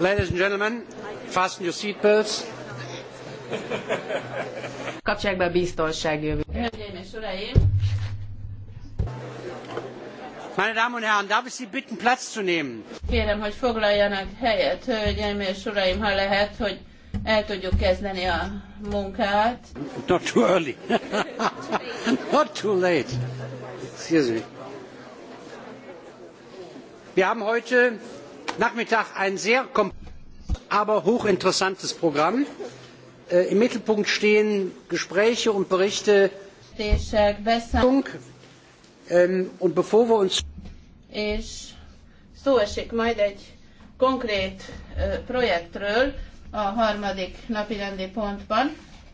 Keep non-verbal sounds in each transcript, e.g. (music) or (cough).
Ladies and gentlemen, fasten your seatbelts. Kapcsolják be a biztonságjövőt. Hölgyeim és uraim! Meine Damen und Herren, darf ich Sie bitten, Platz zu nehmen? Kérem, hogy foglaljanak helyet, hölgyeim és uraim, ha lehet, hogy el tudjuk kezdeni a munkát. Not too early. (laughs) Not too late. Excuse me. Wir haben heute nachmittag ein sehr aber hochinteressantes programm. Äh, im mittelpunkt stehen gespräche und berichte ähm, und bevor wir uns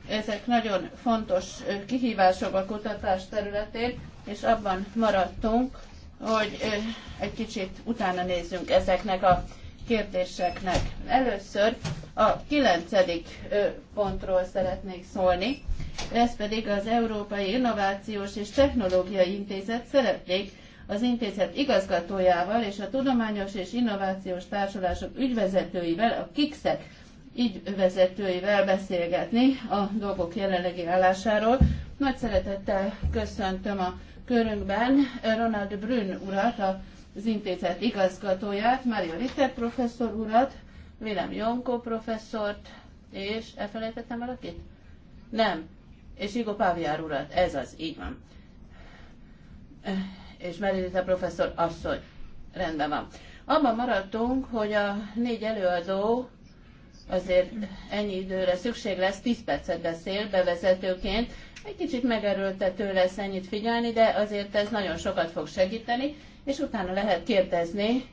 Ezek nagyon fontos kihívások a kutatás területén, és abban maradtunk, hogy egy kicsit utána nézzünk ezeknek a kérdéseknek. Először a kilencedik pontról szeretnék szólni, ez pedig az Európai Innovációs és Technológiai Intézet szeretnék az intézet igazgatójával és a Tudományos és Innovációs Társulások ügyvezetőivel, a KIX-ek ügyvezetőivel beszélgetni a dolgok jelenlegi állásáról. Nagy szeretettel köszöntöm a körünkben Ronald Brünn urat, az intézet igazgatóját, Mária Ritter professzor urat, Vélem Jonko professzort, és elfelejtettem valakit? Nem. És Igo Páviár urat, ez az, így van. És Ritter professzor asszony. Rendben van. Abban maradtunk, hogy a négy előadó azért ennyi időre szükség lesz, 10 percet beszél bevezetőként, egy kicsit megerőltető lesz ennyit figyelni, de azért ez nagyon sokat fog segíteni, és utána lehet kérdezni,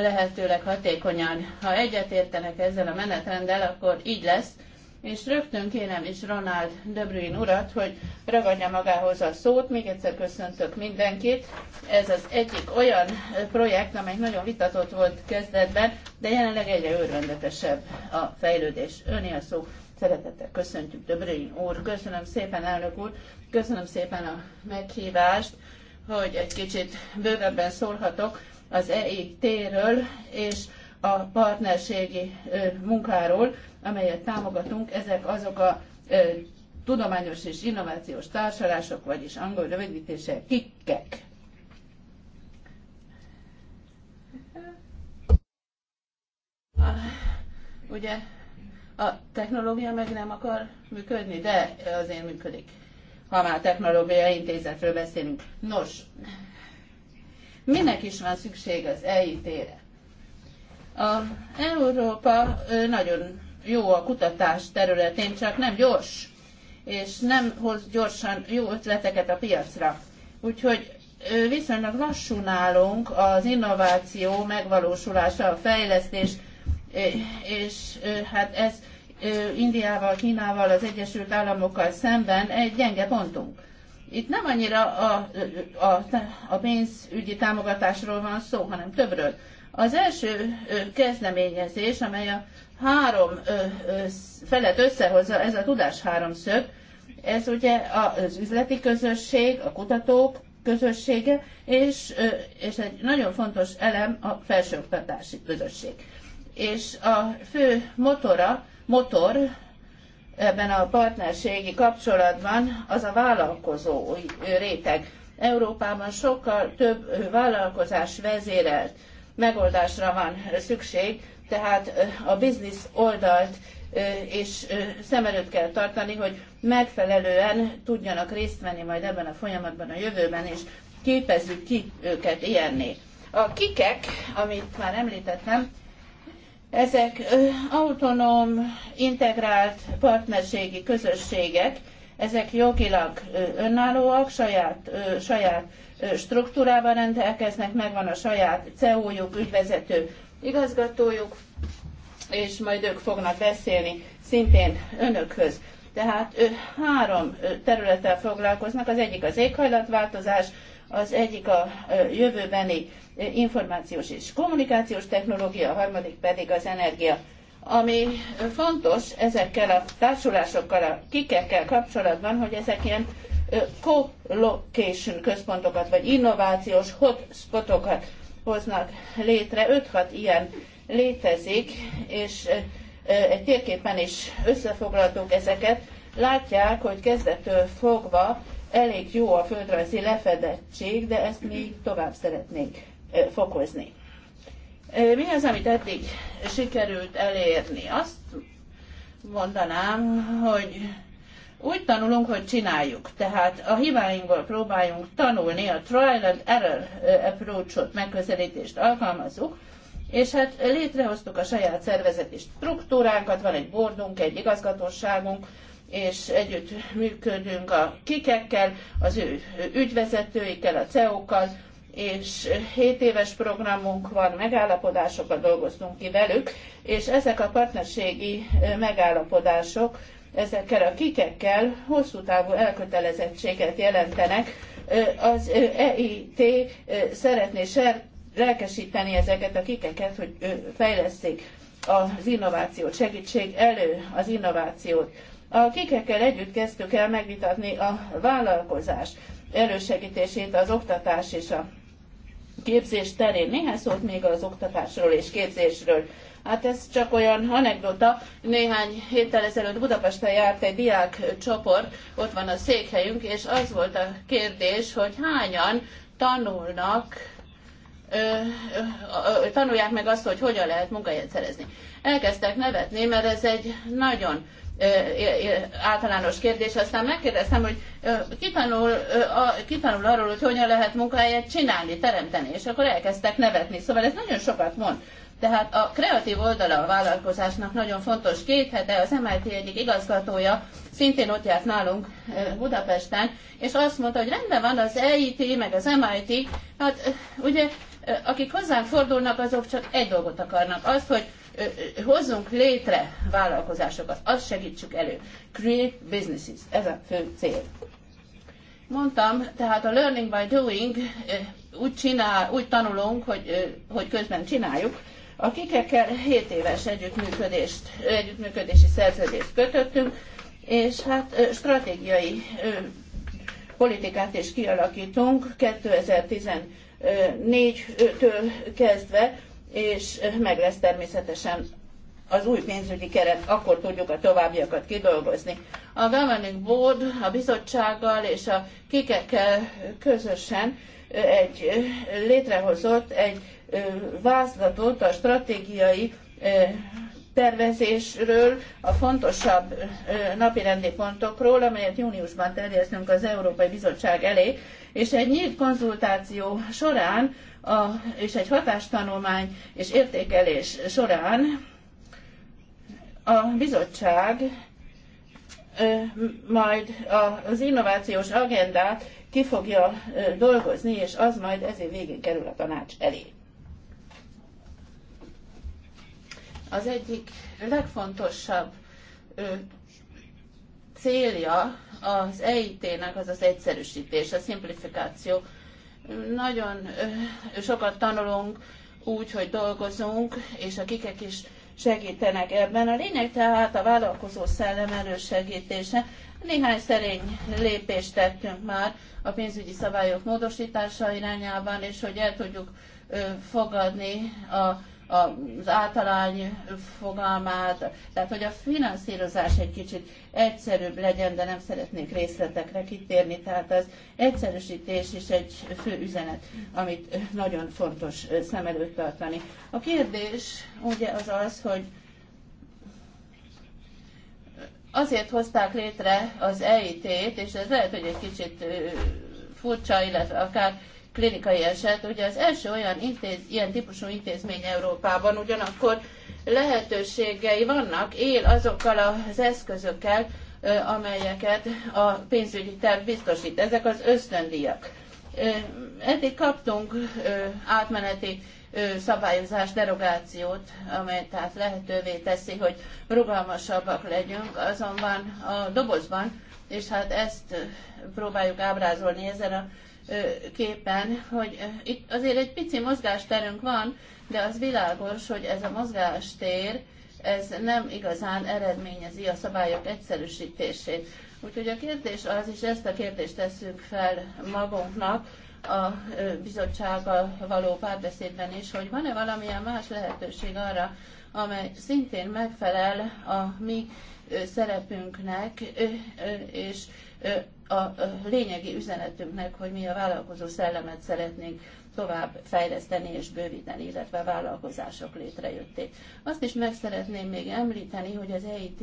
lehetőleg hatékonyan. Ha egyetértenek ezzel a menetrenddel, akkor így lesz, és rögtön kérem is Ronald De Bruyne urat, hogy ragadja magához a szót. Még egyszer köszöntök mindenkit. Ez az egyik olyan projekt, amely nagyon vitatott volt kezdetben, de jelenleg egyre örvendetesebb a fejlődés. Öné a szó. Szeretettel köszöntjük Döbrőin úr. Köszönöm szépen, elnök úr. Köszönöm szépen a meghívást, hogy egy kicsit bővebben szólhatok az EIT-ről és a partnerségi munkáról, amelyet támogatunk. Ezek azok a tudományos és innovációs társadalások, vagyis angol rövidítése kikkek. Ugye a technológia meg nem akar működni, de azért működik, ha már technológiai intézetről beszélünk. Nos, minek is van szükség az EIT-re? A Európa nagyon jó a kutatás területén, csak nem gyors, és nem hoz gyorsan jó ötleteket a piacra. Úgyhogy viszonylag lassú nálunk az innováció megvalósulása, a fejlesztés, és hát ez Indiával, Kínával, az Egyesült Államokkal szemben egy gyenge pontunk. Itt nem annyira a, a, a pénzügyi támogatásról van szó, hanem többről. Az első kezdeményezés, amely a három felet összehozza, ez a tudás háromszög, ez ugye az üzleti közösség, a kutatók közössége, és, és egy nagyon fontos elem a felsőoktatási közösség és a fő motora, motor ebben a partnerségi kapcsolatban az a vállalkozó réteg. Európában sokkal több vállalkozás vezérelt megoldásra van szükség, tehát a biznisz oldalt és szem előtt kell tartani, hogy megfelelően tudjanak részt venni majd ebben a folyamatban a jövőben, és képezzük ki őket ilyenné. A kikek, amit már említettem, ezek autonóm, integrált partnerségi közösségek, ezek jogilag önállóak, saját, saját struktúrával rendelkeznek, megvan a saját CEO-juk, ügyvezető igazgatójuk, és majd ők fognak beszélni szintén önökhöz. Tehát három területtel foglalkoznak, az egyik az éghajlatváltozás, az egyik a jövőbeni információs és kommunikációs technológia, a harmadik pedig az energia. Ami fontos ezekkel a társulásokkal, a kikekkel kapcsolatban, hogy ezek ilyen co-location központokat, vagy innovációs hotspotokat hoznak létre. 5-6 ilyen létezik, és egy térképen is összefoglaltuk ezeket. Látják, hogy kezdettől fogva elég jó a földrajzi lefedettség, de ezt még tovább szeretnénk fokozni. Mi az, amit eddig sikerült elérni? Azt mondanám, hogy úgy tanulunk, hogy csináljuk. Tehát a hibáinkból próbáljunk tanulni, a trial and error approachot, megközelítést alkalmazunk, és hát létrehoztuk a saját szervezeti struktúránkat, van egy bordunk, egy igazgatóságunk, és együtt működünk a kikekkel, az ő ügyvezetőikkel, a CEO-kkal, és 7 éves programunk van, megállapodásokat dolgoztunk ki velük, és ezek a partnerségi megállapodások ezekkel a kikekkel hosszú távú elkötelezettséget jelentenek. Az EIT szeretné lelkesíteni ezeket a kikeket, hogy fejleszték az innovációt, segítség elő az innovációt a kikekkel együtt kezdtük el megvitatni a vállalkozás elősegítését az oktatás és a képzés terén. Néhány szót még az oktatásról és képzésről. Hát ez csak olyan anekdota. Néhány héttel ezelőtt Budapesten járt egy diák csoport, ott van a székhelyünk, és az volt a kérdés, hogy hányan tanulnak, ö, ö, ö, tanulják meg azt, hogy hogyan lehet munkahelyet szerezni. Elkezdtek nevetni, mert ez egy nagyon általános kérdés. Aztán megkérdeztem, hogy kitanul, kitanul arról, hogy hogyan lehet munkahelyet csinálni, teremteni, és akkor elkezdtek nevetni. Szóval ez nagyon sokat mond. Tehát a kreatív oldala a vállalkozásnak nagyon fontos. Két hete az MIT egyik igazgatója szintén ott járt nálunk Budapesten, és azt mondta, hogy rendben van az EIT, meg az MIT, hát ugye akik hozzánk fordulnak, azok csak egy dolgot akarnak, az, hogy hozzunk létre vállalkozásokat, azt segítsük elő. Create businesses, ez a fő cél. Mondtam, tehát a learning by doing úgy, csinál, úgy tanulunk, hogy, hogy közben csináljuk, akikkel 7 éves együttműködést, együttműködési szerződést kötöttünk, és hát stratégiai politikát is kialakítunk 2014-től kezdve, és meg lesz természetesen az új pénzügyi keret, akkor tudjuk a továbbiakat kidolgozni. A Governing Board a bizottsággal és a kikekkel közösen egy, létrehozott egy vázlatot a stratégiai tervezésről, a fontosabb napirendi pontokról, amelyet júniusban terjesztünk az Európai Bizottság elé, és egy nyílt konzultáció során a, és egy hatástanulmány és értékelés során a bizottság majd az innovációs agendát ki fogja dolgozni, és az majd ezért végén kerül a tanács elé. Az egyik legfontosabb célja az EIT-nek az az egyszerűsítés, a szimplifikáció, nagyon sokat tanulunk úgy, hogy dolgozunk, és a kikek is segítenek ebben. A lényeg tehát a vállalkozó szellem elősegítése. Néhány szerény lépést tettünk már a pénzügyi szabályok módosítása irányában, és hogy el tudjuk fogadni a az általány fogalmát, tehát hogy a finanszírozás egy kicsit egyszerűbb legyen, de nem szeretnék részletekre kitérni, tehát az egyszerűsítés is egy fő üzenet, amit nagyon fontos szem előtt tartani. A kérdés ugye az az, hogy azért hozták létre az EIT-t, és ez lehet, hogy egy kicsit furcsa, illetve akár klinikai eset, ugye az első olyan intéz, ilyen típusú intézmény Európában, ugyanakkor lehetőségei vannak, él azokkal az eszközökkel, amelyeket a pénzügyi terv biztosít. Ezek az ösztöndíjak. Eddig kaptunk átmeneti szabályozás derogációt, amely tehát lehetővé teszi, hogy rugalmasabbak legyünk, azonban a dobozban, és hát ezt próbáljuk ábrázolni ezen a képen, hogy itt azért egy pici mozgásterünk van, de az világos, hogy ez a mozgástér, ez nem igazán eredményezi a szabályok egyszerűsítését. Úgyhogy a kérdés az, és ezt a kérdést tesszük fel magunknak a bizottsággal való párbeszédben is, hogy van-e valamilyen más lehetőség arra, amely szintén megfelel a mi szerepünknek, és a lényegi üzenetünknek, hogy mi a vállalkozó szellemet szeretnénk tovább fejleszteni és bővíteni, illetve vállalkozások létrejötték. Azt is meg szeretném még említeni, hogy az EIT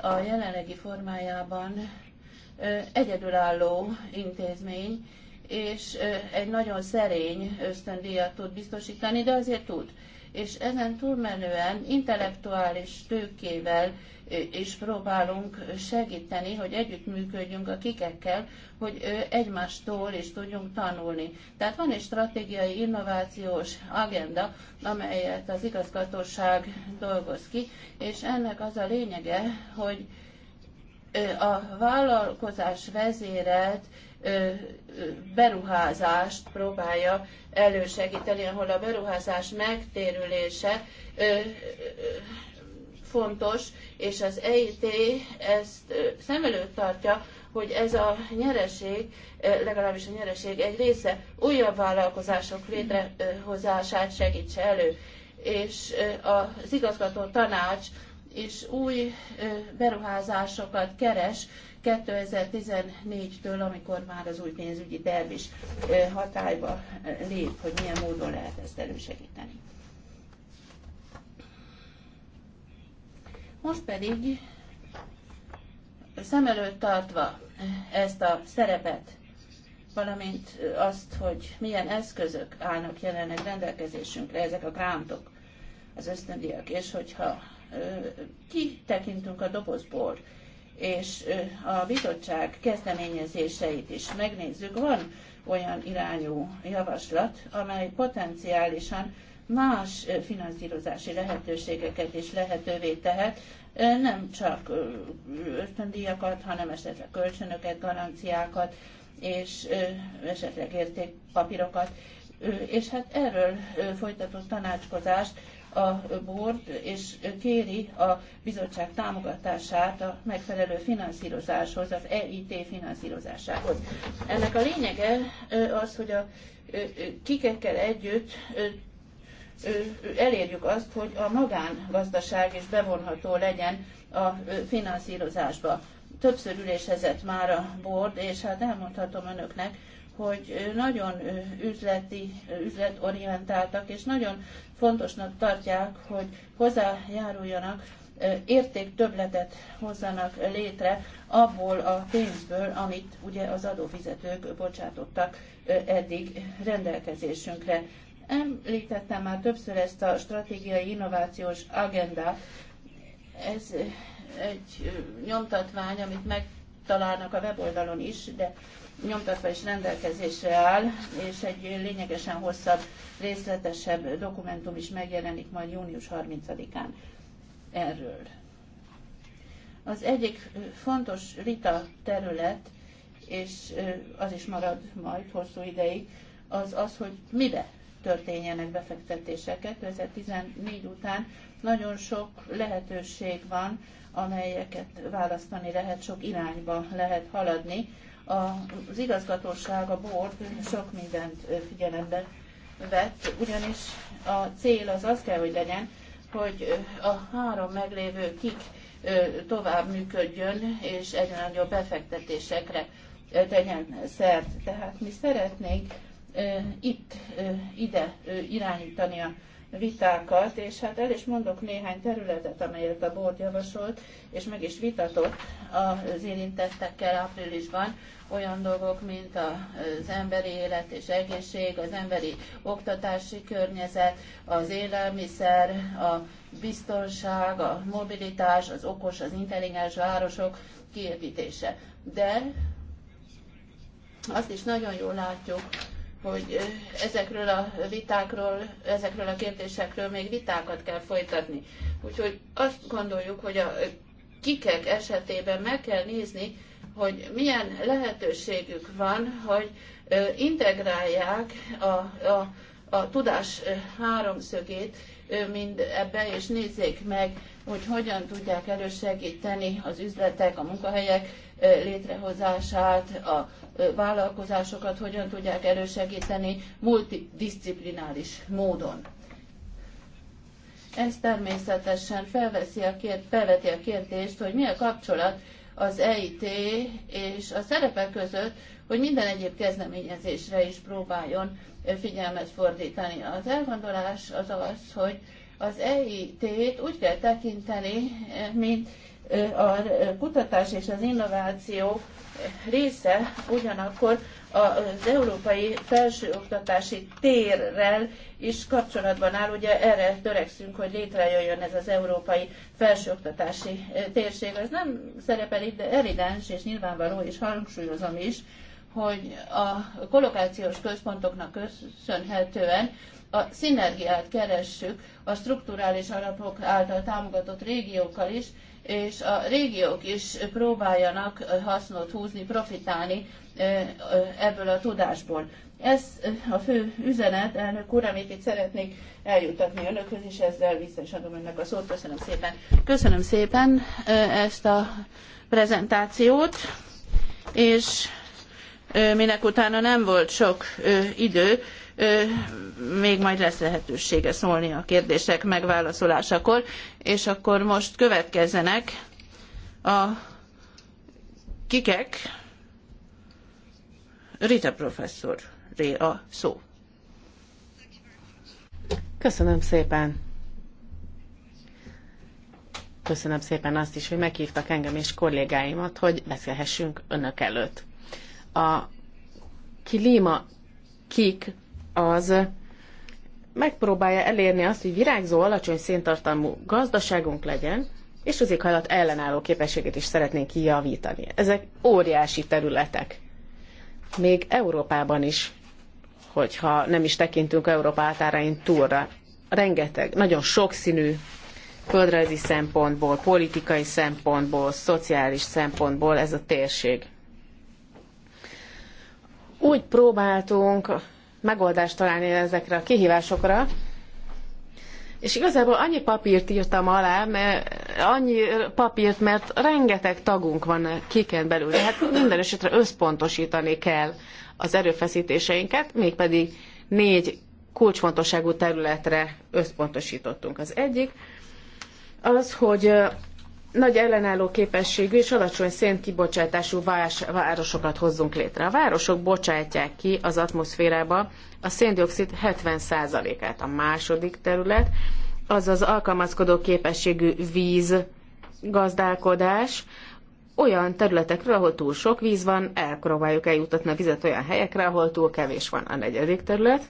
a jelenlegi formájában egyedülálló intézmény, és egy nagyon szerény ösztöndíjat tud biztosítani, de azért tud és ezen túlmenően intellektuális tőkével és próbálunk segíteni, hogy együttműködjünk a kikekkel, hogy egymástól is tudjunk tanulni. Tehát van egy stratégiai innovációs agenda, amelyet az igazgatóság dolgoz ki, és ennek az a lényege, hogy a vállalkozás vezérelt beruházást próbálja elősegíteni, ahol a beruházás megtérülése fontos, és az EIT ezt szem előtt tartja, hogy ez a nyereség, legalábbis a nyereség egy része újabb vállalkozások létrehozását segítse elő. És az igazgató tanács is új beruházásokat keres, 2014-től, amikor már az új pénzügyi terv is hatályba lép, hogy milyen módon lehet ezt elősegíteni. Most pedig szem előtt tartva ezt a szerepet, valamint azt, hogy milyen eszközök állnak jelenleg rendelkezésünkre, ezek a grántok, az ösztöndiak, és hogyha kitekintünk a dobozból, és a bizottság kezdeményezéseit is megnézzük, van olyan irányú javaslat, amely potenciálisan más finanszírozási lehetőségeket is lehetővé tehet, nem csak ösztöndíjakat, hanem esetleg kölcsönöket, garanciákat, és esetleg értékpapírokat. És hát erről folytatott tanácskozást a board, és kéri a bizottság támogatását a megfelelő finanszírozáshoz, az EIT finanszírozásához. Ennek a lényege az, hogy a kikekkel együtt elérjük azt, hogy a magángazdaság is bevonható legyen a finanszírozásba. Többször ülésezett már a board, és hát elmondhatom önöknek, hogy nagyon üzleti, üzletorientáltak, és nagyon fontosnak tartják, hogy hozzájáruljanak, értéktöbletet hozzanak létre abból a pénzből, amit ugye az adófizetők bocsátottak eddig rendelkezésünkre. Említettem már többször ezt a stratégiai innovációs agendát. Ez egy nyomtatvány, amit megtalálnak a weboldalon is, de nyomtatva is rendelkezésre áll, és egy lényegesen hosszabb, részletesebb dokumentum is megjelenik majd június 30-án erről. Az egyik fontos vita terület, és az is marad majd hosszú ideig, az az, hogy mibe történjenek befektetések. 2014 után nagyon sok lehetőség van, amelyeket választani lehet, sok irányba lehet haladni az igazgatóság, a board sok mindent figyelembe vett, ugyanis a cél az az kell, hogy legyen, hogy a három meglévő kik tovább működjön, és egyre nagyobb befektetésekre tegyen szert. Tehát mi szeretnénk itt, ide irányítani a vitákat, és hát el is mondok néhány területet, amelyet a board javasolt, és meg is vitatott az érintettekkel áprilisban, olyan dolgok, mint az emberi élet és egészség, az emberi oktatási környezet, az élelmiszer, a biztonság, a mobilitás, az okos, az intelligens városok kiépítése. De azt is nagyon jól látjuk, hogy ezekről a vitákról, ezekről a kérdésekről még vitákat kell folytatni. Úgyhogy azt gondoljuk, hogy a kikek esetében meg kell nézni, hogy milyen lehetőségük van, hogy integrálják a, a, a tudás háromszögét mind ebbe, és nézzék meg, hogy hogyan tudják elősegíteni az üzletek, a munkahelyek létrehozását, a vállalkozásokat hogyan tudják erősegíteni multidisciplinális módon. Ez természetesen felveszi a kér, felveti a kérdést, hogy mi a kapcsolat az EIT és a szerepek között, hogy minden egyéb kezdeményezésre is próbáljon figyelmet fordítani. Az elgondolás az az, hogy az EIT-t úgy kell tekinteni, mint a kutatás és az innováció része ugyanakkor az európai felsőoktatási térrel is kapcsolatban áll. Ugye erre törekszünk, hogy létrejöjjön ez az európai felsőoktatási térség. Ez nem szerepel itt, de evidens és nyilvánvaló, és hangsúlyozom is, hogy a kolokációs központoknak köszönhetően a szinergiát keressük a strukturális alapok által támogatott régiókkal is, és a régiók is próbáljanak hasznot húzni, profitálni ebből a tudásból. Ez a fő üzenet, elnök úr, amit itt szeretnék eljutatni önökhöz, és ezzel vissza is adom önnek a szót. Köszönöm szépen. Köszönöm szépen ezt a prezentációt, és minek utána nem volt sok idő, még majd lesz lehetősége szólni a kérdések megválaszolásakor, és akkor most következzenek a kikek. Rita professzor, ré a szó. Köszönöm szépen. Köszönöm szépen azt is, hogy meghívtak engem és kollégáimat, hogy beszélhessünk önök előtt. A klíma kik az megpróbálja elérni azt, hogy virágzó, alacsony széntartalmú gazdaságunk legyen, és az éghajlat ellenálló képességét is szeretnénk kijavítani. Ezek óriási területek. Még Európában is, hogyha nem is tekintünk Európa átárain túlra, rengeteg, nagyon sokszínű földrajzi szempontból, politikai szempontból, szociális szempontból ez a térség. Úgy próbáltunk megoldást találni ezekre a kihívásokra. És igazából annyi papírt írtam alá, mert annyi papírt, mert rengeteg tagunk van kiken belül. Hát minden esetre összpontosítani kell az erőfeszítéseinket, mégpedig négy kulcsfontosságú területre összpontosítottunk. Az egyik az, hogy nagy ellenálló képességű és alacsony szénkibocsátású városokat hozzunk létre. A városok bocsátják ki az atmoszférába a széndiokszid 70%-át. A második terület az az alkalmazkodó képességű víz gazdálkodás, olyan területekről, ahol túl sok víz van, elpróbáljuk eljutatni a vizet olyan helyekre, ahol túl kevés van a negyedik terület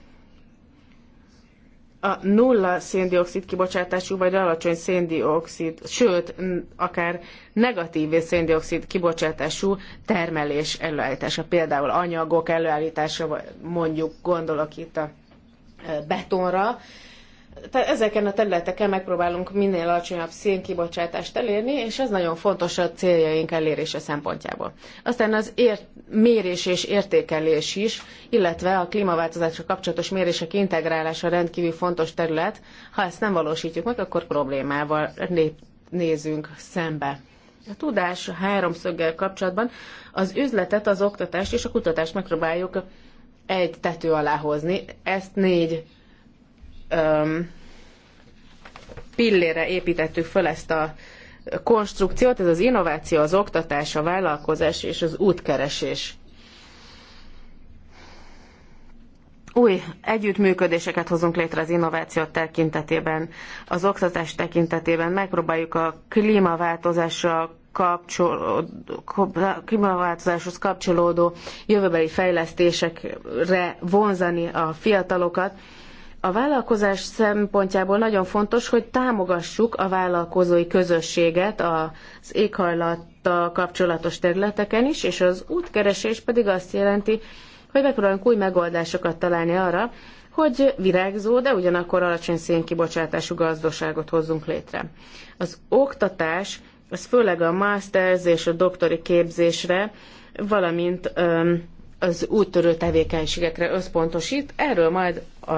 a nulla széndiokszid kibocsátású vagy alacsony széndiokszid, sőt, akár negatív szén széndiokszid kibocsátású termelés előállítása, például anyagok előállítása, mondjuk gondolok itt a betonra, tehát ezeken a területeken megpróbálunk minél alacsonyabb szénkibocsátást elérni, és ez nagyon fontos a céljaink elérése szempontjából. Aztán az ért, mérés és értékelés is, illetve a klímaváltozásra kapcsolatos mérések integrálása rendkívül fontos terület. Ha ezt nem valósítjuk meg, akkor problémával nézünk szembe. A tudás háromszöggel kapcsolatban az üzletet, az oktatást és a kutatást megpróbáljuk egy tető alá hozni. Ezt négy öm, pillére építettük föl ezt a konstrukciót, ez az innováció, az oktatás, a vállalkozás és az útkeresés. új együttműködéseket hozunk létre az innováció tekintetében, az oktatás tekintetében, megpróbáljuk a klímaváltozásra kapcsolódó, klímaváltozáshoz kapcsolódó jövőbeli fejlesztésekre vonzani a fiatalokat, a vállalkozás szempontjából nagyon fontos, hogy támogassuk a vállalkozói közösséget az éghajlattal kapcsolatos területeken is, és az útkeresés pedig azt jelenti, hogy megpróbálunk új megoldásokat találni arra, hogy virágzó, de ugyanakkor alacsony szénkibocsátású gazdaságot hozzunk létre. Az oktatás, az főleg a masters és a doktori képzésre, valamint az úttörő tevékenységekre összpontosít. Erről majd a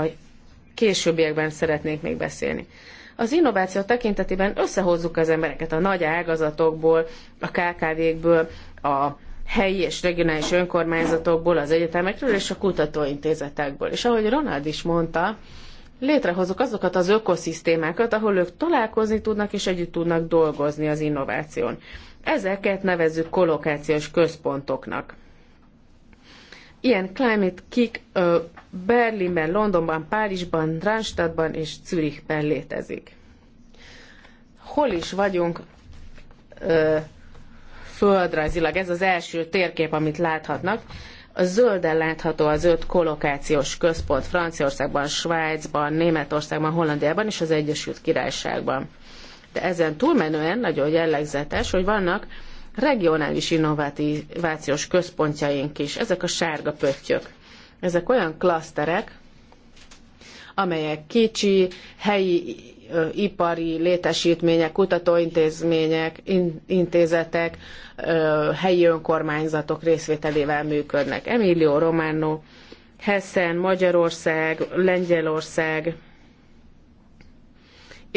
későbbiekben szeretnék még beszélni. Az innováció tekintetében összehozzuk az embereket a nagy ágazatokból, a KKV-kből, a helyi és regionális önkormányzatokból, az egyetemekről és a kutatóintézetekből. És ahogy Ronald is mondta, létrehozok azokat az ökoszisztémákat, ahol ők találkozni tudnak és együtt tudnak dolgozni az innováción. Ezeket nevezzük kollokációs központoknak. Ilyen Climate Kick ö, Berlinben, Londonban, Párizsban, Randstadtban és Zürichben létezik. Hol is vagyunk ö, földrajzilag? Ez az első térkép, amit láthatnak. A zölden látható az öt kolokációs központ Franciaországban, Svájcban, Németországban, Hollandiában és az Egyesült Királyságban. De ezen túlmenően nagyon jellegzetes, hogy vannak regionális innovációs központjaink is, ezek a sárga pöttyök. Ezek olyan klaszterek, amelyek kicsi, helyi ipari létesítmények, kutatóintézmények, intézetek, helyi önkormányzatok részvételével működnek. Emilio Romano, Hessen, Magyarország, Lengyelország,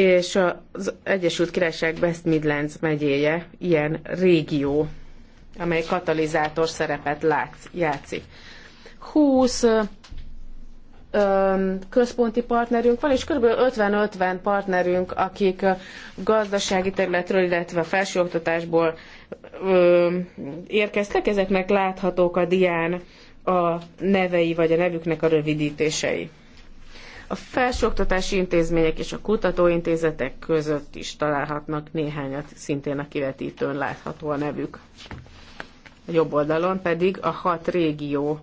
és az Egyesült Királyság West Midlands megyéje ilyen régió, amely katalizátor szerepet látsz, játszik. 20 központi partnerünk van, és kb. 50-50 partnerünk, akik gazdasági területről, illetve felsőoktatásból érkeztek, ezeknek láthatók a dián a nevei vagy a nevüknek a rövidítései. A felsőoktatási intézmények és a kutatóintézetek között is találhatnak néhányat, szintén a kivetítőn látható a nevük. A jobb oldalon pedig a hat régió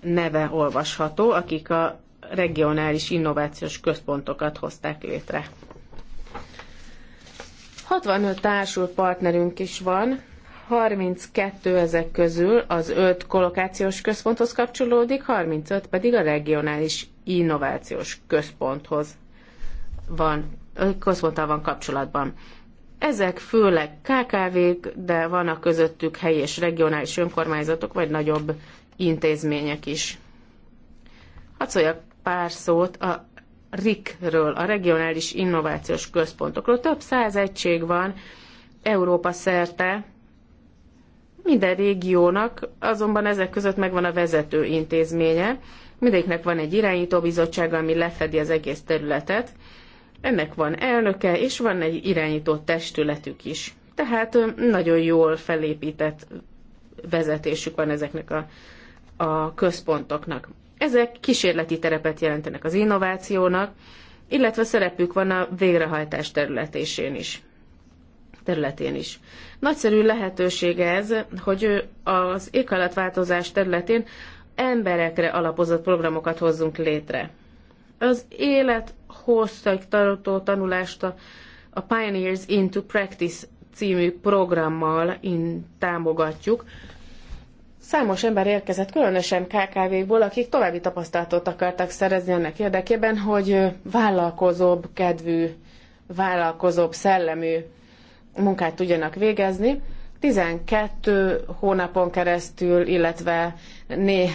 neve olvasható, akik a regionális innovációs központokat hozták létre. 65 társul partnerünk is van, 32 ezek közül az 5 kolokációs központhoz kapcsolódik, 35 pedig a regionális innovációs központhoz van, központtal van kapcsolatban. Ezek főleg KKV-k, de vannak közöttük helyi és regionális önkormányzatok, vagy nagyobb intézmények is. Hadd szóljak pár szót a ric ről a Regionális Innovációs Központokról. Több száz egység van Európa szerte, minden régiónak azonban ezek között megvan a vezető intézménye, mindegyiknek van egy irányító bizottsága, ami lefedi az egész területet, ennek van elnöke, és van egy irányító testületük is. Tehát nagyon jól felépített vezetésük van ezeknek a, a központoknak. Ezek kísérleti terepet jelentenek az innovációnak, illetve szerepük van a végrehajtás területésén is. Területén is. Nagyszerű lehetőség ez, hogy az éghajlatváltozás területén emberekre alapozott programokat hozzunk létre. Az élet egy tartó tanulást a, a Pioneers into Practice című programmal in, támogatjuk. Számos ember érkezett, különösen KKV-ból, akik további tapasztalatot akartak szerezni ennek érdekében, hogy vállalkozóbb kedvű, vállalkozóbb szellemű munkát tudjanak végezni. 12 hónapon keresztül, illetve né,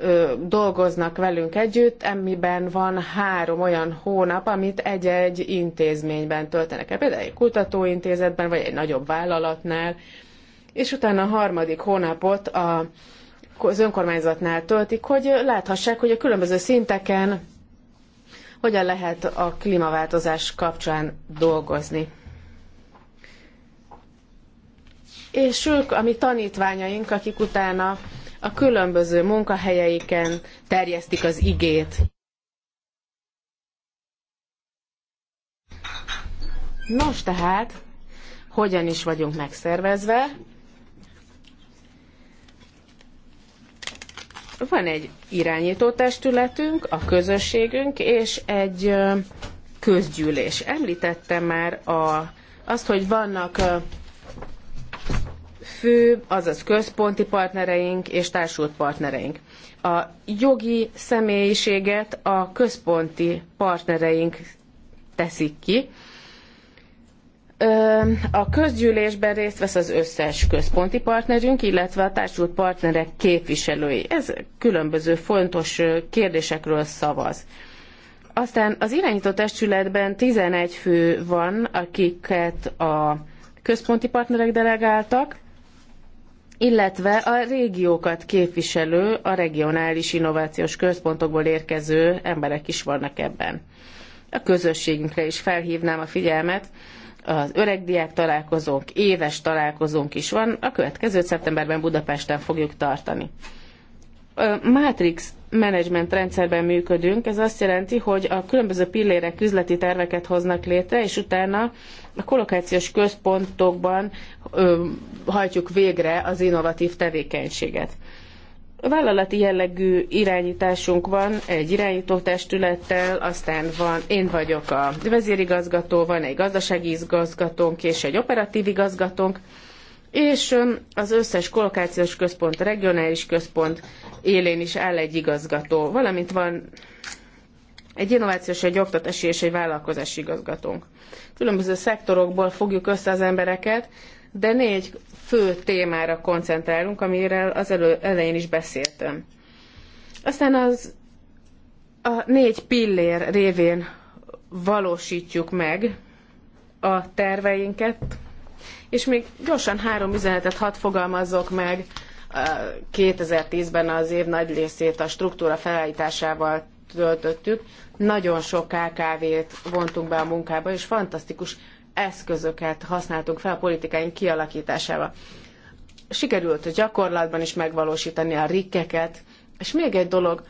ö, dolgoznak velünk együtt, amiben van három olyan hónap, amit egy-egy intézményben töltenek el, például egy kutatóintézetben, vagy egy nagyobb vállalatnál, és utána a harmadik hónapot a, az önkormányzatnál töltik, hogy láthassák, hogy a különböző szinteken hogyan lehet a klímaváltozás kapcsán dolgozni és ők, a mi tanítványaink, akik utána a különböző munkahelyeiken terjesztik az igét. Nos tehát, hogyan is vagyunk megszervezve? Van egy irányító testületünk, a közösségünk, és egy közgyűlés. Említettem már a, azt, hogy vannak fő, azaz központi partnereink és társult partnereink. A jogi személyiséget a központi partnereink teszik ki. A közgyűlésben részt vesz az összes központi partnerünk, illetve a társult partnerek képviselői. Ez különböző fontos kérdésekről szavaz aztán az irányító testületben 11 fő van, akiket a központi partnerek delegáltak, illetve a régiókat képviselő, a regionális innovációs központokból érkező emberek is vannak ebben. A közösségünkre is felhívnám a figyelmet, az öreg diák találkozónk, éves találkozónk is van, a következő szeptemberben Budapesten fogjuk tartani. A Matrix management rendszerben működünk. Ez azt jelenti, hogy a különböző pillérek üzleti terveket hoznak létre, és utána a kolokációs központokban ö, hajtjuk végre az innovatív tevékenységet. vállalati jellegű irányításunk van, egy irányító testülettel, aztán van, én vagyok a vezérigazgató, van egy gazdasági igazgatónk és egy operatív igazgatónk, és az összes kollokációs központ, regionális központ élén is áll egy igazgató, valamint van egy innovációs, egy oktatási és egy vállalkozási igazgatónk. Különböző szektorokból fogjuk össze az embereket, de négy fő témára koncentrálunk, amire az elő, elején is beszéltem. Aztán az a négy pillér révén valósítjuk meg a terveinket, és még gyorsan három üzenetet hadd fogalmazzok meg. 2010-ben az év nagy részét a struktúra felállításával töltöttük. Nagyon sok KKV-t vontunk be a munkába, és fantasztikus eszközöket használtunk fel a politikáink kialakításába. Sikerült a gyakorlatban is megvalósítani a rikkeket, és még egy dolog,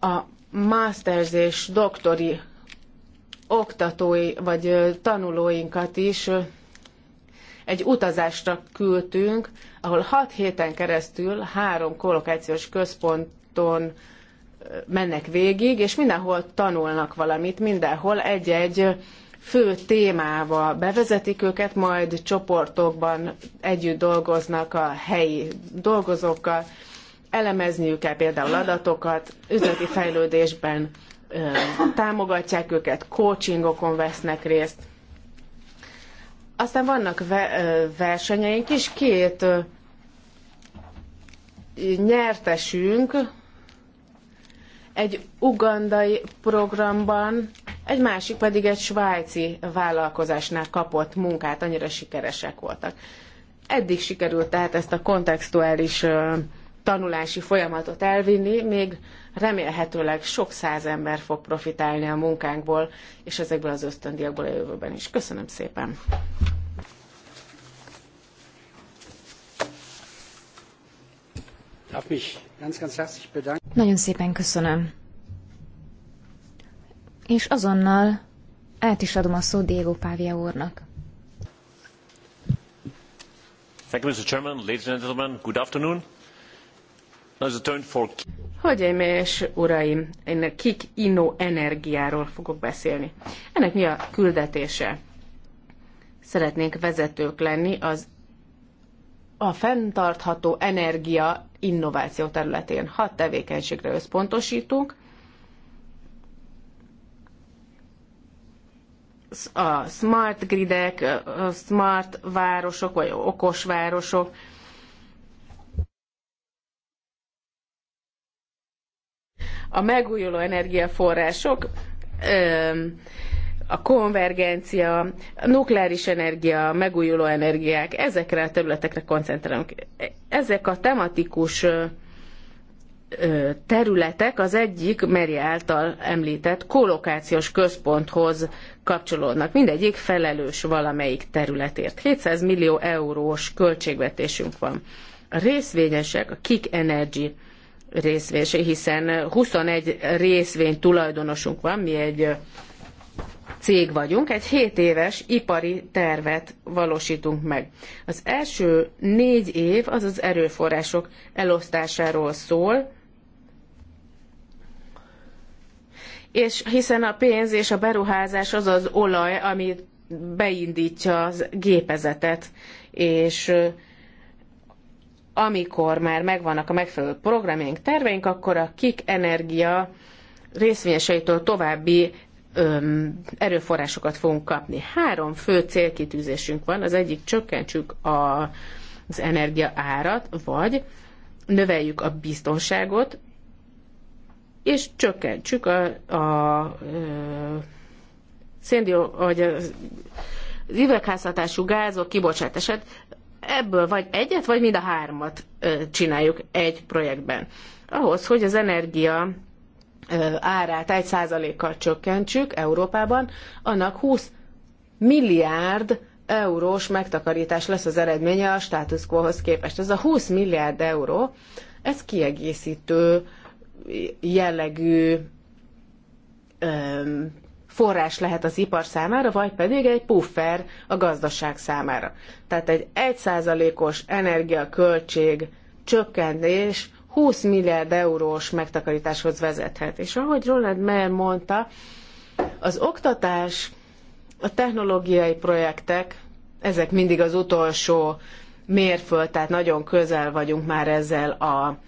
a masters és doktori oktatói vagy tanulóinkat is egy utazásra küldtünk, ahol hat héten keresztül három kolokációs központon mennek végig, és mindenhol tanulnak valamit, mindenhol egy-egy fő témába bevezetik őket, majd csoportokban együtt dolgoznak a helyi dolgozókkal, elemezniük kell például adatokat, üzleti fejlődésben támogatják őket, coachingokon vesznek részt. Aztán vannak versenyeink is, két nyertesünk egy ugandai programban, egy másik pedig egy svájci vállalkozásnál kapott munkát, annyira sikeresek voltak. Eddig sikerült tehát ezt a kontextuális tanulási folyamatot elvinni, még remélhetőleg sok száz ember fog profitálni a munkánkból, és ezekből az ösztöndiakból a jövőben is. Köszönöm szépen! Nagyon szépen köszönöm. És azonnal át is adom a szót Diego Pávia úrnak. Thank you, Mr. Chairman. Ladies and gentlemen, good afternoon. Hölgyeim és uraim, én kik inno energiáról fogok beszélni. Ennek mi a küldetése? Szeretnénk vezetők lenni az a fenntartható energia innováció területén. Hat tevékenységre összpontosítunk. A smart gridek, a smart városok, vagy okos városok, a megújuló energiaforrások, a konvergencia, a nukleáris energia, megújuló energiák, ezekre a területekre koncentrálunk. Ezek a tematikus területek az egyik Meri által említett kolokációs központhoz kapcsolódnak. Mindegyik felelős valamelyik területért. 700 millió eurós költségvetésünk van. A részvényesek, a Kick Energy részvésé, hiszen 21 részvény tulajdonosunk van, mi egy cég vagyunk, egy 7 éves ipari tervet valósítunk meg. Az első négy év az az erőforrások elosztásáról szól, és hiszen a pénz és a beruházás az az olaj, ami beindítja az gépezetet, és amikor már megvannak a megfelelő programjaink, terveink, akkor a KIK Energia részvényeseitől további öm, erőforrásokat fogunk kapni. Három fő célkitűzésünk van, az egyik csökkentsük a, az energia árat, vagy növeljük a biztonságot, és csökkentsük a, a, a a, vagy az üvegházhatású gázok kibocsátását ebből vagy egyet, vagy mind a hármat csináljuk egy projektben. Ahhoz, hogy az energia árát egy százalékkal csökkentsük Európában, annak 20 milliárd eurós megtakarítás lesz az eredménye a status quo-hoz képest. Ez a 20 milliárd euró, ez kiegészítő jellegű forrás lehet az ipar számára, vagy pedig egy puffer a gazdaság számára. Tehát egy 1%-os energiaköltség csökkentés 20 milliárd eurós megtakarításhoz vezethet. És ahogy Roland Mayer mondta, az oktatás, a technológiai projektek, ezek mindig az utolsó mérföld, tehát nagyon közel vagyunk már ezzel a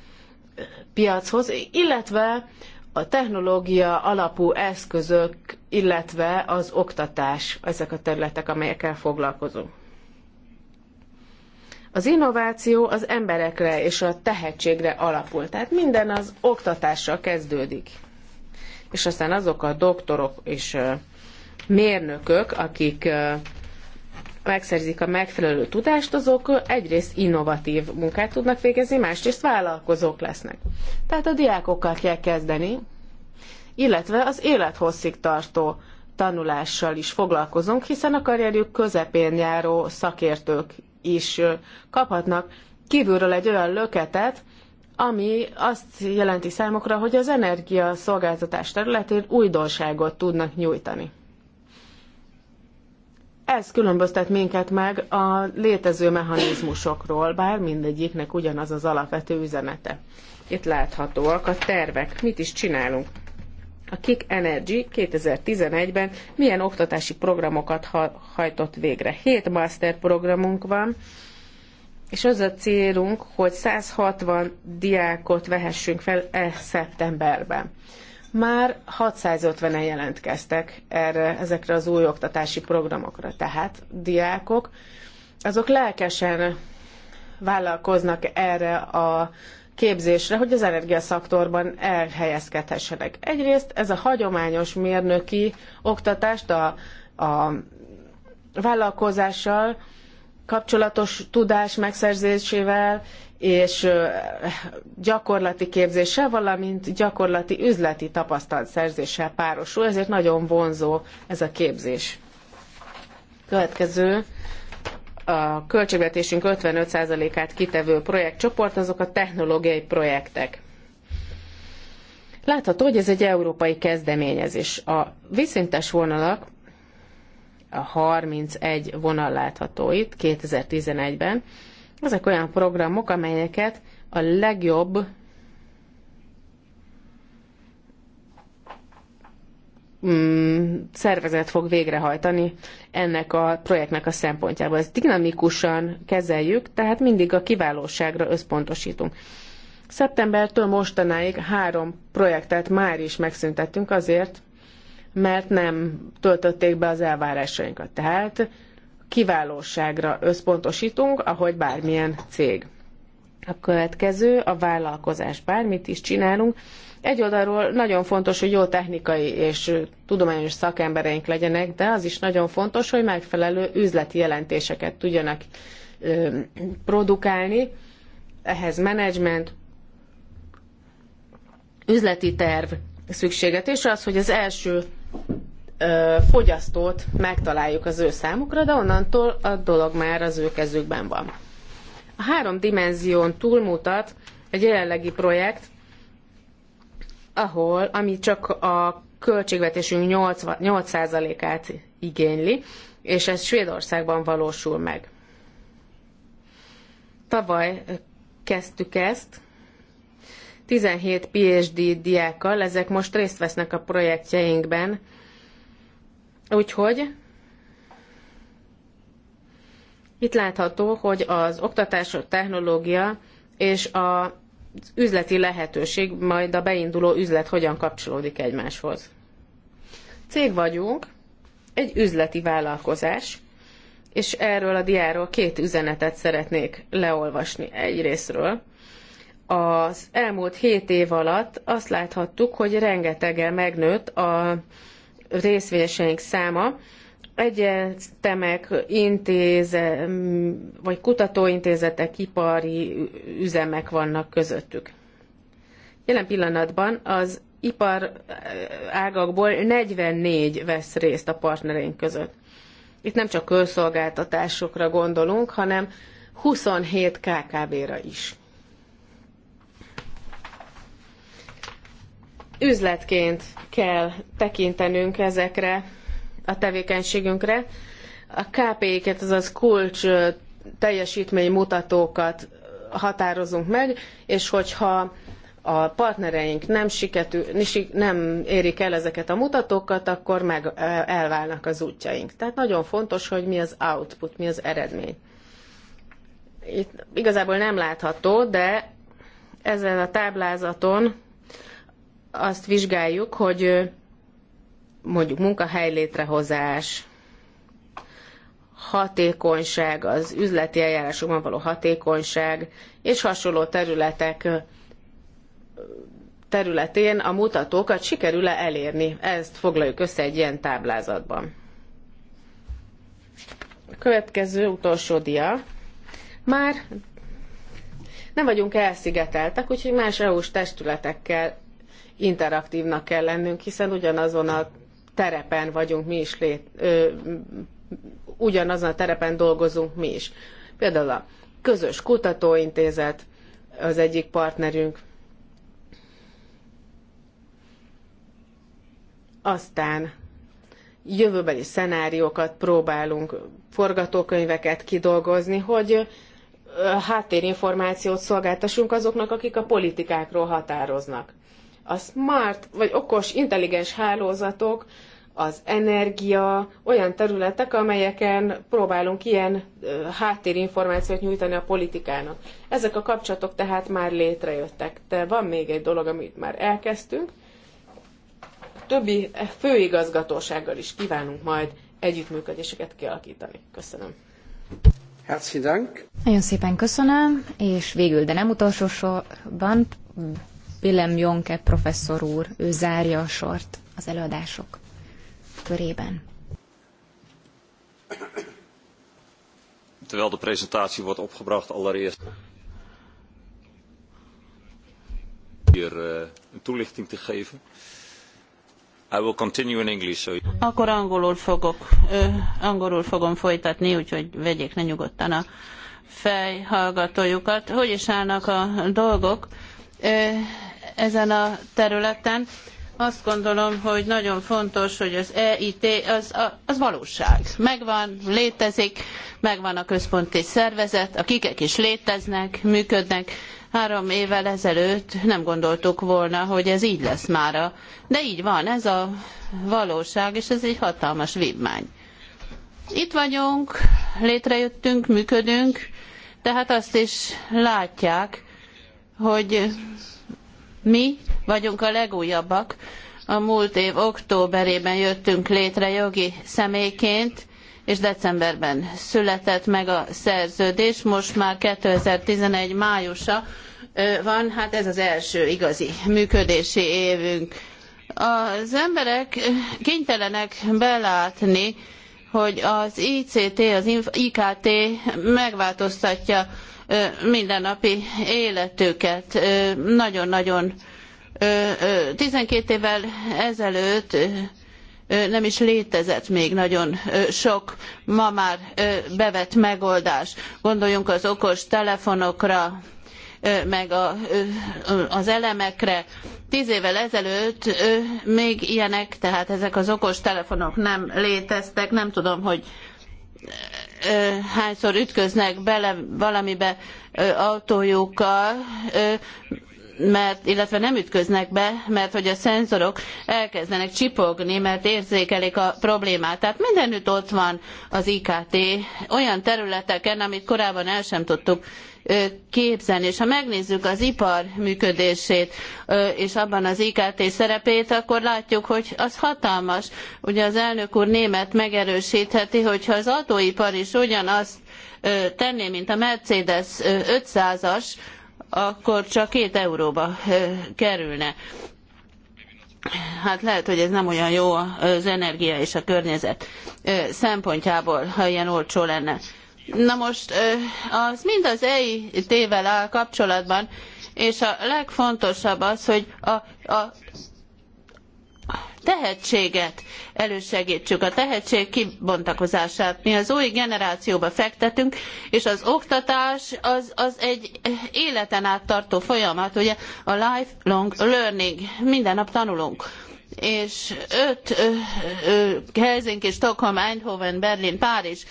piachoz, illetve a technológia alapú eszközök, illetve az oktatás, ezek a területek, amelyekkel foglalkozunk. Az innováció az emberekre és a tehetségre alapul, tehát minden az oktatással kezdődik. És aztán azok a doktorok és mérnökök, akik megszerzik a megfelelő tudást, azok egyrészt innovatív munkát tudnak végezni, másrészt vállalkozók lesznek. Tehát a diákokkal kell kezdeni, illetve az élethosszig tartó tanulással is foglalkozunk, hiszen a karrierjük közepén járó szakértők is kaphatnak kívülről egy olyan löketet, ami azt jelenti számukra, hogy az energia szolgáltatás területén újdonságot tudnak nyújtani. Ez különböztet minket meg a létező mechanizmusokról, bár mindegyiknek ugyanaz az alapvető üzenete. Itt láthatóak a tervek, mit is csinálunk. A Kick Energy 2011-ben milyen oktatási programokat hajtott végre. Hét master programunk van, és az a célunk, hogy 160 diákot vehessünk fel e szeptemberben. Már 650-en jelentkeztek erre, ezekre az új oktatási programokra. Tehát diákok, azok lelkesen vállalkoznak erre a képzésre, hogy az energiaszaktorban elhelyezkedhessenek. Egyrészt ez a hagyományos mérnöki oktatást a, a vállalkozással, kapcsolatos tudás megszerzésével és gyakorlati képzéssel, valamint gyakorlati üzleti szerzéssel párosul, ezért nagyon vonzó ez a képzés. Következő a költségvetésünk 55%-át kitevő projektcsoport azok a technológiai projektek. Látható, hogy ez egy európai kezdeményezés. A vízszintes vonalak, a 31 vonal látható itt 2011-ben, ezek olyan programok, amelyeket a legjobb mm, szervezet fog végrehajtani ennek a projektnek a szempontjából. Ezt dinamikusan kezeljük, tehát mindig a kiválóságra összpontosítunk. Szeptembertől mostanáig három projektet már is megszüntettünk azért, mert nem töltötték be az elvárásainkat. Tehát kiválóságra összpontosítunk, ahogy bármilyen cég. A következő, a vállalkozás. Bármit is csinálunk, egy oldalról nagyon fontos, hogy jó technikai és tudományos szakembereink legyenek, de az is nagyon fontos, hogy megfelelő üzleti jelentéseket tudjanak ö, produkálni. Ehhez menedzsment, üzleti terv szükséget, és az, hogy az első fogyasztót megtaláljuk az ő számukra, de onnantól a dolog már az ő kezükben van. A három dimenzión túlmutat egy jelenlegi projekt, ahol, ami csak a költségvetésünk 8%-át igényli, és ez Svédországban valósul meg. Tavaly kezdtük ezt, 17 PhD diákkal, ezek most részt vesznek a projektjeinkben, Úgyhogy itt látható, hogy az oktatás, a technológia és a az üzleti lehetőség, majd a beinduló üzlet hogyan kapcsolódik egymáshoz. Cég vagyunk, egy üzleti vállalkozás, és erről a diáról két üzenetet szeretnék leolvasni egyrésztről. Az elmúlt hét év alatt azt láthattuk, hogy rengetegen megnőtt a részvényeseink száma, egyetemek, intéze, vagy kutatóintézetek, ipari üzemek vannak közöttük. Jelen pillanatban az ipar ágakból 44 vesz részt a partnereink között. Itt nem csak közszolgáltatásokra gondolunk, hanem 27 KKV-ra is. üzletként kell tekintenünk ezekre a tevékenységünkre. A KPI-ket, azaz kulcs teljesítménymutatókat határozunk meg, és hogyha a partnereink nem, siketű, nem érik el ezeket a mutatókat, akkor meg elválnak az útjaink. Tehát nagyon fontos, hogy mi az output, mi az eredmény. Itt igazából nem látható, de ezen a táblázaton azt vizsgáljuk, hogy mondjuk munkahely létrehozás, hatékonyság, az üzleti eljárásokban való hatékonyság és hasonló területek területén a mutatókat sikerül-e elérni. Ezt foglaljuk össze egy ilyen táblázatban. A következő utolsó dia. Már nem vagyunk elszigeteltek, úgyhogy más EU-s testületekkel interaktívnak kell lennünk, hiszen ugyanazon a terepen vagyunk mi is, lét, ö, ugyanazon a terepen dolgozunk mi is. Például a közös kutatóintézet az egyik partnerünk, aztán jövőbeli szenáriókat próbálunk, forgatókönyveket kidolgozni, hogy háttérinformációt szolgáltassunk azoknak, akik a politikákról határoznak a smart vagy okos, intelligens hálózatok, az energia, olyan területek, amelyeken próbálunk ilyen háttérinformációt nyújtani a politikának. Ezek a kapcsolatok tehát már létrejöttek. De van még egy dolog, amit már elkezdtünk. Többi főigazgatósággal is kívánunk majd együttműködéseket kialakítani. Köszönöm. Herzlichen Dank. Nagyon szépen köszönöm, és végül, de nem utolsó sorban Willem Jonke professzor úr, ő zárja a sort az előadások körében. Terwijl de presentatie wordt opgebracht allereerst hier eh, een toelichting te geven. I will continue in English. So... Akkor angolul fogok, angolul fogom folytatni, úgyhogy vegyék ne nyugodtan a fejhallgatójukat. Hogy is állnak a dolgok? ezen a területen. Azt gondolom, hogy nagyon fontos, hogy az EIT az, az valóság. Megvan, létezik, megvan a központi szervezet, a kikek is léteznek, működnek, három évvel ezelőtt nem gondoltuk volna, hogy ez így lesz mára. De így van, ez a valóság, és ez egy hatalmas vívmány. Itt vagyunk, létrejöttünk, működünk, tehát azt is látják, hogy mi vagyunk a legújabbak. A múlt év októberében jöttünk létre jogi személyként, és decemberben született meg a szerződés, most már 2011 májusa van, hát ez az első igazi működési évünk. Az emberek kénytelenek belátni, hogy az ICT, az IKT megváltoztatja mindennapi életüket. Nagyon-nagyon 12 évvel ezelőtt nem is létezett még nagyon sok ma már bevett megoldás. Gondoljunk az okos telefonokra, meg a, az elemekre. Tíz évvel ezelőtt még ilyenek, tehát ezek az okos telefonok nem léteztek. Nem tudom, hogy hányszor ütköznek bele valamibe autójukkal, mert, illetve nem ütköznek be, mert hogy a szenzorok elkezdenek csipogni, mert érzékelik a problémát. Tehát mindenütt ott van az IKT olyan területeken, amit korábban el sem tudtuk képzelni. És ha megnézzük az ipar működését, és abban az IKT szerepét, akkor látjuk, hogy az hatalmas. Ugye az elnök úr német megerősítheti, hogyha az autóipar is ugyanazt tenné, mint a Mercedes 500-as, akkor csak két euróba kerülne. Hát lehet, hogy ez nem olyan jó az energia és a környezet szempontjából, ha ilyen olcsó lenne. Na most az mind az EIT-vel áll kapcsolatban, és a legfontosabb az, hogy a, a tehetséget elősegítsük, a tehetség kibontakozását. Mi az új generációba fektetünk, és az oktatás az, az egy életen át tartó folyamat, ugye a lifelong learning, minden nap tanulunk és öt Helsinki, Stockholm, Eindhoven, Berlin, Párizs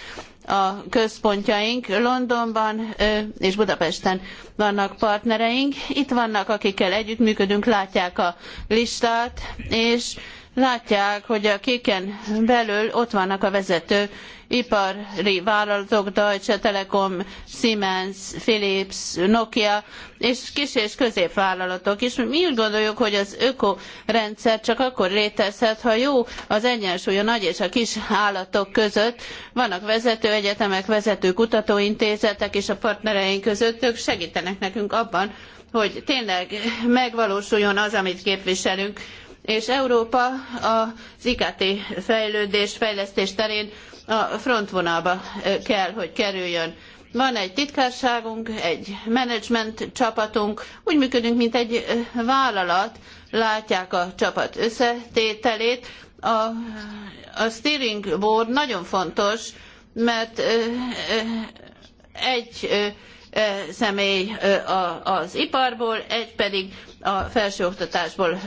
a központjaink Londonban és Budapesten vannak partnereink. Itt vannak, akikkel együttműködünk, látják a listát, és látják, hogy a kiken belül ott vannak a vezető ipari vállalatok, Deutsche Telekom, Siemens, Philips, Nokia, és kis és középvállalatok is. Mi úgy gondoljuk, hogy az ökorendszer csak akkor létezhet, ha jó az egyensúly a nagy és a kis állatok között. Vannak vezető egyetemek, vezető kutatóintézetek és a partnereink között, ők segítenek nekünk abban, hogy tényleg megvalósuljon az, amit képviselünk és Európa az IKT fejlődés, fejlesztés terén a frontvonalba kell, hogy kerüljön. Van egy titkárságunk, egy menedzsment csapatunk, úgy működünk, mint egy vállalat, látják a csapat összetételét. A, a steering board nagyon fontos, mert egy személy az iparból, egy pedig a felsőoktatásból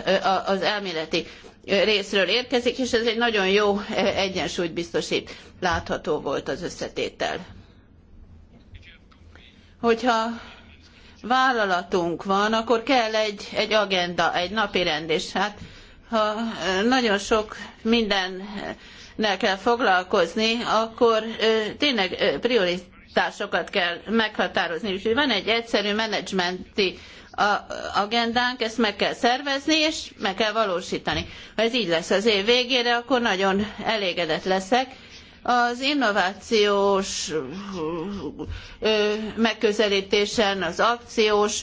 az elméleti részről érkezik, és ez egy nagyon jó egyensúlyt biztosít. Látható volt az összetétel. Hogyha vállalatunk van, akkor kell egy, egy agenda, egy napirend, és hát ha nagyon sok mindennel kell foglalkozni, akkor tényleg prioritás prioritásokat kell meghatározni. Úgyhogy van egy egyszerű menedzsmenti agendánk, ezt meg kell szervezni, és meg kell valósítani. Ha ez így lesz az év végére, akkor nagyon elégedett leszek. Az innovációs megközelítésen, az akciós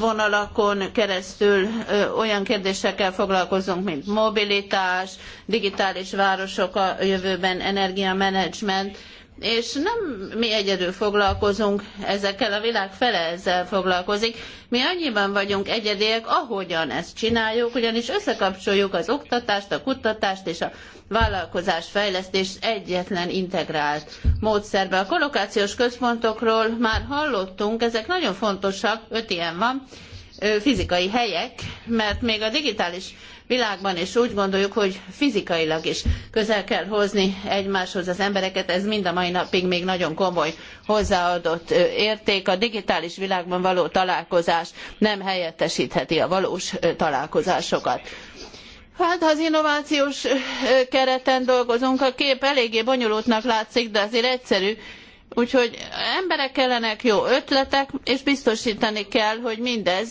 vonalakon keresztül olyan kérdésekkel foglalkozunk, mint mobilitás, digitális városok a jövőben, energiamenedzsment, és nem mi egyedül foglalkozunk ezekkel, a világ fele ezzel foglalkozik. Mi annyiban vagyunk egyediek, ahogyan ezt csináljuk, ugyanis összekapcsoljuk az oktatást, a kutatást és a vállalkozás fejlesztést egyetlen integrált módszerbe. A kolokációs központokról már hallottunk, ezek nagyon fontosak, öt ilyen van, fizikai helyek, mert még a digitális világban, és úgy gondoljuk, hogy fizikailag is közel kell hozni egymáshoz az embereket, ez mind a mai napig még nagyon komoly hozzáadott érték. A digitális világban való találkozás nem helyettesítheti a valós találkozásokat. Hát, ha az innovációs kereten dolgozunk, a kép eléggé bonyolultnak látszik, de azért egyszerű. Úgyhogy emberek kellenek, jó ötletek, és biztosítani kell, hogy mindez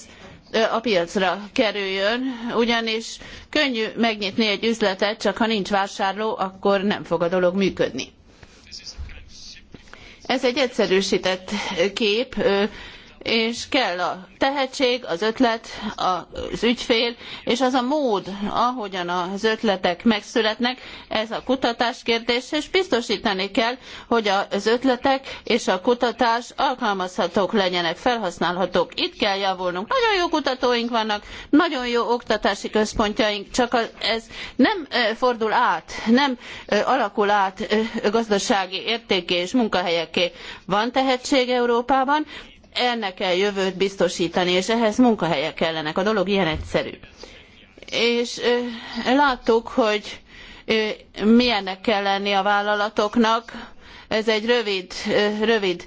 a piacra kerüljön, ugyanis könnyű megnyitni egy üzletet, csak ha nincs vásárló, akkor nem fog a dolog működni. Ez egy egyszerűsített kép, és kell a tehetség, az ötlet, az ügyfél, és az a mód, ahogyan az ötletek megszületnek, ez a kutatás kérdése, és biztosítani kell, hogy az ötletek és a kutatás alkalmazhatók legyenek, felhasználhatók. Itt kell javulnunk. Nagyon jó kutatóink vannak, nagyon jó oktatási központjaink, csak ez nem fordul át, nem alakul át gazdasági értéké és munkahelyeké. Van tehetség Európában, ennek kell jövőt biztosítani, és ehhez munkahelyek kellenek. A dolog ilyen egyszerű. És láttuk, hogy milyennek kell lenni a vállalatoknak. Ez egy rövid, rövid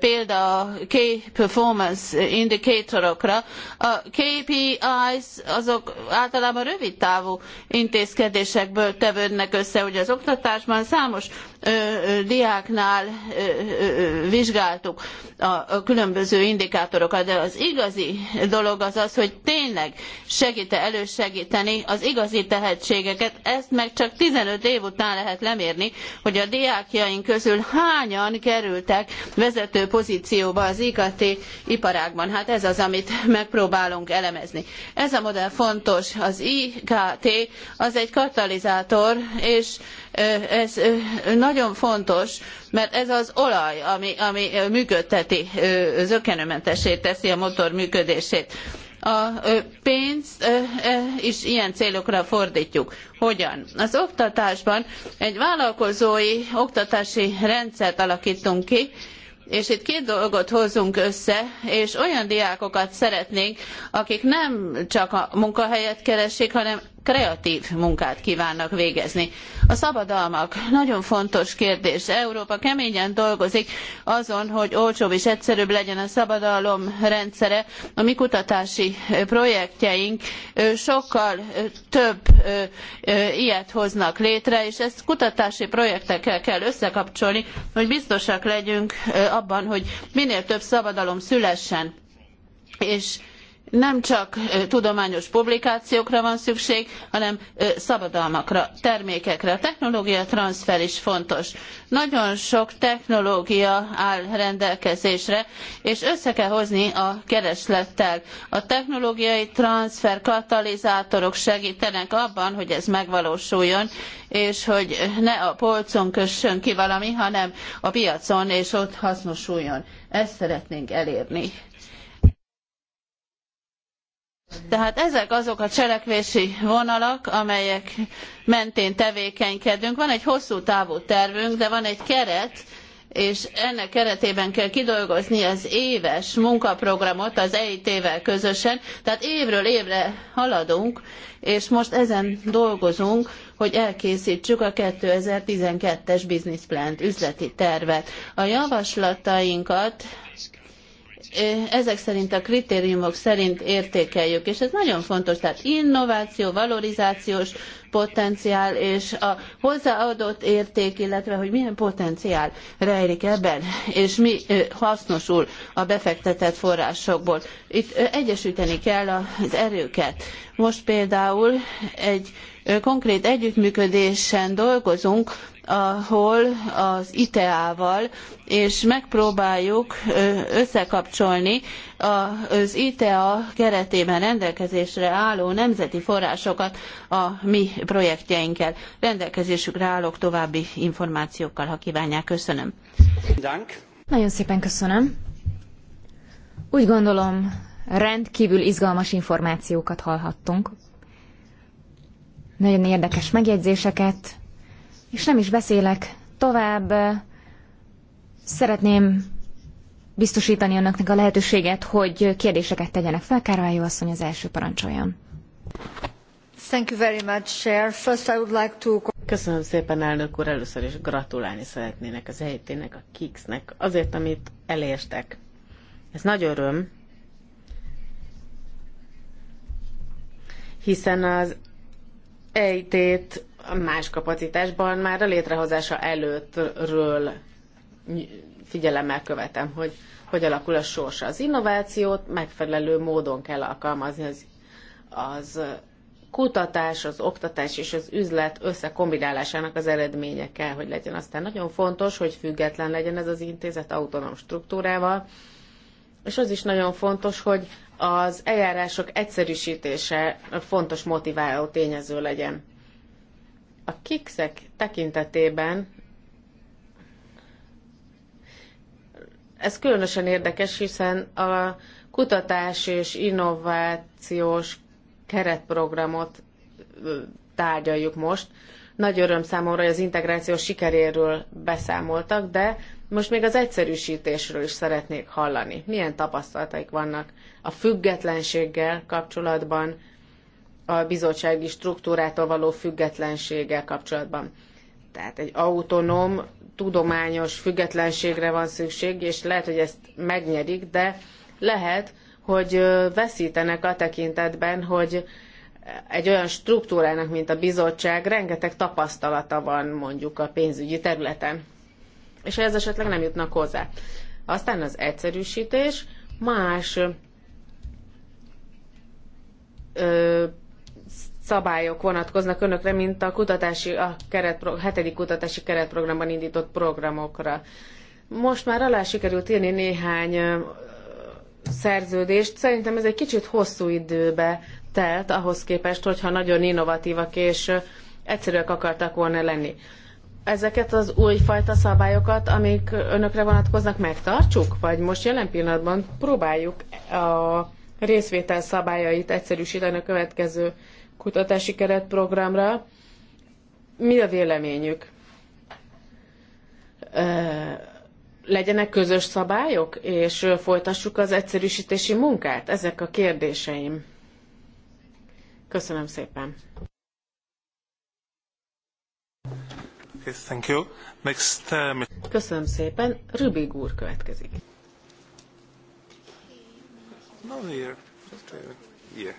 példa a key performance indikátorokra. A KPIs azok általában rövid távú intézkedésekből tevődnek össze, hogy az oktatásban számos diáknál vizsgáltuk a különböző indikátorokat, de az igazi dolog az az, hogy tényleg segíte e elősegíteni az igazi tehetségeket, ezt meg csak 15 év után lehet lemérni, hogy a diákjaink közül hányan kerültek vezető vezető pozícióba az IKT iparágban. Hát ez az, amit megpróbálunk elemezni. Ez a modell fontos. Az IKT az egy katalizátor, és ez nagyon fontos, mert ez az olaj, ami, ami működteti, zökkenőmentesé teszi a motor működését a pénzt is ilyen célokra fordítjuk. Hogyan? Az oktatásban egy vállalkozói oktatási rendszert alakítunk ki, és itt két dolgot hozzunk össze, és olyan diákokat szeretnénk, akik nem csak a munkahelyet keresik, hanem kreatív munkát kívánnak végezni. A szabadalmak nagyon fontos kérdés. Európa keményen dolgozik azon, hogy olcsóbb és egyszerűbb legyen a szabadalom rendszere. A mi kutatási projektjeink sokkal több ilyet hoznak létre, és ezt kutatási projektekkel kell összekapcsolni, hogy biztosak legyünk abban, hogy minél több szabadalom szülessen. És nem csak tudományos publikációkra van szükség, hanem szabadalmakra, termékekre. A technológia transfer is fontos. Nagyon sok technológia áll rendelkezésre, és össze kell hozni a kereslettel. A technológiai transfer katalizátorok segítenek abban, hogy ez megvalósuljon, és hogy ne a polcon kössön ki valami, hanem a piacon, és ott hasznosuljon. Ezt szeretnénk elérni. Tehát ezek azok a cselekvési vonalak, amelyek mentén tevékenykedünk. Van egy hosszú távú tervünk, de van egy keret, és ennek keretében kell kidolgozni az éves munkaprogramot az EIT-vel közösen, tehát évről évre haladunk, és most ezen dolgozunk, hogy elkészítsük a 2012-es business plan üzleti tervet. A javaslatainkat Eh, ezek szerint a kritériumok szerint értékeljük, és ez nagyon fontos, tehát innováció, valorizációs potenciál, és a hozzáadott érték, illetve hogy milyen potenciál rejlik ebben, és mi eh, hasznosul a befektetett forrásokból. Itt eh, egyesíteni kell az erőket. Most például egy konkrét együttműködésen dolgozunk, ahol az ITEA-val, és megpróbáljuk összekapcsolni az ITEA keretében rendelkezésre álló nemzeti forrásokat a mi projektjeinkkel. Rendelkezésükre állok további információkkal, ha kívánják. Köszönöm. Dank. Nagyon szépen köszönöm. Úgy gondolom, rendkívül izgalmas információkat hallhattunk nagyon érdekes megjegyzéseket, és nem is beszélek tovább. Szeretném biztosítani önöknek a lehetőséget, hogy kérdéseket tegyenek fel. Kárvályó asszony az első parancsoljon. Thank you very much, Chair. First I would like to... Köszönöm szépen, elnök úr. Először is gratulálni szeretnének az EIT-nek, a KIX-nek azért, amit elértek. Ez nagy öröm, hiszen az EIT-t más kapacitásban már a létrehozása előttről figyelemmel követem, hogy hogy alakul a sorsa. Az innovációt megfelelő módon kell alkalmazni, az, az kutatás, az oktatás és az üzlet összekombinálásának az eredménye kell, hogy legyen. Aztán nagyon fontos, hogy független legyen ez az intézet autonóm struktúrával, és az is nagyon fontos, hogy az eljárások egyszerűsítése fontos motiváló tényező legyen. A kikszek tekintetében ez különösen érdekes, hiszen a kutatás és innovációs keretprogramot tárgyaljuk most. Nagy öröm számomra, hogy az integráció sikeréről beszámoltak, de most még az egyszerűsítésről is szeretnék hallani. Milyen tapasztalataik vannak a függetlenséggel kapcsolatban, a bizottsági struktúrától való függetlenséggel kapcsolatban. Tehát egy autonóm, tudományos függetlenségre van szükség, és lehet, hogy ezt megnyerik, de lehet, hogy veszítenek a tekintetben, hogy egy olyan struktúrának, mint a bizottság, rengeteg tapasztalata van mondjuk a pénzügyi területen és ez esetleg nem jutnak hozzá. Aztán az egyszerűsítés más ö, szabályok vonatkoznak önökre, mint a, kutatási, a keret, hetedik kutatási keretprogramban indított programokra. Most már alá sikerült írni néhány ö, szerződést. Szerintem ez egy kicsit hosszú időbe telt ahhoz képest, hogyha nagyon innovatívak és egyszerűek akartak volna lenni ezeket az újfajta szabályokat, amik önökre vonatkoznak, megtartsuk? Vagy most jelen pillanatban próbáljuk a részvétel szabályait egyszerűsíteni a következő kutatási keretprogramra? Mi a véleményük? legyenek közös szabályok, és folytassuk az egyszerűsítési munkát? Ezek a kérdéseim. Köszönöm szépen. Uh, Köszönöm szépen. Rübig úr következik. No, here. Just, uh, here.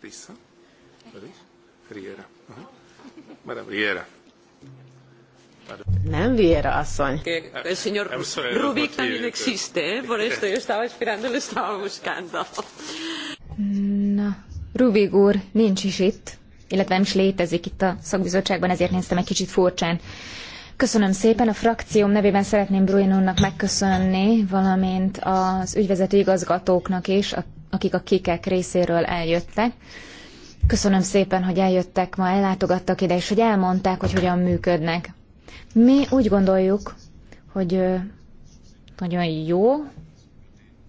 Risa, Riera. Uh-huh. Madame Riera. Nem Viera asszony. El señor Rubik nem uh, existe, ¿eh? por esto yo estaba esperando, lo estaba buscando. Na, Rubik úr nincs is itt illetve nem is létezik itt a szakbizottságban, ezért néztem egy kicsit furcsán. Köszönöm szépen, a frakcióm nevében szeretném Bruinónak megköszönni, valamint az ügyvezető igazgatóknak is, akik a kikek részéről eljöttek. Köszönöm szépen, hogy eljöttek ma, ellátogattak ide, és hogy elmondták, hogy hogyan működnek. Mi úgy gondoljuk, hogy nagyon jó,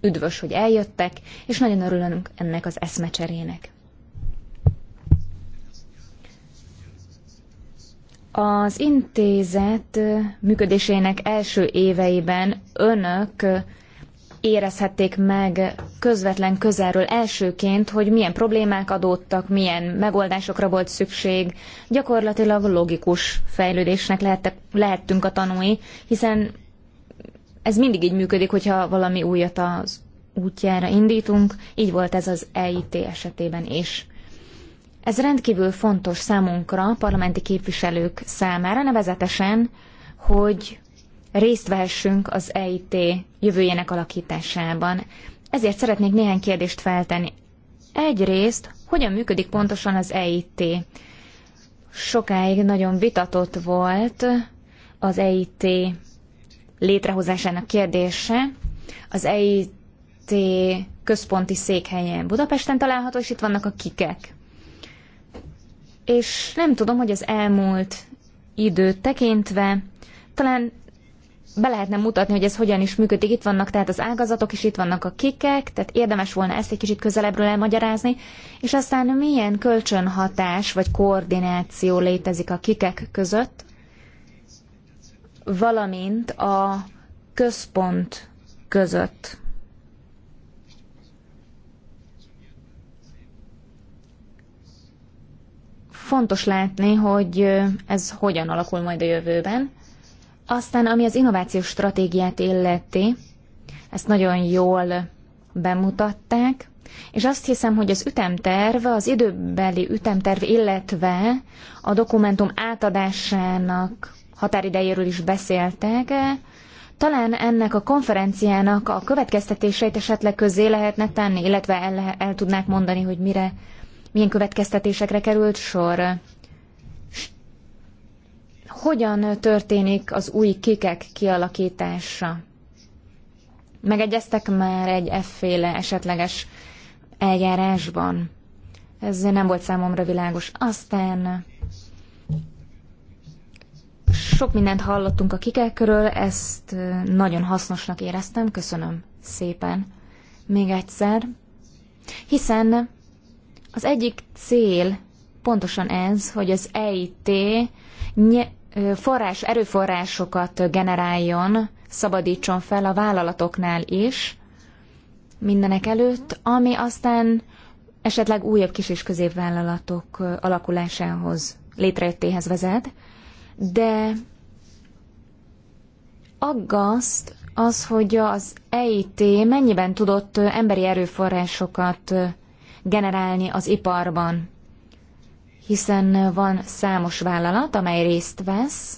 üdvös, hogy eljöttek, és nagyon örülünk ennek az eszmecserének. Az intézet működésének első éveiben önök érezhették meg közvetlen közelről elsőként, hogy milyen problémák adódtak, milyen megoldásokra volt szükség. Gyakorlatilag logikus fejlődésnek lehettek, lehettünk a tanúi, hiszen ez mindig így működik, hogyha valami újat az útjára indítunk, így volt ez az EIT esetében is. Ez rendkívül fontos számunkra, parlamenti képviselők számára, nevezetesen, hogy részt vehessünk az EIT jövőjének alakításában. Ezért szeretnék néhány kérdést feltenni. Egyrészt, hogyan működik pontosan az EIT? Sokáig nagyon vitatott volt az EIT létrehozásának kérdése. Az EIT központi székhelye Budapesten található, és itt vannak a kikek és nem tudom, hogy az elmúlt időt tekintve talán be lehetne mutatni, hogy ez hogyan is működik. Itt vannak tehát az ágazatok, és itt vannak a kikek, tehát érdemes volna ezt egy kicsit közelebbről elmagyarázni, és aztán milyen kölcsönhatás vagy koordináció létezik a kikek között, valamint a központ között. Fontos látni, hogy ez hogyan alakul majd a jövőben. Aztán, ami az innovációs stratégiát illeti, ezt nagyon jól bemutatták, és azt hiszem, hogy az ütemterv, az időbeli ütemterv, illetve a dokumentum átadásának határidejéről is beszéltek, talán ennek a konferenciának a következtetéseit esetleg közé lehetne tenni, illetve el, el tudnák mondani, hogy mire milyen következtetésekre került sor, hogyan történik az új kikek kialakítása. Megegyeztek már egy efféle esetleges eljárásban. Ez nem volt számomra világos. Aztán sok mindent hallottunk a kikekről, ezt nagyon hasznosnak éreztem, köszönöm szépen még egyszer, hiszen az egyik cél pontosan ez, hogy az EIT forrás, erőforrásokat generáljon, szabadítson fel a vállalatoknál is, mindenek előtt, ami aztán esetleg újabb kis- és középvállalatok alakulásához, létrejöttéhez vezet, de aggaszt az, hogy az EIT mennyiben tudott emberi erőforrásokat generálni az iparban, hiszen van számos vállalat, amely részt vesz,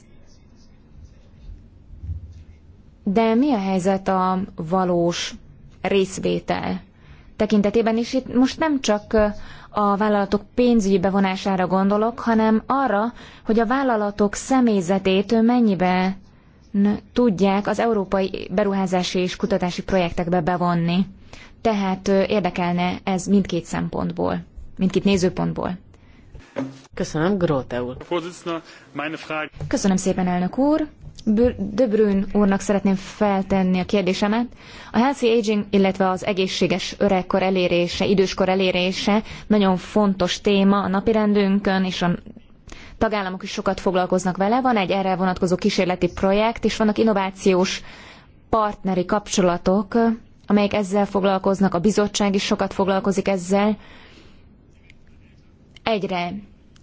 de mi a helyzet a valós részvétel tekintetében is? Itt most nem csak a vállalatok pénzügyi bevonására gondolok, hanem arra, hogy a vállalatok személyzetét mennyiben tudják az európai beruházási és kutatási projektekbe bevonni. Tehát érdekelne ez mindkét szempontból, mindkét nézőpontból. Köszönöm, Gróte úr. Köszönöm szépen, elnök úr. De úrnak szeretném feltenni a kérdésemet. A healthy aging, illetve az egészséges öregkor elérése, időskor elérése nagyon fontos téma a napirendünkön, és a tagállamok is sokat foglalkoznak vele. Van egy erre vonatkozó kísérleti projekt, és vannak innovációs partneri kapcsolatok amelyek ezzel foglalkoznak, a bizottság is sokat foglalkozik ezzel. Egyre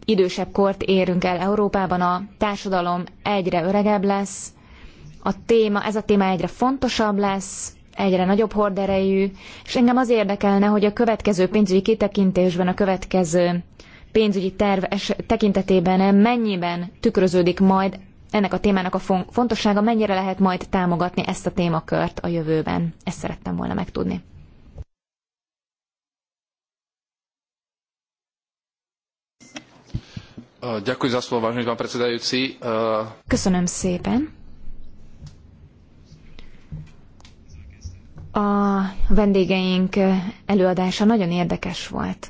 idősebb kort érünk el Európában, a társadalom egyre öregebb lesz, a téma, ez a téma egyre fontosabb lesz, egyre nagyobb horderejű, és engem az érdekelne, hogy a következő pénzügyi kitekintésben, a következő pénzügyi terv tekintetében mennyiben tükröződik majd ennek a témának a fontossága, mennyire lehet majd támogatni ezt a témakört a jövőben. Ezt szerettem volna megtudni. Köszönöm szépen. A vendégeink előadása nagyon érdekes volt.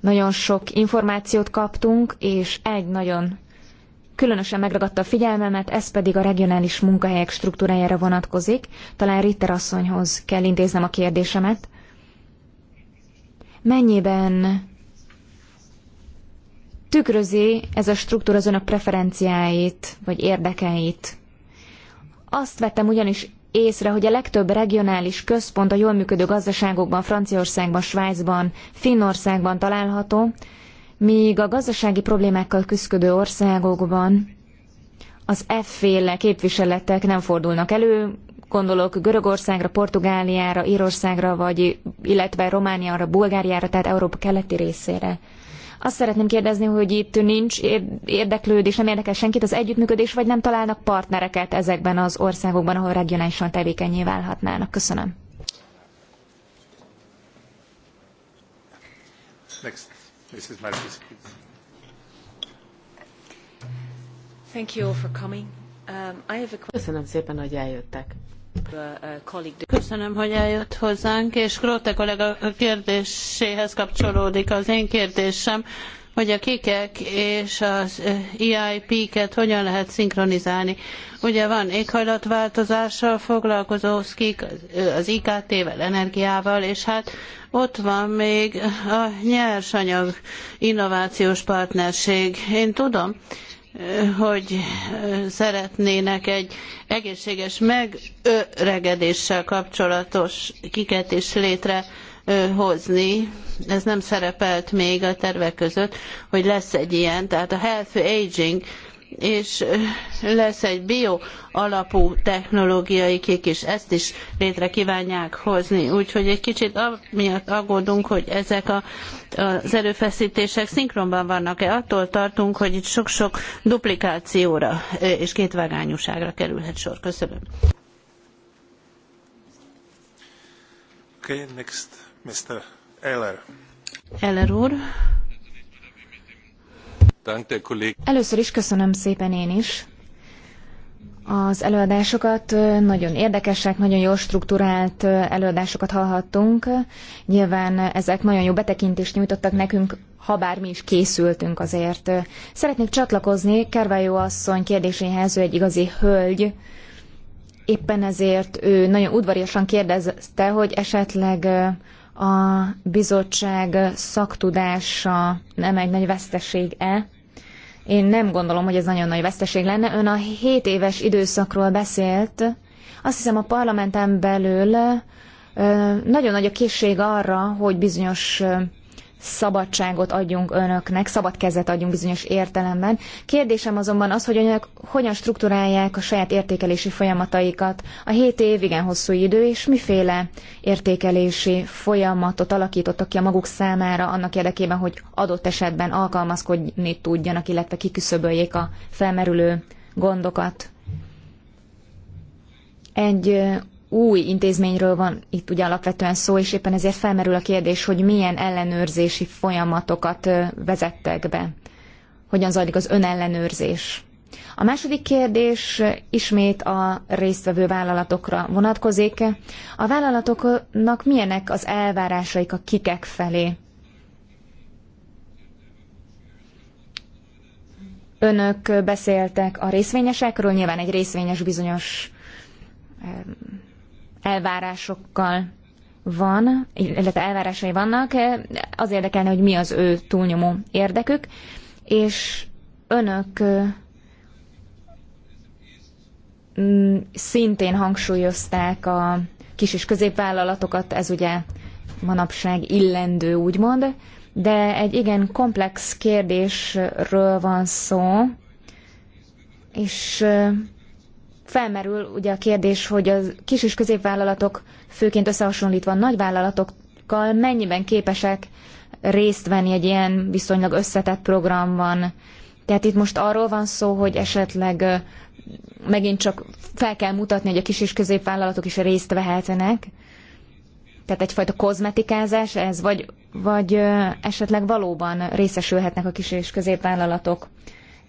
Nagyon sok információt kaptunk, és egy nagyon különösen megragadta a figyelmemet, ez pedig a regionális munkahelyek struktúrájára vonatkozik. Talán Ritter asszonyhoz kell intéznem a kérdésemet. Mennyiben tükrözi ez a struktúra az önök preferenciáit, vagy érdekeit? Azt vettem ugyanis észre, hogy a legtöbb regionális központ a jól működő gazdaságokban, Franciaországban, Svájcban, Finnországban található, míg a gazdasági problémákkal küzdő országokban az F-féle képviseletek nem fordulnak elő, gondolok Görögországra, Portugáliára, Írországra, vagy illetve Romániára, Bulgáriára, tehát Európa keleti részére. Azt szeretném kérdezni, hogy itt nincs érdeklődés, nem érdekel senkit az együttműködés, vagy nem találnak partnereket ezekben az országokban, ahol regionálisan tevékenyé válhatnának. Köszönöm. Next. Mrs. please. Thank you all for coming. Um, I have a... Köszönöm szépen, hogy eljöttek. Uh, uh, Köszönöm, hogy eljött hozzánk, és Grote kollega kérdéséhez kapcsolódik az én kérdésem hogy a kikek és az EIP-ket hogyan lehet szinkronizálni. Ugye van éghajlatváltozással foglalkozó skik, az IKT-vel, energiával, és hát ott van még a nyersanyag innovációs partnerség. Én tudom, hogy szeretnének egy egészséges megöregedéssel kapcsolatos is létrehozni hozni. Ez nem szerepelt még a tervek között, hogy lesz egy ilyen, tehát a healthy aging és lesz egy bio alapú technológiai kék, és ezt is létre kívánják hozni. Úgyhogy egy kicsit amiatt aggódunk, hogy ezek a, az erőfeszítések szinkronban vannak-e. Attól tartunk, hogy itt sok-sok duplikációra és kétvágányúságra kerülhet sor. Köszönöm. Okay, next. Mr. Eller. Eller úr. Először is köszönöm szépen én is. Az előadásokat nagyon érdekesek, nagyon jól strukturált előadásokat hallhattunk. Nyilván ezek nagyon jó betekintést nyújtottak nekünk, ha bár mi is készültünk azért. Szeretnék csatlakozni Kervájó asszony kérdéséhez, ő egy igazi hölgy, Éppen ezért ő nagyon udvariasan kérdezte, hogy esetleg a bizottság szaktudása nem egy nagy veszteség-e? Én nem gondolom, hogy ez nagyon nagy veszteség lenne. Ön a 7 éves időszakról beszélt. Azt hiszem a parlamenten belül nagyon nagy a készség arra, hogy bizonyos szabadságot adjunk önöknek, szabad kezet adjunk bizonyos értelemben. Kérdésem azonban az, hogy önök hogyan struktúrálják a saját értékelési folyamataikat. A hét év igen hosszú idő, és miféle értékelési folyamatot alakítottak ki a maguk számára annak érdekében, hogy adott esetben alkalmazkodni tudjanak, illetve kiküszöböljék a felmerülő gondokat. Egy új intézményről van itt ugye alapvetően szó, és éppen ezért felmerül a kérdés, hogy milyen ellenőrzési folyamatokat vezettek be. Hogyan zajlik az önellenőrzés? A második kérdés ismét a résztvevő vállalatokra vonatkozik. A vállalatoknak milyenek az elvárásaik a kikek felé? Önök beszéltek a részvényesekről, nyilván egy részvényes bizonyos elvárásokkal van, illetve elvárásai vannak, az érdekelne, hogy mi az ő túlnyomó érdekük, és önök mm, szintén hangsúlyozták a kis és középvállalatokat, ez ugye manapság illendő, úgymond, de egy igen komplex kérdésről van szó, és felmerül ugye a kérdés, hogy a kis és középvállalatok főként összehasonlítva a nagyvállalatokkal mennyiben képesek részt venni egy ilyen viszonylag összetett programban. Tehát itt most arról van szó, hogy esetleg megint csak fel kell mutatni, hogy a kis és középvállalatok is részt vehetnek. Tehát egyfajta kozmetikázás ez, vagy, vagy esetleg valóban részesülhetnek a kis és középvállalatok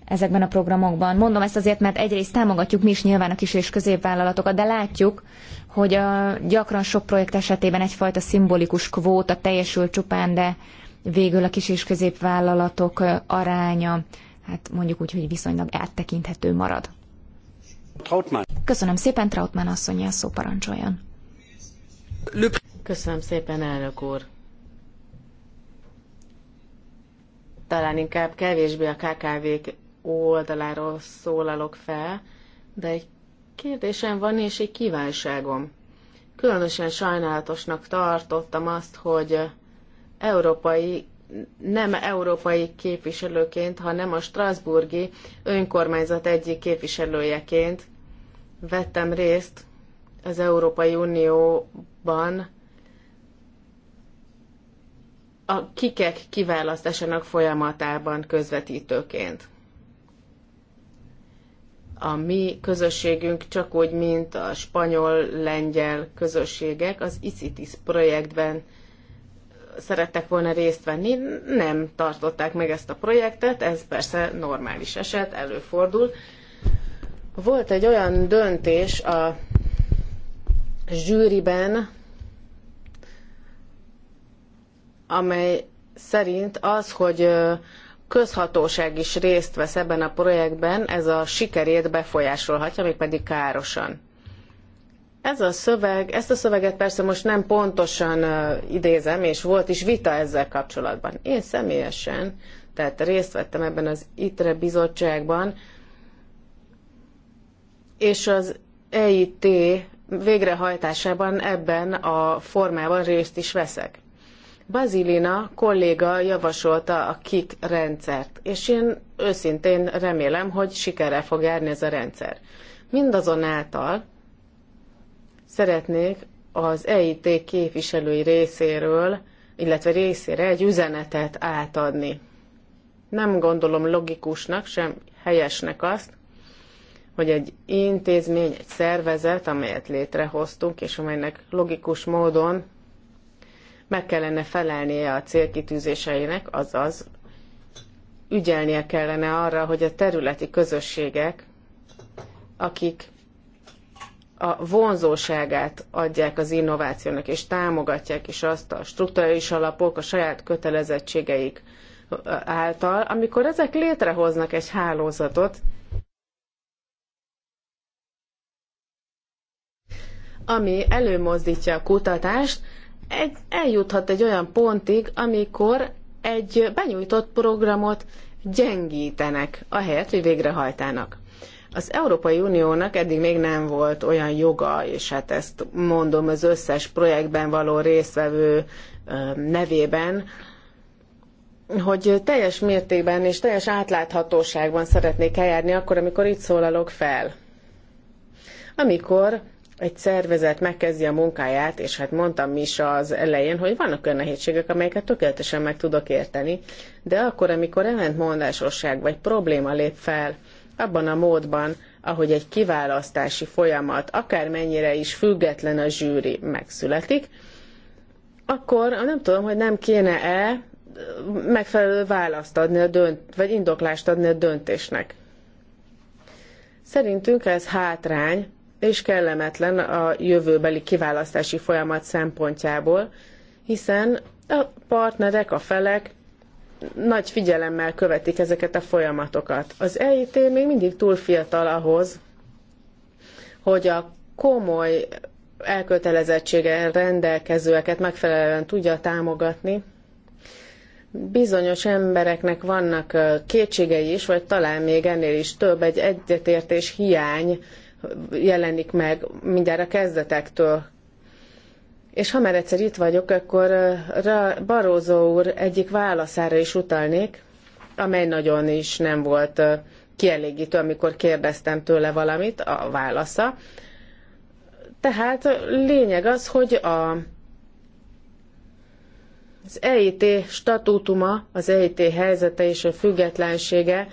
ezekben a programokban. Mondom ezt azért, mert egyrészt támogatjuk mi is nyilván a kis és középvállalatokat, de látjuk, hogy a, gyakran sok projekt esetében egyfajta szimbolikus kvóta teljesül csupán, de végül a kis és középvállalatok aránya, hát mondjuk úgy, hogy viszonylag áttekinthető marad. Trautmann. Köszönöm szépen, Trautmann asszony, a szó parancsoljon. Köszönöm szépen, elnök úr. Talán inkább kevésbé a KKV-k oldaláról szólalok fel, de egy kérdésem van és egy kívánságom. Különösen sajnálatosnak tartottam azt, hogy európai, nem európai képviselőként, hanem a Strasburgi önkormányzat egyik képviselőjeként vettem részt az Európai Unióban a kikek kiválasztásának folyamatában közvetítőként a mi közösségünk csak úgy, mint a spanyol-lengyel közösségek az ICITIS projektben szerettek volna részt venni, nem tartották meg ezt a projektet, ez persze normális eset, előfordul. Volt egy olyan döntés a zsűriben, amely szerint az, hogy közhatóság is részt vesz ebben a projektben, ez a sikerét befolyásolhatja, mégpedig károsan. Ez a szöveg, ezt a szöveget persze most nem pontosan idézem, és volt is vita ezzel kapcsolatban. Én személyesen, tehát részt vettem ebben az ITRE bizottságban, és az EIT végrehajtásában ebben a formában részt is veszek. Bazilina kolléga javasolta a KIT rendszert, és én őszintén remélem, hogy sikerrel fog járni ez a rendszer. Mindazonáltal szeretnék az EIT képviselői részéről, illetve részére egy üzenetet átadni. Nem gondolom logikusnak, sem helyesnek azt, hogy egy intézmény, egy szervezet, amelyet létrehoztunk, és amelynek logikus módon meg kellene felelnie a célkitűzéseinek, azaz ügyelnie kellene arra, hogy a területi közösségek, akik a vonzóságát adják az innovációnak, és támogatják is azt a strukturális alapok a saját kötelezettségeik által, amikor ezek létrehoznak egy hálózatot, ami előmozdítja a kutatást, egy, eljuthat egy olyan pontig, amikor egy benyújtott programot gyengítenek, ahelyett, hogy végrehajtának. Az Európai Uniónak eddig még nem volt olyan joga, és hát ezt mondom az összes projektben való résztvevő nevében, hogy teljes mértékben és teljes átláthatóságban szeretnék eljárni akkor, amikor itt szólalok fel. Amikor egy szervezet megkezdi a munkáját, és hát mondtam is az elején, hogy vannak olyan nehézségek, amelyeket tökéletesen meg tudok érteni, de akkor, amikor ellentmondásosság vagy probléma lép fel, abban a módban, ahogy egy kiválasztási folyamat, akármennyire is független a zsűri megszületik, akkor nem tudom, hogy nem kéne-e megfelelő választ adni a dönt, vagy indoklást adni a döntésnek. Szerintünk ez hátrány, és kellemetlen a jövőbeli kiválasztási folyamat szempontjából, hiszen a partnerek, a felek nagy figyelemmel követik ezeket a folyamatokat. Az EIT még mindig túl fiatal ahhoz, hogy a komoly elkötelezettséggel rendelkezőeket megfelelően tudja támogatni. Bizonyos embereknek vannak kétségei is, vagy talán még ennél is több egy egyetértés hiány jelenik meg mindjárt a kezdetektől. És ha már egyszer itt vagyok, akkor eh, Barózó úr egyik válaszára is utalnék, amely nagyon is nem volt eh, kielégítő, amikor kérdeztem tőle valamit, a válasza. Tehát lényeg az, hogy a, az EIT statútuma, az EIT helyzete és a függetlensége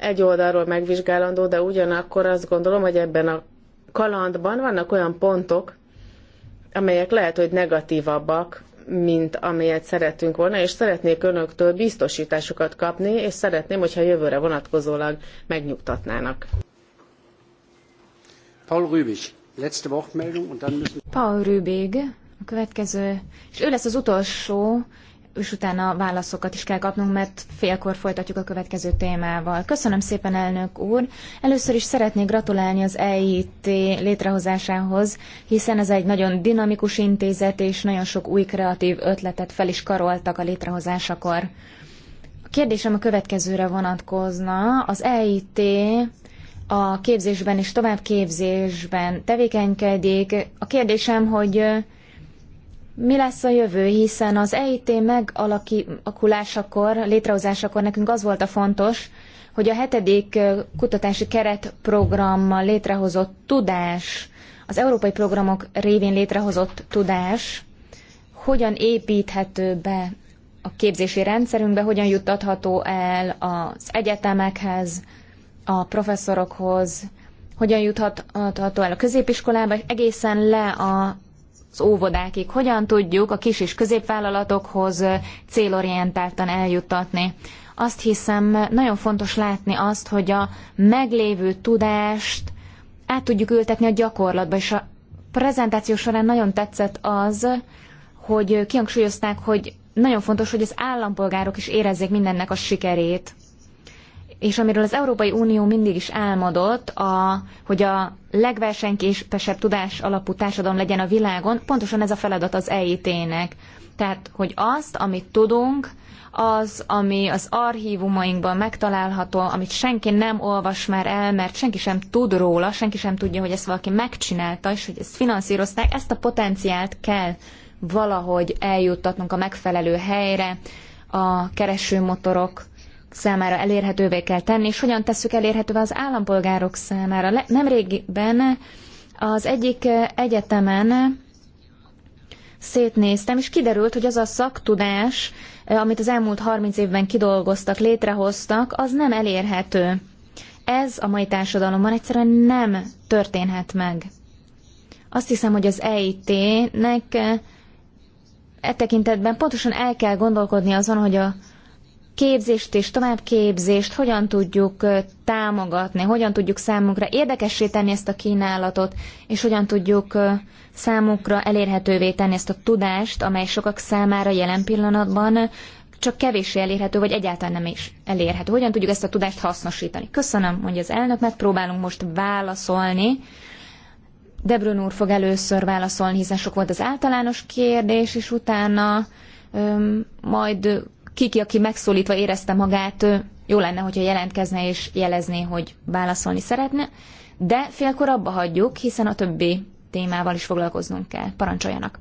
egy oldalról megvizsgálandó, de ugyanakkor azt gondolom, hogy ebben a kalandban vannak olyan pontok, amelyek lehet, hogy negatívabbak, mint amelyet szeretünk volna, és szeretnék önöktől biztosításokat kapni, és szeretném, hogyha jövőre vonatkozólag megnyugtatnának. Paul Rübig, letzte Wortmeldung, und dann müssen... Paul Rübig, a következő, és ő lesz az utolsó és utána válaszokat is kell kapnunk, mert félkor folytatjuk a következő témával. Köszönöm szépen, elnök úr! Először is szeretnék gratulálni az EIT létrehozásához, hiszen ez egy nagyon dinamikus intézet, és nagyon sok új kreatív ötletet fel is karoltak a létrehozásakor. A kérdésem a következőre vonatkozna. Az EIT a képzésben és továbbképzésben tevékenykedik. A kérdésem, hogy mi lesz a jövő, hiszen az EIT megalakulásakor, létrehozásakor nekünk az volt a fontos, hogy a hetedik kutatási keretprogrammal létrehozott tudás, az európai programok révén létrehozott tudás hogyan építhető be a képzési rendszerünkbe, hogyan juttatható el az egyetemekhez, a professzorokhoz, hogyan juthatható el a középiskolába, egészen le a az óvodákig, hogyan tudjuk a kis és középvállalatokhoz célorientáltan eljuttatni. Azt hiszem, nagyon fontos látni azt, hogy a meglévő tudást át tudjuk ültetni a gyakorlatba, és a prezentáció során nagyon tetszett az, hogy kihangsúlyozták, hogy nagyon fontos, hogy az állampolgárok is érezzék mindennek a sikerét és amiről az Európai Unió mindig is álmodott, a, hogy a legversenyképesebb tudás alapú társadalom legyen a világon, pontosan ez a feladat az EIT-nek. Tehát, hogy azt, amit tudunk, az, ami az archívumainkban megtalálható, amit senki nem olvas már el, mert senki sem tud róla, senki sem tudja, hogy ezt valaki megcsinálta, és hogy ezt finanszírozták, ezt a potenciált kell valahogy eljuttatnunk a megfelelő helyre, a keresőmotorok számára elérhetővé kell tenni, és hogyan tesszük elérhetővé az állampolgárok számára. Nemrégiben az egyik eh, egyetemen szétnéztem, és kiderült, hogy az a szaktudás, eh, amit az elmúlt 30 évben kidolgoztak, létrehoztak, az nem elérhető. Ez a mai társadalomban egyszerűen nem történhet meg. Azt hiszem, hogy az EIT-nek eh, e tekintetben pontosan el kell gondolkodni azon, hogy a képzést és továbbképzést hogyan tudjuk támogatni, hogyan tudjuk számunkra érdekessé tenni ezt a kínálatot, és hogyan tudjuk számukra elérhetővé tenni ezt a tudást, amely sokak számára jelen pillanatban csak kevéssé elérhető, vagy egyáltalán nem is elérhető. Hogyan tudjuk ezt a tudást hasznosítani? Köszönöm, mondja az elnök, megpróbálunk most válaszolni. Debrun úr fog először válaszolni, hiszen sok volt az általános kérdés, és utána öm, majd ki, aki megszólítva érezte magát, jó lenne, hogyha jelentkezne és jelezné, hogy válaszolni szeretne, de félkor abba hagyjuk, hiszen a többi témával is foglalkoznunk kell. Parancsoljanak!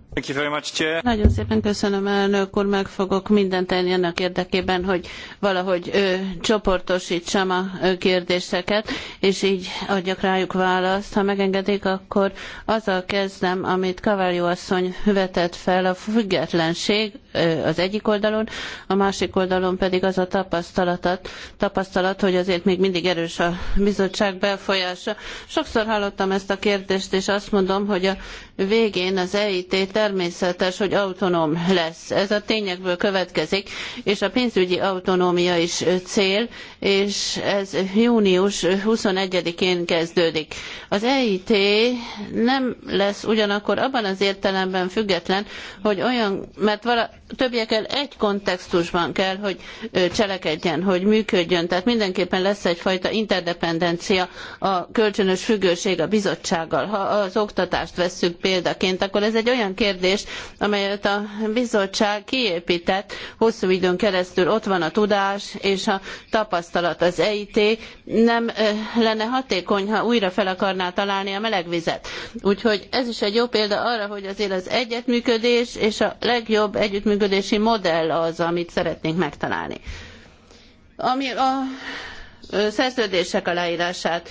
Much, Nagyon szépen köszönöm, elnök úr, meg fogok mindent tenni annak érdekében, hogy valahogy ö, csoportosítsam a ö, kérdéseket, és így adjak rájuk választ. Ha megengedik, akkor azzal kezdem, amit Kaváljó asszony vetett fel, a függetlenség az egyik oldalon, a másik oldalon pedig az a tapasztalat, tapasztalat, hogy azért még mindig erős a bizottság befolyása. Sokszor hallottam ezt a kérdést, és azt mondom, hogy a végén az EIT természetes, hogy autonóm lesz. Ez a tényekből következik, és a pénzügyi autonómia is cél, és ez június 21-én kezdődik. Az EIT nem lesz ugyanakkor abban az értelemben független, hogy olyan, mert vala, többiekkel egy kontextusban kell, hogy cselekedjen, hogy működjön. Tehát mindenképpen lesz egyfajta interdependencia, a kölcsönös függőség a bizottsággal. Ha az oktatást vesszük példaként, akkor ez egy olyan kérdés, amelyet a bizottság kiépített hosszú időn keresztül. Ott van a tudás és a tapasztalat, az EIT. Nem lenne hatékony, ha újra fel akarná találni a melegvizet. Úgyhogy ez is egy jó példa arra, hogy azért az együttműködés és a legjobb együttműködési modell az, amit szeretnénk megtalálni. Ami a szerződések aláírását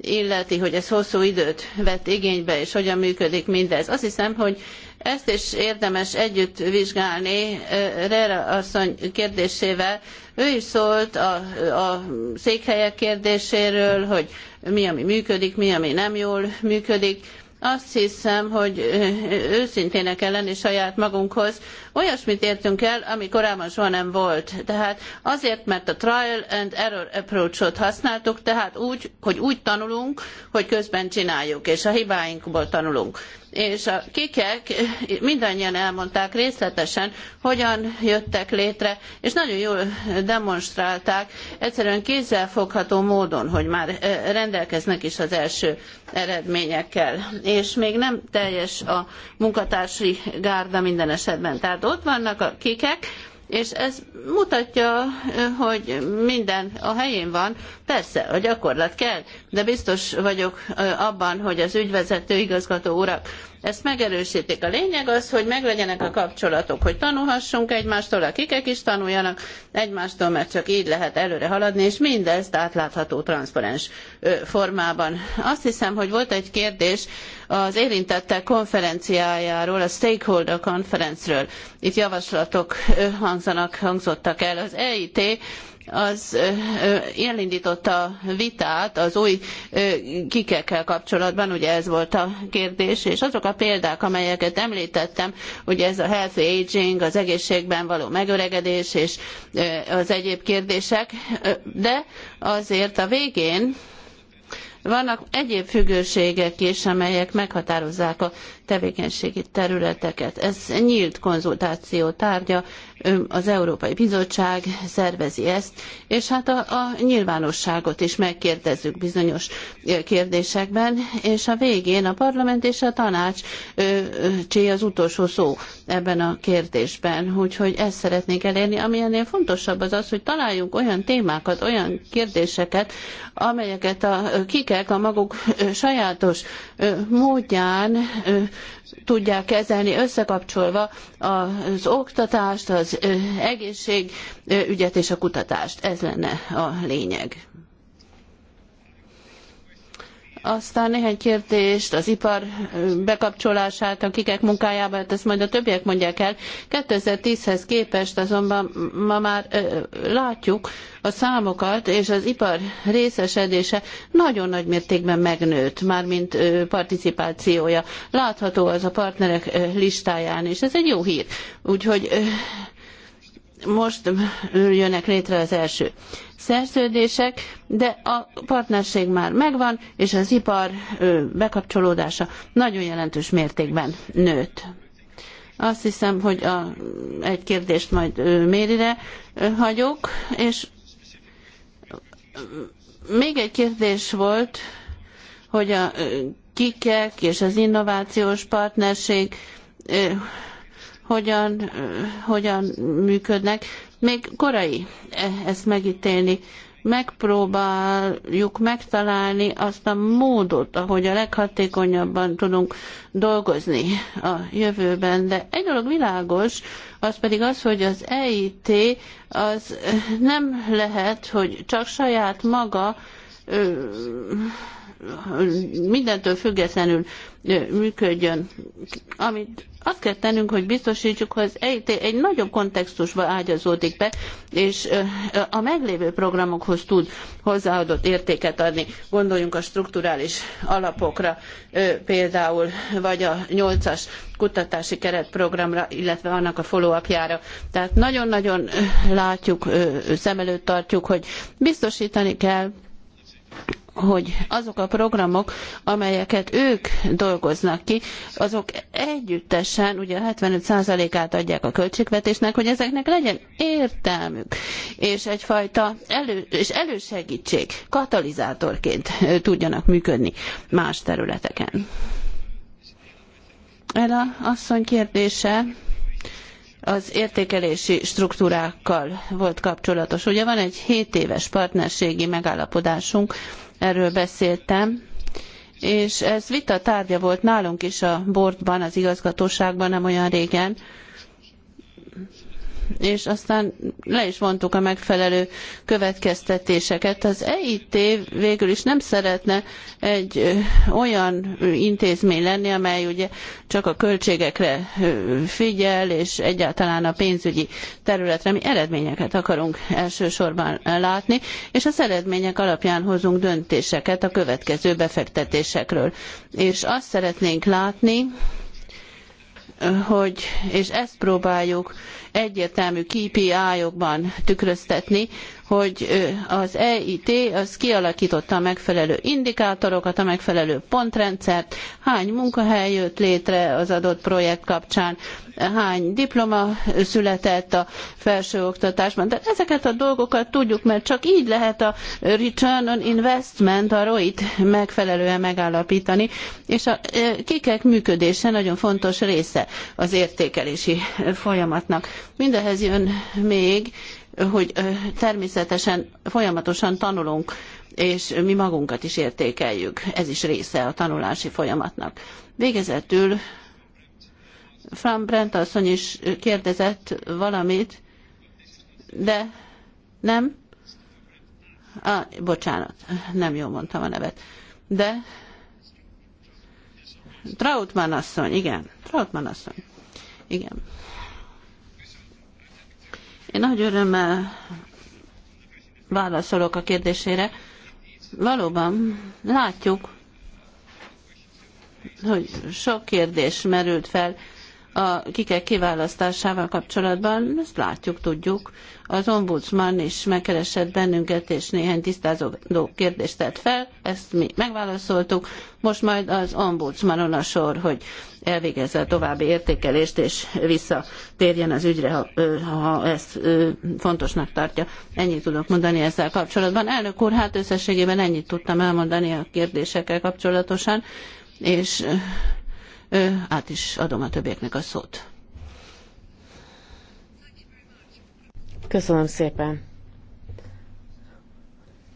illeti, hogy ez hosszú időt vett igénybe, és hogyan működik mindez. Azt hiszem, hogy ezt is érdemes együtt vizsgálni Rera asszony kérdésével. Ő is szólt a, a székhelyek kérdéséről, hogy mi, ami működik, mi, ami nem jól működik azt hiszem, hogy őszintének kell lenni saját magunkhoz. Olyasmit értünk el, ami korábban soha nem volt. Tehát azért, mert a trial and error approach-ot használtuk, tehát úgy, hogy úgy tanulunk, hogy közben csináljuk, és a hibáinkból tanulunk és a kikek mindannyian elmondták részletesen, hogyan jöttek létre, és nagyon jól demonstrálták, egyszerűen kézzelfogható módon, hogy már eh, rendelkeznek is az első eredményekkel. És még nem teljes a munkatársi gárda minden esetben. Tehát ott vannak a kikek, és ez mutatja, hogy minden a helyén van. Persze, a gyakorlat kell, de biztos vagyok abban, hogy az ügyvezető igazgató urak ezt megerősítik. A lényeg az, hogy meglegyenek a kapcsolatok, hogy tanulhassunk egymástól, a kikek is tanuljanak egymástól, mert csak így lehet előre haladni, és mindezt átlátható, transzparens formában. Azt hiszem, hogy volt egy kérdés az érintettek konferenciájáról, a stakeholder konferencről. Itt javaslatok hangzanak, hangzottak el. Az EIT az elindította a vitát az új kikekkel kapcsolatban, ugye ez volt a kérdés, és azok a példák, amelyeket említettem, ugye ez a healthy aging, az egészségben való megöregedés és az egyéb kérdések, de azért a végén vannak egyéb függőségek is, amelyek meghatározzák a tevékenységi területeket. Ez nyílt konzultáció tárgya, az Európai Bizottság szervezi ezt, és hát a, a nyilvánosságot is megkérdezzük bizonyos kérdésekben, és a végén a parlament és a tanács csé az utolsó szó ebben a kérdésben. Úgyhogy ezt szeretnénk elérni. Ami ennél fontosabb az az, hogy találjunk olyan témákat, olyan kérdéseket, amelyeket a kikek a maguk sajátos módján tudják kezelni, összekapcsolva az oktatást, az az egészségügyet és a kutatást. Ez lenne a lényeg. Aztán néhány kérdést, az ipar bekapcsolását a kikek munkájába, hát ezt majd a többiek mondják el. 2010-hez képest azonban ma már ö, látjuk a számokat, és az ipar részesedése nagyon nagy mértékben megnőtt, mármint ö, participációja. Látható az a partnerek ö, listáján, és ez egy jó hír. Úgyhogy ö, most jönnek létre az első szerződések, de a partnerség már megvan, és az ipar bekapcsolódása nagyon jelentős mértékben nőtt. Azt hiszem, hogy a, egy kérdést majd Mérire hagyok, és még egy kérdés volt, hogy a kikek és az innovációs partnerség hogyan, hogyan működnek. Még korai e, ezt megítélni. Megpróbáljuk megtalálni azt a módot, ahogy a leghatékonyabban tudunk dolgozni a jövőben. De egy dolog világos, az pedig az, hogy az EIT az nem lehet, hogy csak saját maga mindentől függetlenül működjön. Amit azt kell tennünk, hogy biztosítsuk, hogy az EIT egy nagyobb kontextusba ágyazódik be, és a meglévő programokhoz tud hozzáadott értéket adni. Gondoljunk a strukturális alapokra például, vagy a nyolcas kutatási keretprogramra, illetve annak a follow Tehát nagyon-nagyon látjuk, szem előtt tartjuk, hogy biztosítani kell hogy azok a programok, amelyeket ők dolgoznak ki, azok együttesen ugye 75%-át adják a költségvetésnek, hogy ezeknek legyen értelmük, és egyfajta elő, és elősegítség, katalizátorként tudjanak működni más területeken. Ela asszony kérdése az értékelési struktúrákkal volt kapcsolatos. Ugye van egy 7 éves partnerségi megállapodásunk erről beszéltem, és ez vita tárgya volt nálunk is a boardban, az igazgatóságban nem olyan régen, és aztán le is vontuk a megfelelő következtetéseket. Az EIT végül is nem szeretne egy olyan intézmény lenni, amely ugye csak a költségekre figyel, és egyáltalán a pénzügyi területre mi eredményeket akarunk elsősorban látni, és az eredmények alapján hozunk döntéseket a következő befektetésekről. És azt szeretnénk látni, hogy, és ezt próbáljuk egyértelmű KPI-okban tükröztetni, hogy az EIT az kialakította a megfelelő indikátorokat, a megfelelő pontrendszert, hány munkahely jött létre az adott projekt kapcsán, hány diploma született a felsőoktatásban. De ezeket a dolgokat tudjuk, mert csak így lehet a return on investment, a ROIT megfelelően megállapítani, és a kikek működése nagyon fontos része az értékelési folyamatnak. Mindehez jön még, hogy természetesen folyamatosan tanulunk, és mi magunkat is értékeljük. Ez is része a tanulási folyamatnak. Végezetül Fran Brent asszony is kérdezett valamit, de nem? Ah, bocsánat, nem jól mondtam a nevet. De Trautmann asszony, igen. Trautmann asszony. Igen. Én nagy örömmel válaszolok a kérdésére. Valóban látjuk, hogy sok kérdés merült fel a kikek kiválasztásával kapcsolatban, ezt látjuk, tudjuk, az ombudsman is megkeresett bennünket, és néhány tisztázó kérdést tett fel, ezt mi megválaszoltuk, most majd az ombudsmanon a sor, hogy elvégezze a további értékelést, és visszatérjen az ügyre, ha, ha ezt fontosnak tartja. Ennyit tudok mondani ezzel kapcsolatban. Elnök úr, hát összességében ennyit tudtam elmondani a kérdésekkel kapcsolatosan, és át is adom a többieknek a szót. Köszönöm szépen.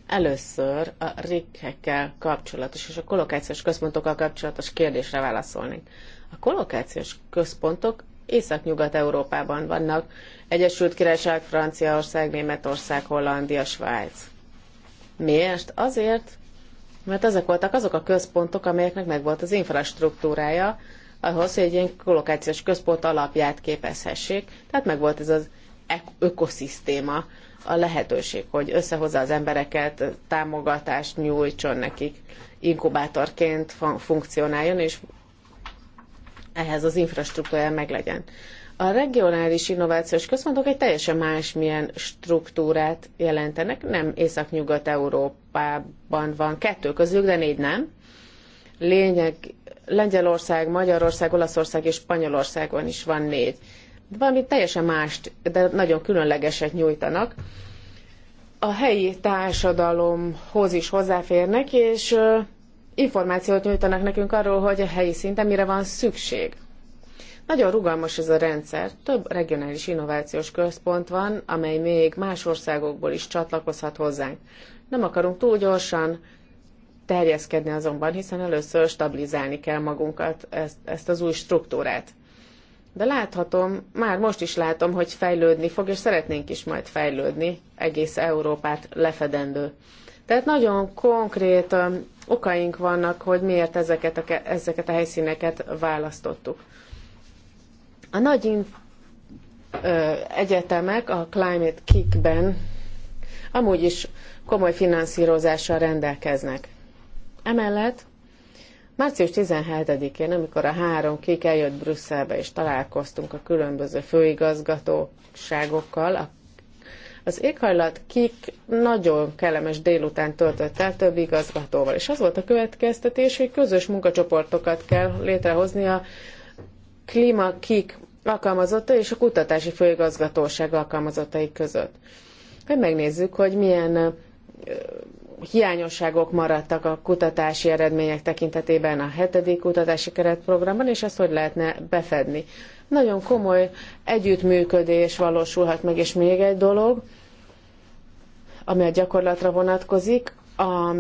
Először a rikkekkel kapcsolatos és a kolokációs központokkal kapcsolatos kérdésre válaszolnék. A kolokációs központok Észak-Nyugat-Európában vannak, Egyesült Királyság, Franciaország, Németország, Hollandia, Svájc. Miért? Azért, mert ezek voltak azok a központok, amelyeknek megvolt az infrastruktúrája, ahhoz, hogy egy ilyen kolokációs központ alapját képezhessék. Tehát megvolt ez az ökoszisztéma, a lehetőség, hogy összehozza az embereket, támogatást nyújtson nekik, inkubátorként funkcionáljon, és ehhez az infrastruktúrája meglegyen. A regionális innovációs központok egy teljesen másmilyen struktúrát jelentenek. Nem Észak-Nyugat-Európában van kettő közül, de négy nem. Lényeg Lengyelország, Magyarország, Olaszország és Spanyolországon is van négy. De valami teljesen mást, de nagyon különlegeset nyújtanak. A helyi társadalomhoz is hozzáférnek, és információt nyújtanak nekünk arról, hogy a helyi szinten mire van szükség nagyon rugalmas ez a rendszer. Több regionális innovációs központ van, amely még más országokból is csatlakozhat hozzánk. Nem akarunk túl gyorsan terjeszkedni azonban, hiszen először stabilizálni kell magunkat, ezt, ezt az új struktúrát. De láthatom, már most is látom, hogy fejlődni fog, és szeretnénk is majd fejlődni, egész Európát lefedendő. Tehát nagyon konkrét okaink vannak, hogy miért ezeket a, ezeket a helyszíneket választottuk. A nagy egyetemek a Climate Kickben amúgy is komoly finanszírozással rendelkeznek. Emellett március 17-én, amikor a három kik eljött Brüsszelbe és találkoztunk a különböző főigazgatóságokkal, az éghajlat kik nagyon kellemes délután töltött el több igazgatóval, és az volt a következtetés, hogy közös munkacsoportokat kell létrehozni a Kik alkalmazottai és a kutatási főigazgatóság alkalmazottai között. Hogy megnézzük, hogy milyen hiányosságok maradtak a kutatási eredmények tekintetében a hetedik kutatási keretprogramban, és ezt hogy lehetne befedni. Nagyon komoly együttműködés valósulhat meg, és még egy dolog, ami a gyakorlatra vonatkozik, a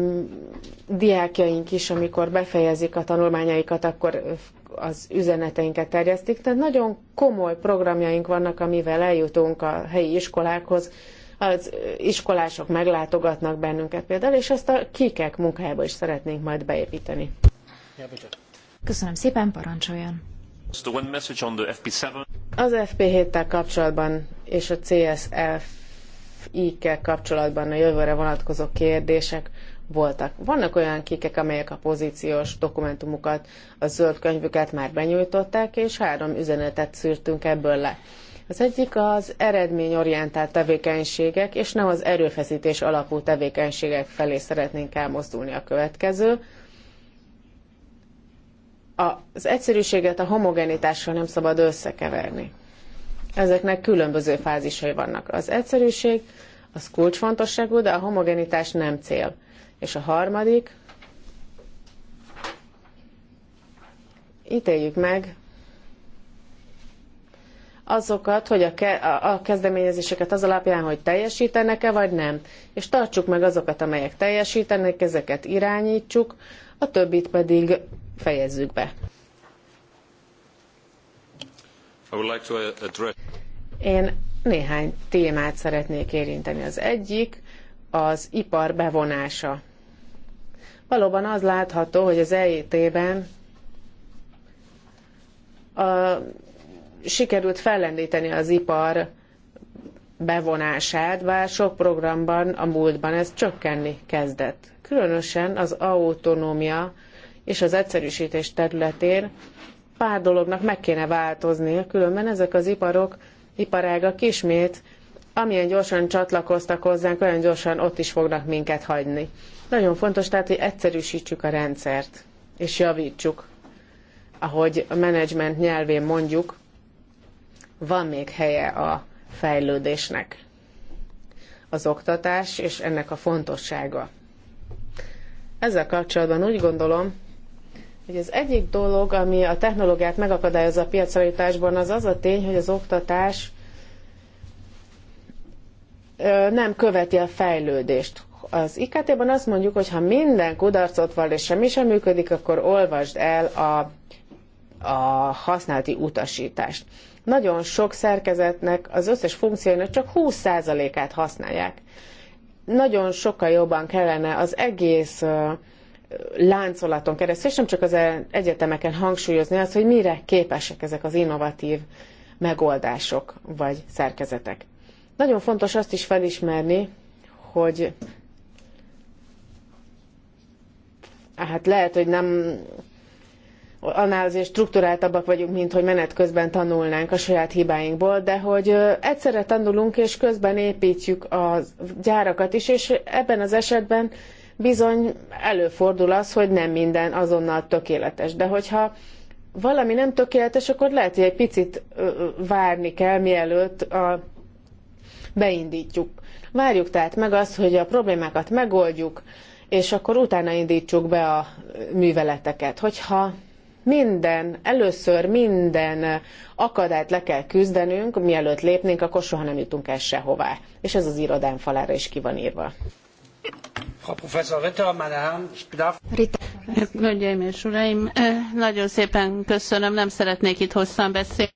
diákjaink is, amikor befejezik a tanulmányaikat, akkor az üzeneteinket terjesztik, tehát nagyon komoly programjaink vannak, amivel eljutunk a helyi iskolákhoz, az iskolások meglátogatnak bennünket például, és ezt a kikek munkájába is szeretnénk majd beépíteni. Köszönöm szépen, parancsoljon! Az FP7-tel kapcsolatban és a CSF-ikkel kapcsolatban a jövőre vonatkozó kérdések voltak. Vannak olyan kikek, amelyek a pozíciós dokumentumukat, a zöld könyvüket már benyújtották, és három üzenetet szűrtünk ebből le. Az egyik az eredményorientált tevékenységek, és nem az erőfeszítés alapú tevékenységek felé szeretnénk elmozdulni a következő. Az egyszerűséget a homogenitással nem szabad összekeverni. Ezeknek különböző fázisai vannak. Az egyszerűség az kulcsfontosságú, de a homogenitás nem cél. És a harmadik, ítéljük meg azokat, hogy a, ke- a kezdeményezéseket az alapján, hogy teljesítenek-e vagy nem, és tartsuk meg azokat, amelyek teljesítenek, ezeket irányítsuk, a többit pedig fejezzük be. Uh, Én néhány témát szeretnék érinteni. Az egyik az ipar bevonása. Valóban az látható, hogy az EIT-ben a, sikerült fellendíteni az ipar bevonását, bár sok programban a múltban ez csökkenni kezdett. Különösen az autonómia és az egyszerűsítés területén pár dolognak meg kéne változni, különben ezek az iparok, iparágak ismét amilyen gyorsan csatlakoztak hozzánk, olyan gyorsan ott is fognak minket hagyni. Nagyon fontos tehát, hogy egyszerűsítsük a rendszert, és javítsuk. Ahogy a menedzsment nyelvén mondjuk, van még helye a fejlődésnek. Az oktatás és ennek a fontossága. Ezzel kapcsolatban úgy gondolom, hogy az egyik dolog, ami a technológiát megakadályozza a piacra jutásban, az az a tény, hogy az oktatás nem követi a fejlődést. Az IKT-ban azt mondjuk, hogy ha minden kudarcot van és semmi sem működik, akkor olvasd el a, a használati utasítást. Nagyon sok szerkezetnek az összes funkciójának csak 20%-át használják. Nagyon sokkal jobban kellene az egész láncolaton keresztül, és nem csak az egyetemeken hangsúlyozni azt, hogy mire képesek ezek az innovatív megoldások vagy szerkezetek. Nagyon fontos azt is felismerni, hogy hát lehet, hogy nem annál azért struktúráltabbak vagyunk, mint hogy menet közben tanulnánk a saját hibáinkból, de hogy egyszerre tanulunk, és közben építjük a gyárakat is, és ebben az esetben bizony előfordul az, hogy nem minden azonnal tökéletes. De hogyha valami nem tökéletes, akkor lehet, hogy egy picit várni kell, mielőtt a beindítjuk. Várjuk tehát meg azt, hogy a problémákat megoldjuk, és akkor utána indítsuk be a műveleteket. Hogyha minden, először minden akadályt le kell küzdenünk, mielőtt lépnénk, akkor soha nem jutunk el sehová. És ez az irodán falára is ki van írva. Rita. Professor Hölgyeim és uraim, nagyon szépen köszönöm, nem szeretnék itt hosszan beszélni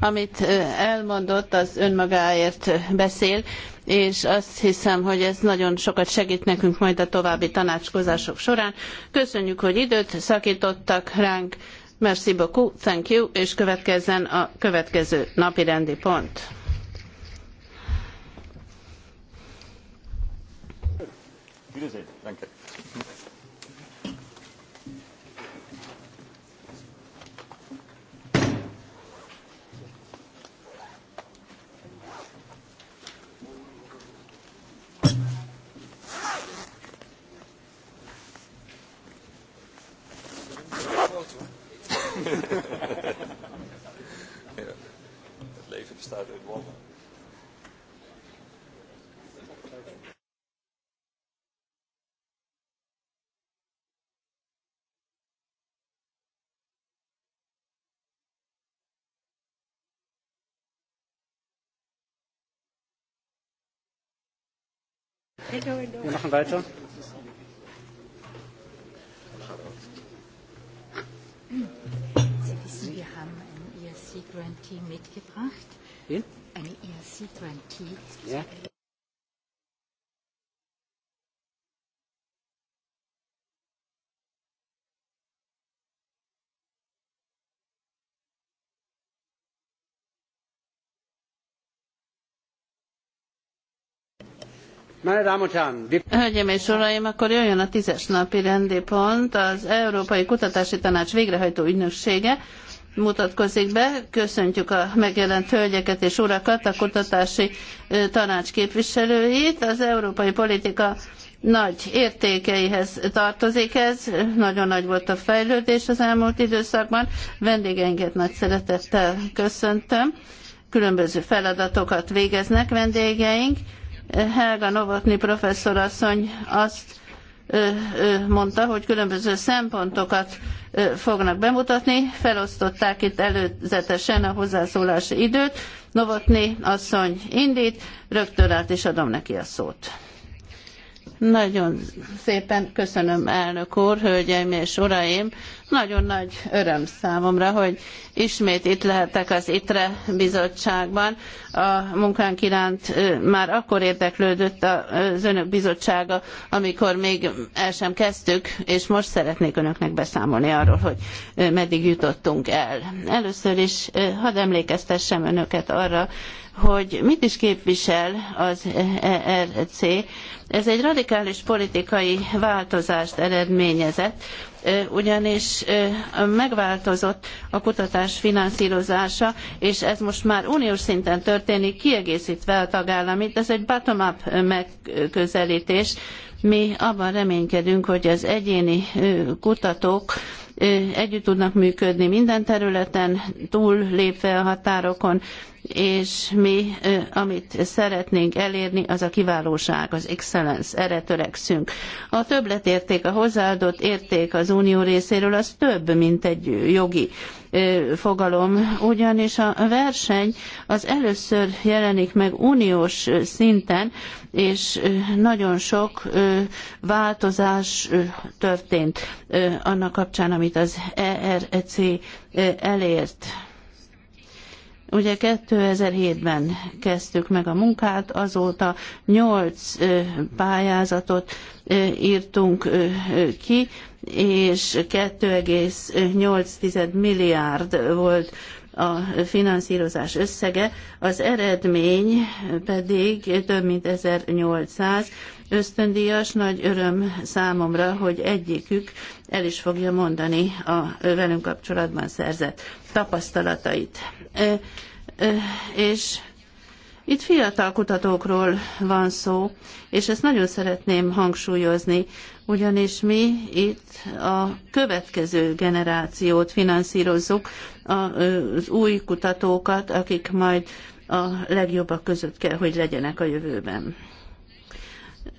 amit elmondott, az önmagáért beszél, és azt hiszem, hogy ez nagyon sokat segít nekünk majd a további tanácskozások során. Köszönjük, hogy időt szakítottak ránk. Merci beaucoup, thank you, és következzen a következő napirendi pont. Wiedersehen, danke. ja. Het leven bestaat uit weiter. ERC20 mitgebracht. Wen? Eine ERC20. Ja. Hölgyeim és uraim, akkor jöjjön a tízes napi rendi pont, az Európai Kutatási Tanács végrehajtó ügynöksége, mutatkozik be. Köszöntjük a megjelent hölgyeket és urakat, a kutatási tanács képviselőit. Az európai politika nagy értékeihez tartozik ez, nagyon nagy volt a fejlődés az elmúlt időszakban. Vendégeinket nagy szeretettel köszöntöm. Különböző feladatokat végeznek vendégeink. Helga Novotny professzorasszony azt mondta, hogy különböző szempontokat fognak bemutatni. Felosztották itt előzetesen a hozzászólási időt. Novotny asszony indít, rögtön át is adom neki a szót. Nagyon szépen köszönöm, elnök úr, hölgyeim és uraim. Nagyon nagy öröm számomra, hogy ismét itt lehetek az ITRE bizottságban. A munkánk iránt már akkor érdeklődött az önök bizottsága, amikor még el sem kezdtük, és most szeretnék önöknek beszámolni arról, hogy meddig jutottunk el. Először is hadd emlékeztessem önöket arra, hogy mit is képvisel az ERC. E ez egy radikális politikai változást eredményezett, ugyanis megváltozott a kutatás finanszírozása, és ez most már uniós szinten történik, kiegészítve a tagállamit. Ez egy bottom-up megközelítés. Mi abban reménykedünk, hogy az egyéni kutatók együtt tudnak működni minden területen, túl lépve a határokon, és mi, amit szeretnénk elérni, az a kiválóság, az excellence, erre törekszünk. A többletérték, a hozzáadott érték az unió részéről, az több, mint egy jogi fogalom, ugyanis a verseny az először jelenik meg uniós szinten, és nagyon sok változás történt annak kapcsán, amit az ERC elért. Ugye 2007-ben kezdtük meg a munkát, azóta 8 pályázatot írtunk ki, és 2,8 milliárd volt a finanszírozás összege, az eredmény pedig több mint 1800 ösztöndíjas, nagy öröm számomra, hogy egyikük el is fogja mondani a velünk kapcsolatban szerzett tapasztalatait és itt fiatal kutatókról van szó, és ezt nagyon szeretném hangsúlyozni, ugyanis mi itt a következő generációt finanszírozzuk, az új kutatókat, akik majd a legjobbak között kell, hogy legyenek a jövőben.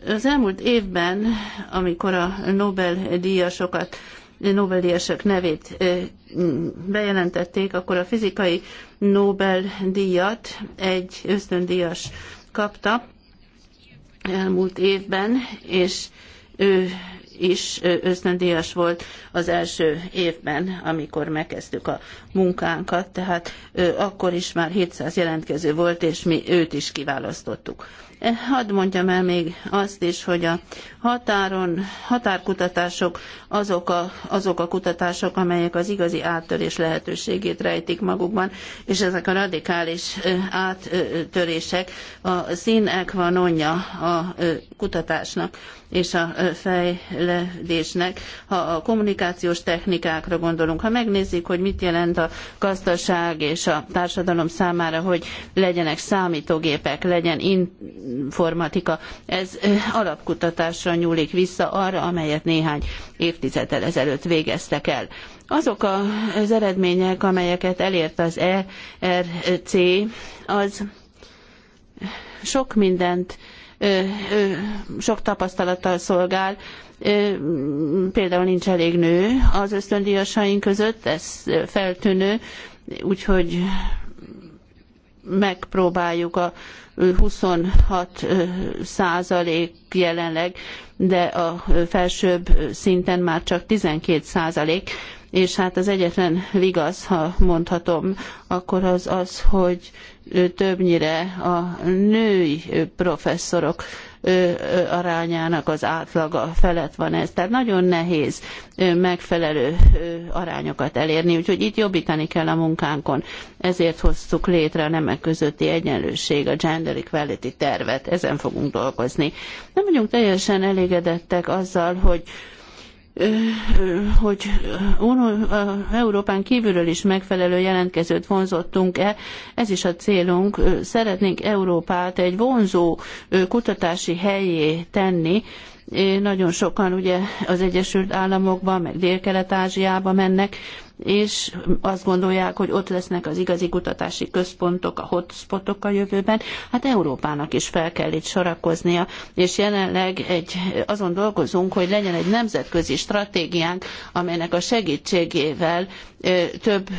Az elmúlt évben, amikor a Nobel-díjasokat Nobel-díjasok nevét bejelentették, akkor a fizikai Nobel-díjat egy ösztöndíjas kapta elmúlt évben, és ő is ösztöndíjas volt az első évben, amikor megkezdtük a munkánkat, tehát akkor is már 700 jelentkező volt, és mi őt is kiválasztottuk. Hadd mondjam el még azt is, hogy a határon, határkutatások azok a, azok a kutatások, amelyek az igazi áttörés lehetőségét rejtik magukban, és ezek a radikális áttörések a színek van onja a kutatásnak és a fejlődésnek. Ha a kommunikációs technikákra gondolunk, ha megnézzük, hogy mit jelent a gazdaság és a társadalom számára, hogy legyenek számítógépek, legyen in- informatika. Ez alapkutatásra nyúlik vissza arra, amelyet néhány évtizeddel ezelőtt végeztek el. Azok az eredmények, amelyeket elért az ERC, az sok mindent, sok tapasztalattal szolgál, például nincs elég nő az ösztöndíjasaink között, ez feltűnő, úgyhogy megpróbáljuk a 26 százalék jelenleg, de a felsőbb szinten már csak 12 százalék és hát az egyetlen vigasz, ha mondhatom, akkor az az, hogy többnyire a női professzorok arányának az átlaga felett van ez. Tehát nagyon nehéz megfelelő arányokat elérni, úgyhogy itt jobbítani kell a munkánkon. Ezért hoztuk létre a nemek közötti egyenlőség, a gender equality tervet, ezen fogunk dolgozni. Nem vagyunk teljesen elégedettek azzal, hogy hogy Európán kívülről is megfelelő jelentkezőt vonzottunk-e. Ez is a célunk. Szeretnénk Európát egy vonzó kutatási helyé tenni, nagyon sokan ugye az Egyesült Államokba, meg Dél-Kelet-Ázsiába mennek, és azt gondolják, hogy ott lesznek az igazi kutatási központok, a hotspotok a jövőben, hát Európának is fel kell itt sorakoznia, és jelenleg egy, azon dolgozunk, hogy legyen egy nemzetközi stratégiánk, amelynek a segítségével több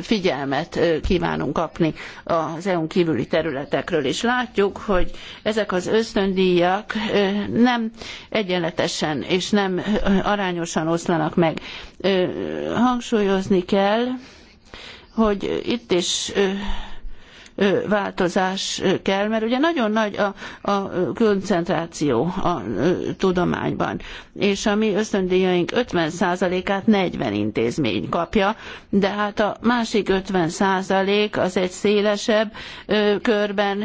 figyelmet kívánunk kapni az EU-n kívüli területekről, és látjuk, hogy ezek az ösztöndíjak nem egyenletesen és nem arányosan oszlanak meg. Hangsúlyozni kell, hogy itt is változás kell, mert ugye nagyon nagy a, a koncentráció a tudományban, és a mi ösztöndíjaink 50%-át 40 intézmény kapja, de hát a másik 50% az egy szélesebb körben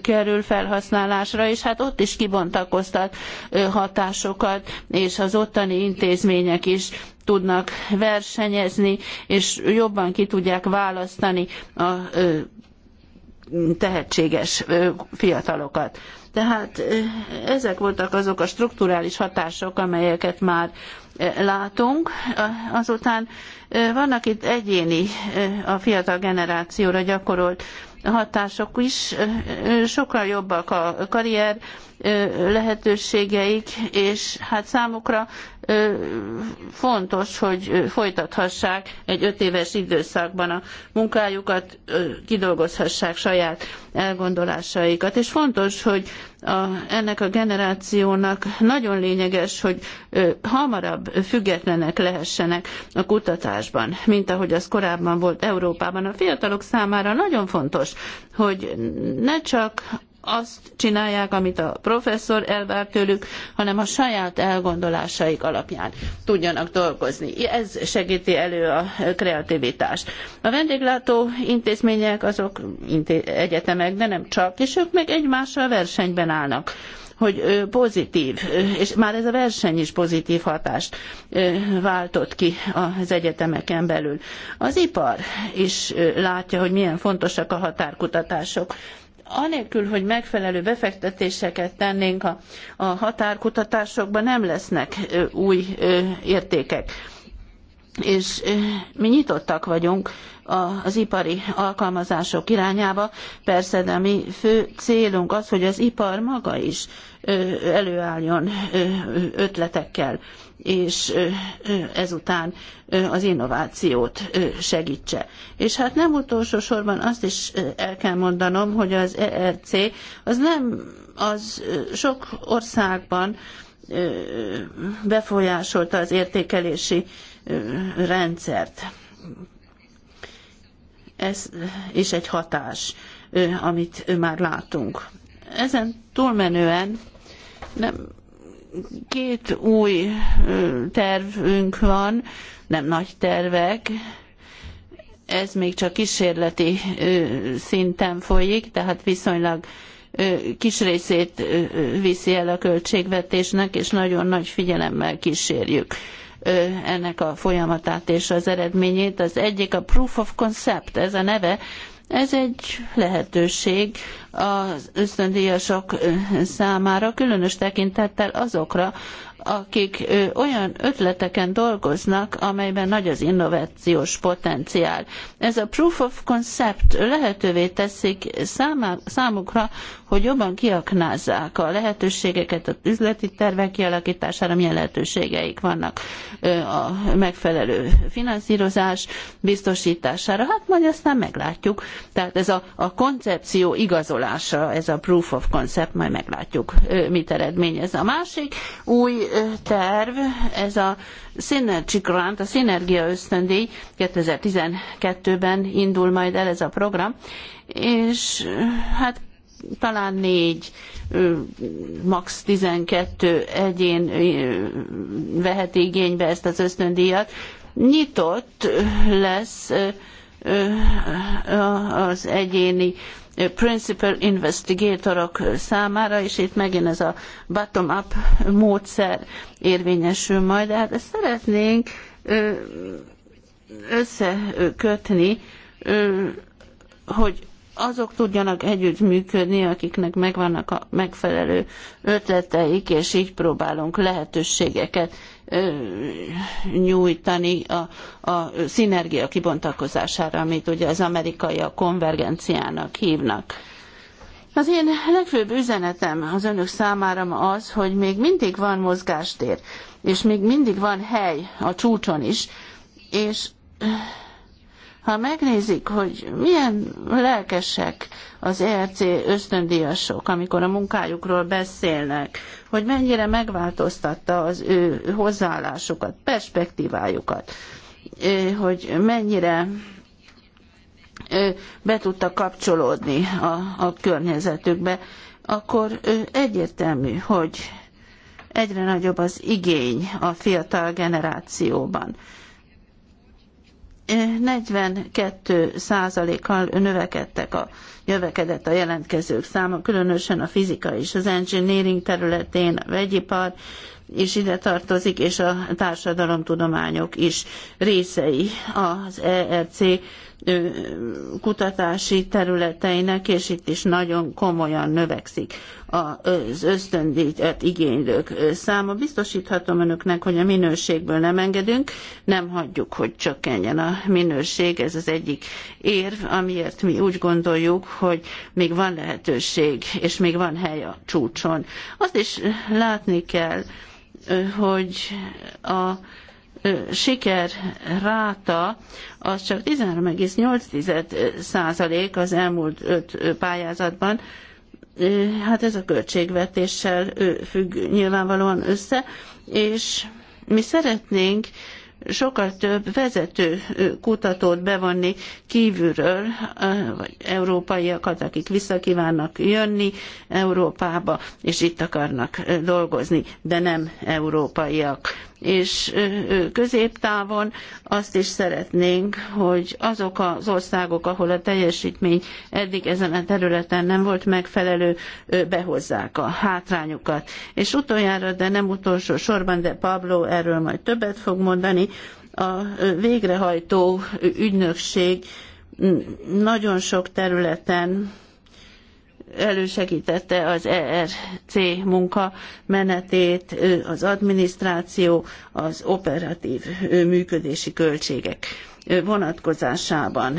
kerül felhasználásra, és hát ott is kibontakoztat hatásokat, és az ottani intézmények is tudnak versenyezni, és jobban ki tudják választani a tehetséges fiatalokat. Tehát ezek voltak azok a strukturális hatások, amelyeket már látunk. Azután vannak itt egyéni, a fiatal generációra gyakorolt hatások is, sokkal jobbak a karrier lehetőségeik, és hát számukra fontos, hogy folytathassák egy öt éves időszakban a munkájukat, kidolgozhassák saját elgondolásaikat. És fontos, hogy a, ennek a generációnak nagyon lényeges, hogy hamarabb függetlenek lehessenek a kutatásban, mint ahogy az korábban volt Európában. A fiatalok számára nagyon fontos, hogy ne csak azt csinálják, amit a professzor elvár tőlük, hanem a saját elgondolásaik alapján tudjanak dolgozni. Ez segíti elő a kreativitást. A vendéglátó intézmények azok egyetemek, de nem csak, és ők meg egymással versenyben állnak hogy pozitív, és már ez a verseny is pozitív hatást váltott ki az egyetemeken belül. Az ipar is látja, hogy milyen fontosak a határkutatások anélkül, hogy megfelelő befektetéseket tennénk a, a határkutatásokba, nem lesznek új értékek és mi nyitottak vagyunk az ipari alkalmazások irányába. Persze, de mi fő célunk az, hogy az ipar maga is előálljon ötletekkel és ezután az innovációt segítse. És hát nem utolsó sorban azt is el kell mondanom, hogy az ERC e az nem az sok országban befolyásolta az értékelési rendszert. Ez is egy hatás, amit már látunk. Ezen túlmenően nem két új tervünk van, nem nagy tervek, ez még csak kísérleti szinten folyik, tehát viszonylag kis részét viszi el a költségvetésnek, és nagyon nagy figyelemmel kísérjük ennek a folyamatát és az eredményét. Az egyik a Proof of Concept, ez a neve, ez egy lehetőség az ösztöndíjasok számára, különös tekintettel azokra, akik olyan ötleteken dolgoznak, amelyben nagy az innovációs potenciál. Ez a proof of concept lehetővé teszik számukra, hogy jobban kiaknázzák a lehetőségeket, az üzleti tervek kialakítására milyen lehetőségeik vannak a megfelelő finanszírozás biztosítására. Hát majd aztán meglátjuk. Tehát ez a, a koncepció igazolása, ez a proof of concept, majd meglátjuk, mit eredményez. A másik új terv, ez a Synergy Grant, a Szinergia ösztöndíj 2012-ben indul majd el ez a program, és hát talán négy, max. 12 egyén veheti igénybe ezt az ösztöndíjat. Nyitott lesz az egyéni principal investigatorok számára, és itt megint ez a bottom-up módszer érvényesül majd. De hát ezt szeretnénk összekötni, hogy azok tudjanak együtt működni, akiknek megvannak a megfelelő ötleteik, és így próbálunk lehetőségeket nyújtani a, a szinergia kibontakozására, amit ugye az amerikaiak konvergenciának hívnak. Az én legfőbb üzenetem az önök számára ma az, hogy még mindig van mozgástér, és még mindig van hely a csúcson is, és ha megnézik, hogy milyen lelkesek az ERC ösztöndíjasok, amikor a munkájukról beszélnek, hogy mennyire megváltoztatta az ő hozzáállásukat, perspektívájukat, hogy mennyire be tudta kapcsolódni a, a környezetükbe, akkor egyértelmű, hogy egyre nagyobb az igény a fiatal generációban 42 százalékkal növekedtek a, növekedett a jelentkezők száma, különösen a fizika és az engineering területén, a vegyipar is ide tartozik, és a társadalomtudományok is részei az ERC kutatási területeinek, és itt is nagyon komolyan növekszik az ösztöndíjat igénylők száma. Biztosíthatom önöknek, hogy a minőségből nem engedünk, nem hagyjuk, hogy csökkenjen a minőség. Ez az egyik érv, amiért mi úgy gondoljuk, hogy még van lehetőség, és még van hely a csúcson. Azt is látni kell, hogy a siker az csak 13,8 százalék az elmúlt öt pályázatban, hát ez a költségvetéssel függ nyilvánvalóan össze, és mi szeretnénk sokkal több vezető kutatót bevonni kívülről, vagy európaiakat, akik visszakívánnak jönni Európába, és itt akarnak dolgozni, de nem európaiak és középtávon azt is szeretnénk, hogy azok az országok, ahol a teljesítmény eddig ezen a területen nem volt megfelelő, behozzák a hátrányukat. És utoljára, de nem utolsó sorban, de Pablo erről majd többet fog mondani, a végrehajtó ügynökség nagyon sok területen elősegítette az ERC munka menetét, az adminisztráció, az operatív működési költségek vonatkozásában.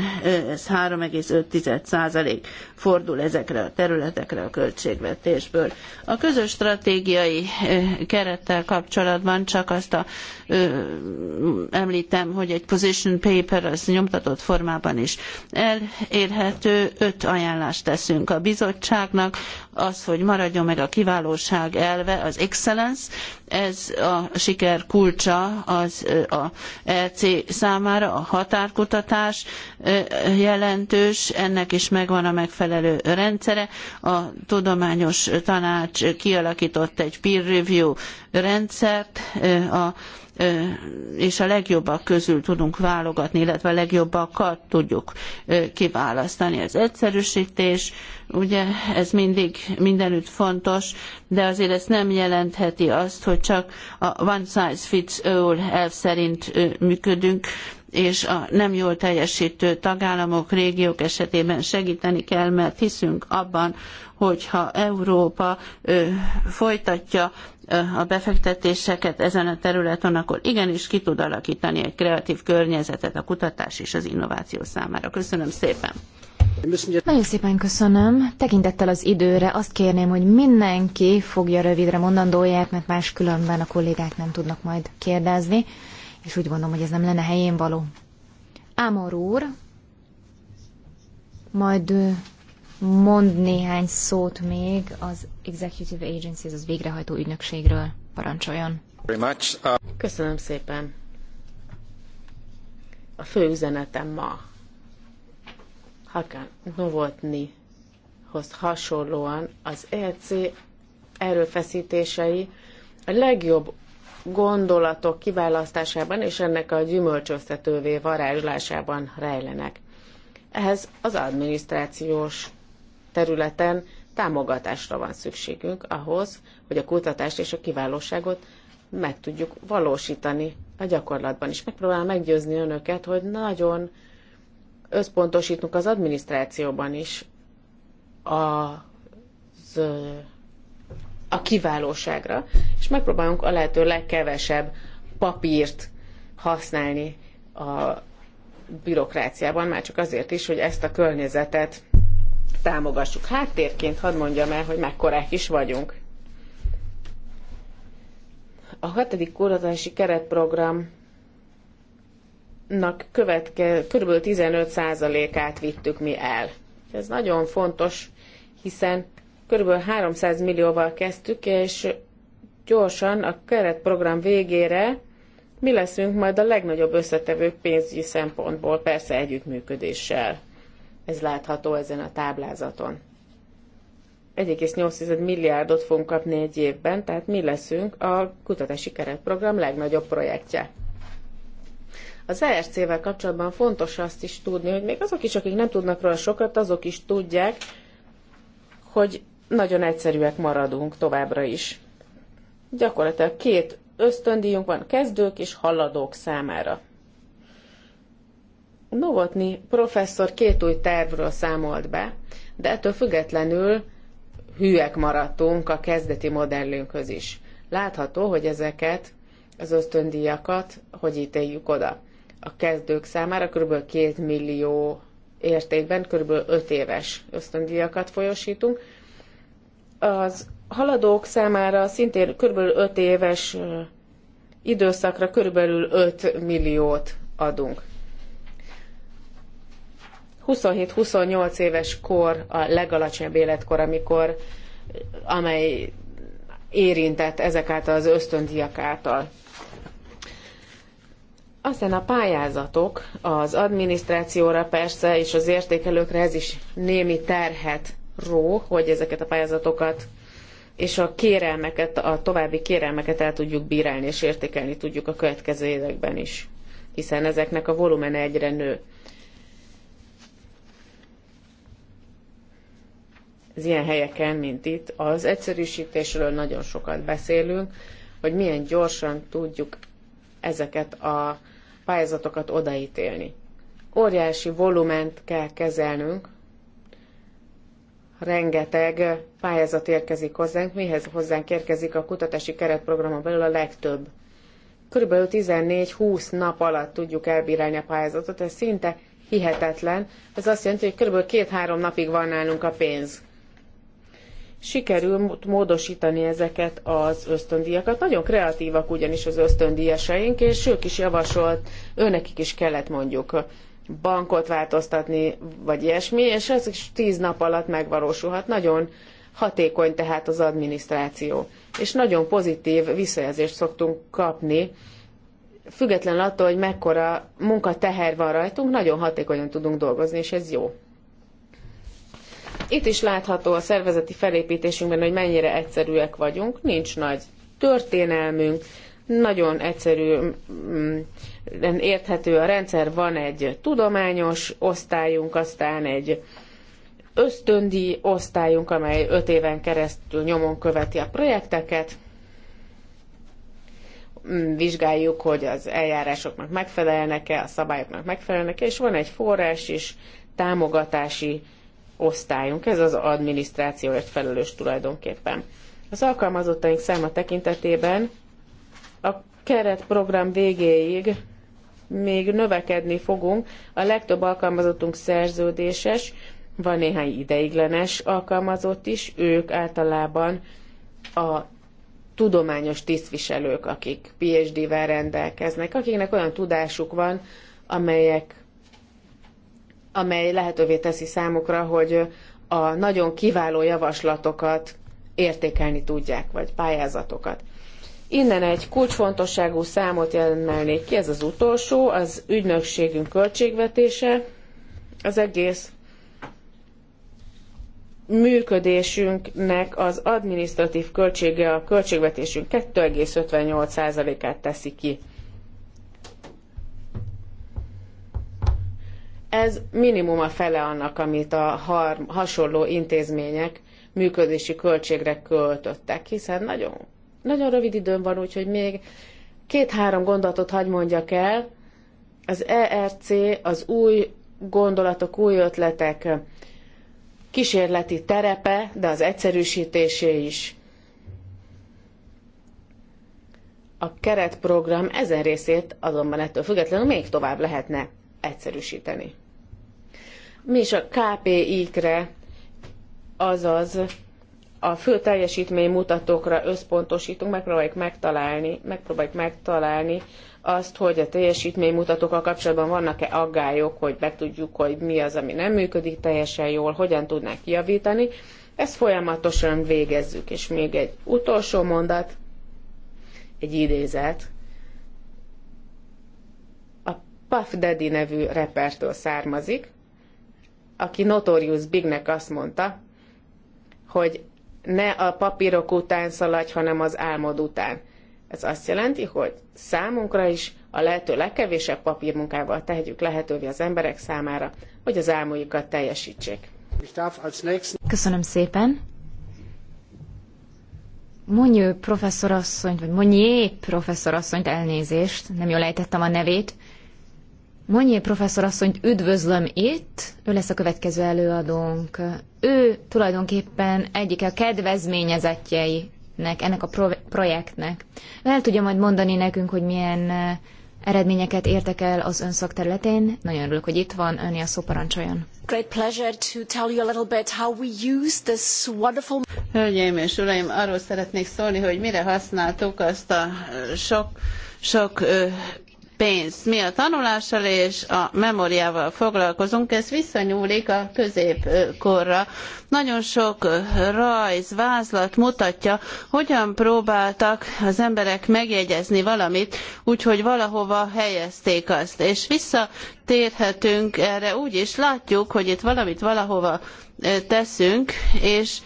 Ez 3,5% fordul ezekre a területekre a költségvetésből. A közös stratégiai kerettel kapcsolatban csak azt a, ö, említem, hogy egy position paper az nyomtatott formában is elérhető. Öt ajánlást teszünk a bizottságnak, az, hogy maradjon meg a kiválóság elve, az excellence, ez a siker kulcsa az a EC számára, a határkutatás jelentős, ennek is megvan a megfelelő rendszere. A tudományos tanács kialakított egy peer review rendszert, a és a legjobbak közül tudunk válogatni, illetve a legjobbakat tudjuk kiválasztani. Az egyszerűsítés, ugye ez mindig mindenütt fontos, de azért ez nem jelentheti azt, hogy csak a one size fits all elv szerint működünk, és a nem jól teljesítő tagállamok, régiók esetében segíteni kell, mert hiszünk abban, hogy ha Európa folytatja a befektetéseket ezen a területen, akkor igenis ki tud alakítani egy kreatív környezetet a kutatás és az innováció számára. Köszönöm szépen! Nagyon szépen köszönöm. Tekintettel az időre azt kérném, hogy mindenki fogja rövidre mondandóját, mert máskülönben a kollégák nem tudnak majd kérdezni, és úgy gondolom, hogy ez nem lenne helyén való. Ámor úr, majd mond néhány szót még az Executive Agencies, az végrehajtó ügynökségről. Parancsoljon. Uh, Köszönöm szépen. A fő üzenetem ma Hakan Novotnihoz hasonlóan az EC erőfeszítései a legjobb gondolatok kiválasztásában és ennek a gyümölcsöztetővé varázslásában rejlenek. Ehhez az adminisztrációs területen támogatásra van szükségünk ahhoz, hogy a kutatást és a kiválóságot meg tudjuk valósítani a gyakorlatban is. Megpróbálom meggyőzni önöket, hogy nagyon összpontosítunk az adminisztrációban is az, a kiválóságra, és megpróbálunk a lehető legkevesebb papírt használni a bürokráciában, már csak azért is, hogy ezt a környezetet támogassuk. Háttérként hadd mondjam el, hogy mekkorák is vagyunk. A hatodik kórházási keretprogramnak követke, kb. 15%-át vittük mi el. Ez nagyon fontos, hiszen kb. 300 millióval kezdtük, és gyorsan a keretprogram végére mi leszünk majd a legnagyobb összetevők pénzügyi szempontból, persze együttműködéssel. Ez látható ezen a táblázaton. 1,8 milliárdot fogunk kapni egy évben, tehát mi leszünk a kutatási keretprogram legnagyobb projektje. Az ERC-vel kapcsolatban fontos azt is tudni, hogy még azok is, akik nem tudnak róla sokat, azok is tudják, hogy nagyon egyszerűek maradunk továbbra is. Gyakorlatilag két ösztöndíjunk van, kezdők és haladók számára. Novotny professzor két új tervről számolt be, de ettől függetlenül hűek maradtunk a kezdeti modellünkhöz is. Látható, hogy ezeket az ösztöndíjakat hogy ítéljük oda. A kezdők számára kb. 2 millió értékben kb. 5 éves ösztöndíjakat folyosítunk. Az haladók számára szintén kb. 5 éves időszakra kb. 5 milliót adunk. 27-28 éves kor a legalacsonyabb életkor, amikor amely érintett ezek által az ösztöndiak által. Aztán a pályázatok az adminisztrációra persze, és az értékelőkre ez is némi terhet ró, hogy ezeket a pályázatokat és a kérelmeket, a további kérelmeket el tudjuk bírálni és értékelni tudjuk a következő években is, hiszen ezeknek a volumen egyre nő. az ilyen helyeken, mint itt, az egyszerűsítésről nagyon sokat beszélünk, hogy milyen gyorsan tudjuk ezeket a pályázatokat odaítélni. Óriási volument kell kezelnünk, rengeteg pályázat érkezik hozzánk, mihez hozzánk érkezik a kutatási keretprogramon belül a legtöbb. Körülbelül 14-20 nap alatt tudjuk elbírálni a pályázatot, ez szinte hihetetlen. Ez azt jelenti, hogy körülbelül két-három napig van nálunk a pénz sikerül módosítani ezeket az ösztöndíjakat. Nagyon kreatívak ugyanis az ösztöndíjasaink, és ők is javasolt, őnekik is kellett mondjuk bankot változtatni, vagy ilyesmi, és ez is tíz nap alatt megvalósulhat. Nagyon hatékony tehát az adminisztráció. És nagyon pozitív visszajelzést szoktunk kapni, független attól, hogy mekkora munkateher van rajtunk, nagyon hatékonyan tudunk dolgozni, és ez jó. Itt is látható a szervezeti felépítésünkben, hogy mennyire egyszerűek vagyunk, nincs nagy történelmünk, nagyon egyszerű, mm, mm, érthető a rendszer, van egy tudományos osztályunk, aztán egy ösztöndi osztályunk, amely öt éven keresztül nyomon követi a projekteket, mm, vizsgáljuk, hogy az eljárásoknak megfelelnek-e, a szabályoknak megfelelnek-e, és van egy forrás is, támogatási osztályunk, ez az adminisztrációért felelős tulajdonképpen. Az alkalmazottaink száma tekintetében a keretprogram végéig még növekedni fogunk. A legtöbb alkalmazottunk szerződéses, van néhány ideiglenes alkalmazott is, ők általában a tudományos tisztviselők, akik PhD-vel rendelkeznek, akiknek olyan tudásuk van, amelyek amely lehetővé teszi számukra, hogy a nagyon kiváló javaslatokat értékelni tudják, vagy pályázatokat. Innen egy kulcsfontosságú számot emelnék ki, ez az utolsó, az ügynökségünk költségvetése, az egész működésünknek az adminisztratív költsége a költségvetésünk 2,58%-át teszi ki. Ez minimum a fele annak, amit a hasonló intézmények működési költségre költöttek, hiszen nagyon, nagyon rövid időm van, úgyhogy még két-három gondolatot hagy mondjak el. Az ERC az új gondolatok, új ötletek kísérleti terepe, de az egyszerűsítésé is. A keretprogram ezen részét azonban ettől függetlenül még tovább lehetne egyszerűsíteni. Mi is a KPI-kre, azaz a fő teljesítménymutatókra összpontosítunk, megpróbáljuk megtalálni, megpróbáljuk megtalálni azt, hogy a mutatókkal kapcsolatban vannak-e aggályok, hogy tudjuk, hogy mi az, ami nem működik teljesen jól, hogyan tudnánk javítani. Ezt folyamatosan végezzük. És még egy utolsó mondat, egy idézet. Puff Daddy nevű repertől származik, aki Notorious Bignek azt mondta, hogy ne a papírok után szaladj, hanem az álmod után. Ez azt jelenti, hogy számunkra is a lehető legkevésebb papírmunkával tehetjük lehetővé az emberek számára, hogy az álmaikat teljesítsék. Köszönöm szépen. Monyő professzorasszonyt, vagy Monyé professzorasszonyt elnézést, nem jól ejtettem a nevét. Monnyi professzor asszonyt üdvözlöm itt, ő lesz a következő előadónk. Ő tulajdonképpen egyik a kedvezményezettjeinek, ennek a pro- projektnek. Ő el tudja majd mondani nekünk, hogy milyen eredményeket értek el az ön szakterületén. Nagyon örülök, hogy itt van, önni a szóparancsoljon. Great pleasure to tell you a little bit how we use this wonderful... Hölgyeim és uraim, arról szeretnék szólni, hogy mire használtuk azt a sok, sok pénzt. Mi a tanulással és a memóriával foglalkozunk, ez visszanyúlik a középkorra. Nagyon sok rajz, vázlat mutatja, hogyan próbáltak az emberek megjegyezni valamit, úgyhogy valahova helyezték azt. És visszatérhetünk erre úgy is, látjuk, hogy itt valamit valahova eh, teszünk, és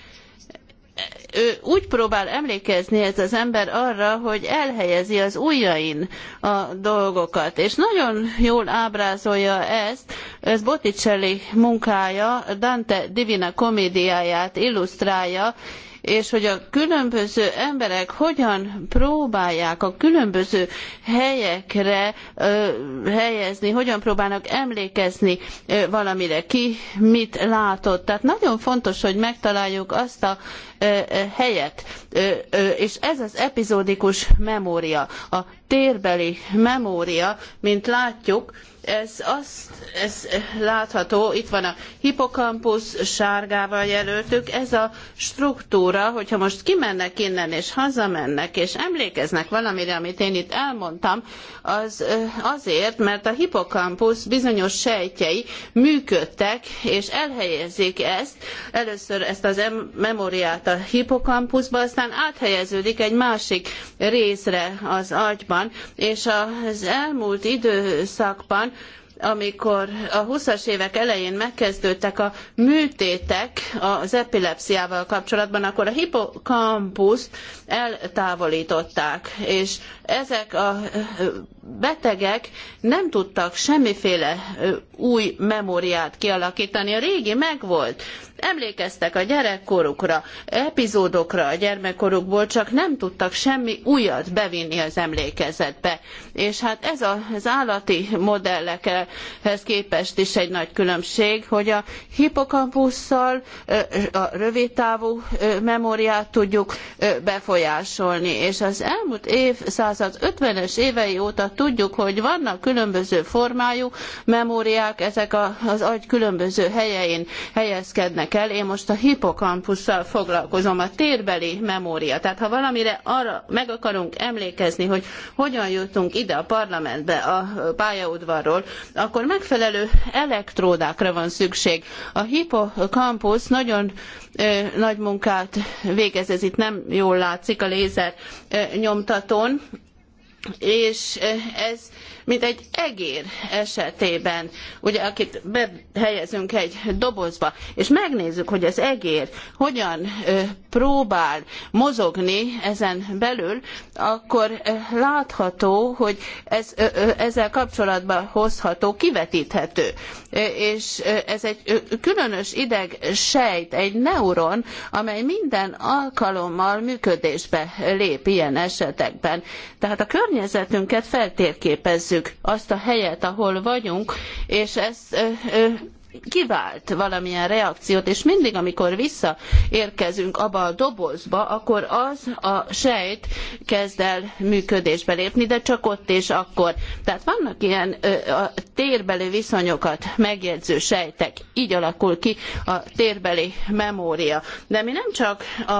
ő úgy próbál emlékezni ez az ember arra, hogy elhelyezi az ujjain a dolgokat. És nagyon jól ábrázolja ezt, ez Botticelli munkája, Dante Divina komédiáját illusztrálja, és hogy a különböző emberek hogyan próbálják a különböző helyekre helyezni, hogyan próbálnak emlékezni valamire, ki mit látott. Tehát nagyon fontos, hogy megtaláljuk azt a helyet, és ez az epizódikus memória, a térbeli memória, mint látjuk, ez azt ez látható, itt van a hipokampusz sárgával jelöltük, ez a struktúra, hogyha most kimennek innen és hazamennek, és emlékeznek valamire, amit én itt elmondtam, az azért, mert a hipokampusz bizonyos sejtjei működtek, és elhelyezik ezt, először ezt az memóriát a hipokampuszba, aztán áthelyeződik egy másik részre az agyban, és az elmúlt időszakban amikor a 20-as évek elején megkezdődtek a műtétek az epilepsziával kapcsolatban, akkor a hippocampus eltávolították, és ezek a betegek nem tudtak semmiféle új memóriát kialakítani. A régi megvolt, emlékeztek a gyerekkorukra, epizódokra a gyermekkorukból, csak nem tudtak semmi újat bevinni az emlékezetbe. És hát ez az állati modellekhez képest is egy nagy különbség, hogy a hipokampusszal a rövidtávú memóriát tudjuk befolyásolni. És az elmúlt évszázad 50-es évei óta tudjuk, hogy vannak különböző formájú memóriák, ezek az agy különböző helyein helyezkednek el, én most a hipokampusszal foglalkozom, a térbeli memória. Tehát ha valamire arra meg akarunk emlékezni, hogy hogyan jutunk ide a parlamentbe a pályaudvarról, akkor megfelelő elektródákra van szükség. A hipokampusz nagyon ö, nagy munkát végez, ez itt nem jól látszik a lézer ö, nyomtatón, és eh, ez mint egy egér esetében, ugye akit behelyezünk egy dobozba, és megnézzük, hogy az egér hogyan eh, próbál mozogni ezen belül, akkor eh, látható, hogy ez ezzel kapcsolatban hozható, kivetíthető. És ez egy különös ideg sejt, egy neuron, amely minden alkalommal működésbe lép ilyen esetekben. Tehát a kör környezetünket feltérképezzük, azt a helyet, ahol vagyunk, és ezt kivált valamilyen reakciót, és mindig, amikor visszaérkezünk abba a dobozba, akkor az a sejt kezd el működésbe lépni, de csak ott és akkor. Tehát vannak ilyen ö, a térbeli viszonyokat megjegyző sejtek, így alakul ki a térbeli memória. De mi nem csak a,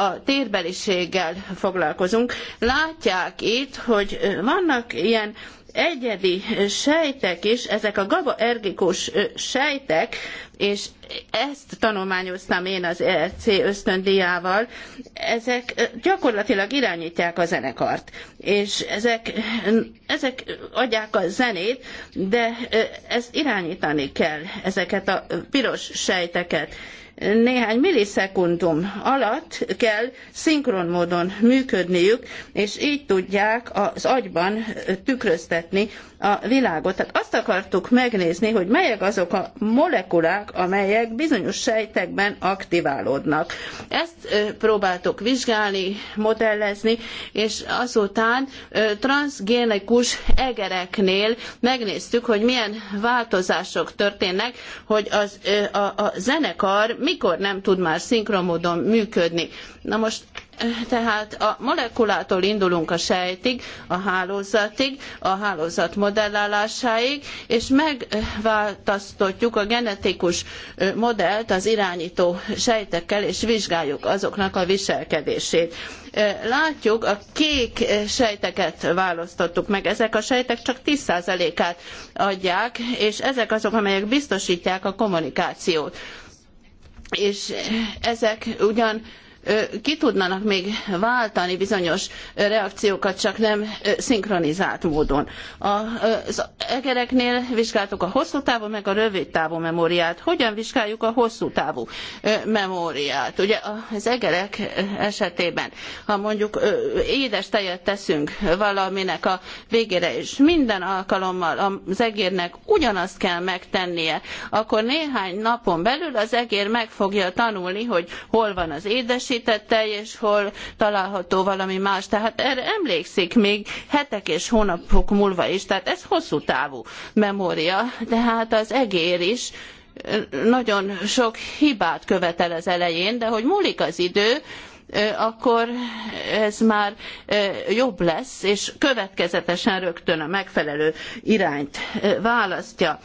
a térbeliséggel foglalkozunk, látják itt, hogy vannak ilyen egyedi sejtek is, ezek a GABA-ergikus sejtek, és ezt tanulmányoztam én az ERC ösztöndíjával, ezek gyakorlatilag irányítják a zenekart, és ezek, ezek adják a zenét, de ezt irányítani kell, ezeket a piros sejteket néhány millisekundum alatt kell szinkron módon működniük, és így tudják az agyban tükröztetni a világot. Tehát azt akartuk megnézni, hogy melyek azok a molekulák, amelyek bizonyos sejtekben aktiválódnak. Ezt próbáltuk vizsgálni, modellezni, és azután transzgénikus egereknél megnéztük, hogy milyen változások történnek, hogy az, a, a zenekar mikor nem tud már szinkromódon működni. Na most eh, tehát a molekulától indulunk a sejtig, a hálózatig, a hálózat modellálásáig, és megváltoztatjuk a genetikus eh, modellt az irányító sejtekkel, és vizsgáljuk azoknak a viselkedését. Eh, látjuk, a kék sejteket választottuk meg. Ezek a sejtek csak 10%-át adják, és ezek azok, amelyek biztosítják a kommunikációt és ezek ugyan ki tudnának még váltani bizonyos reakciókat, csak nem szinkronizált módon. Az egereknél vizsgáltuk a hosszú távú, meg a rövid távú memóriát. Hogyan vizsgáljuk a hosszú távú memóriát? Ugye az egerek esetében, ha mondjuk édes tejet teszünk valaminek a végére, és minden alkalommal az egérnek ugyanazt kell megtennie, akkor néhány napon belül az egér meg fogja tanulni, hogy hol van az édesítés, említette, és hol található valami más. Tehát erre emlékszik még hetek és hónapok múlva is, tehát ez hosszú távú memória, de hát az egér is nagyon sok hibát követel az elején, de hogy múlik az idő, akkor ez már jobb lesz, és következetesen rögtön a megfelelő irányt választja.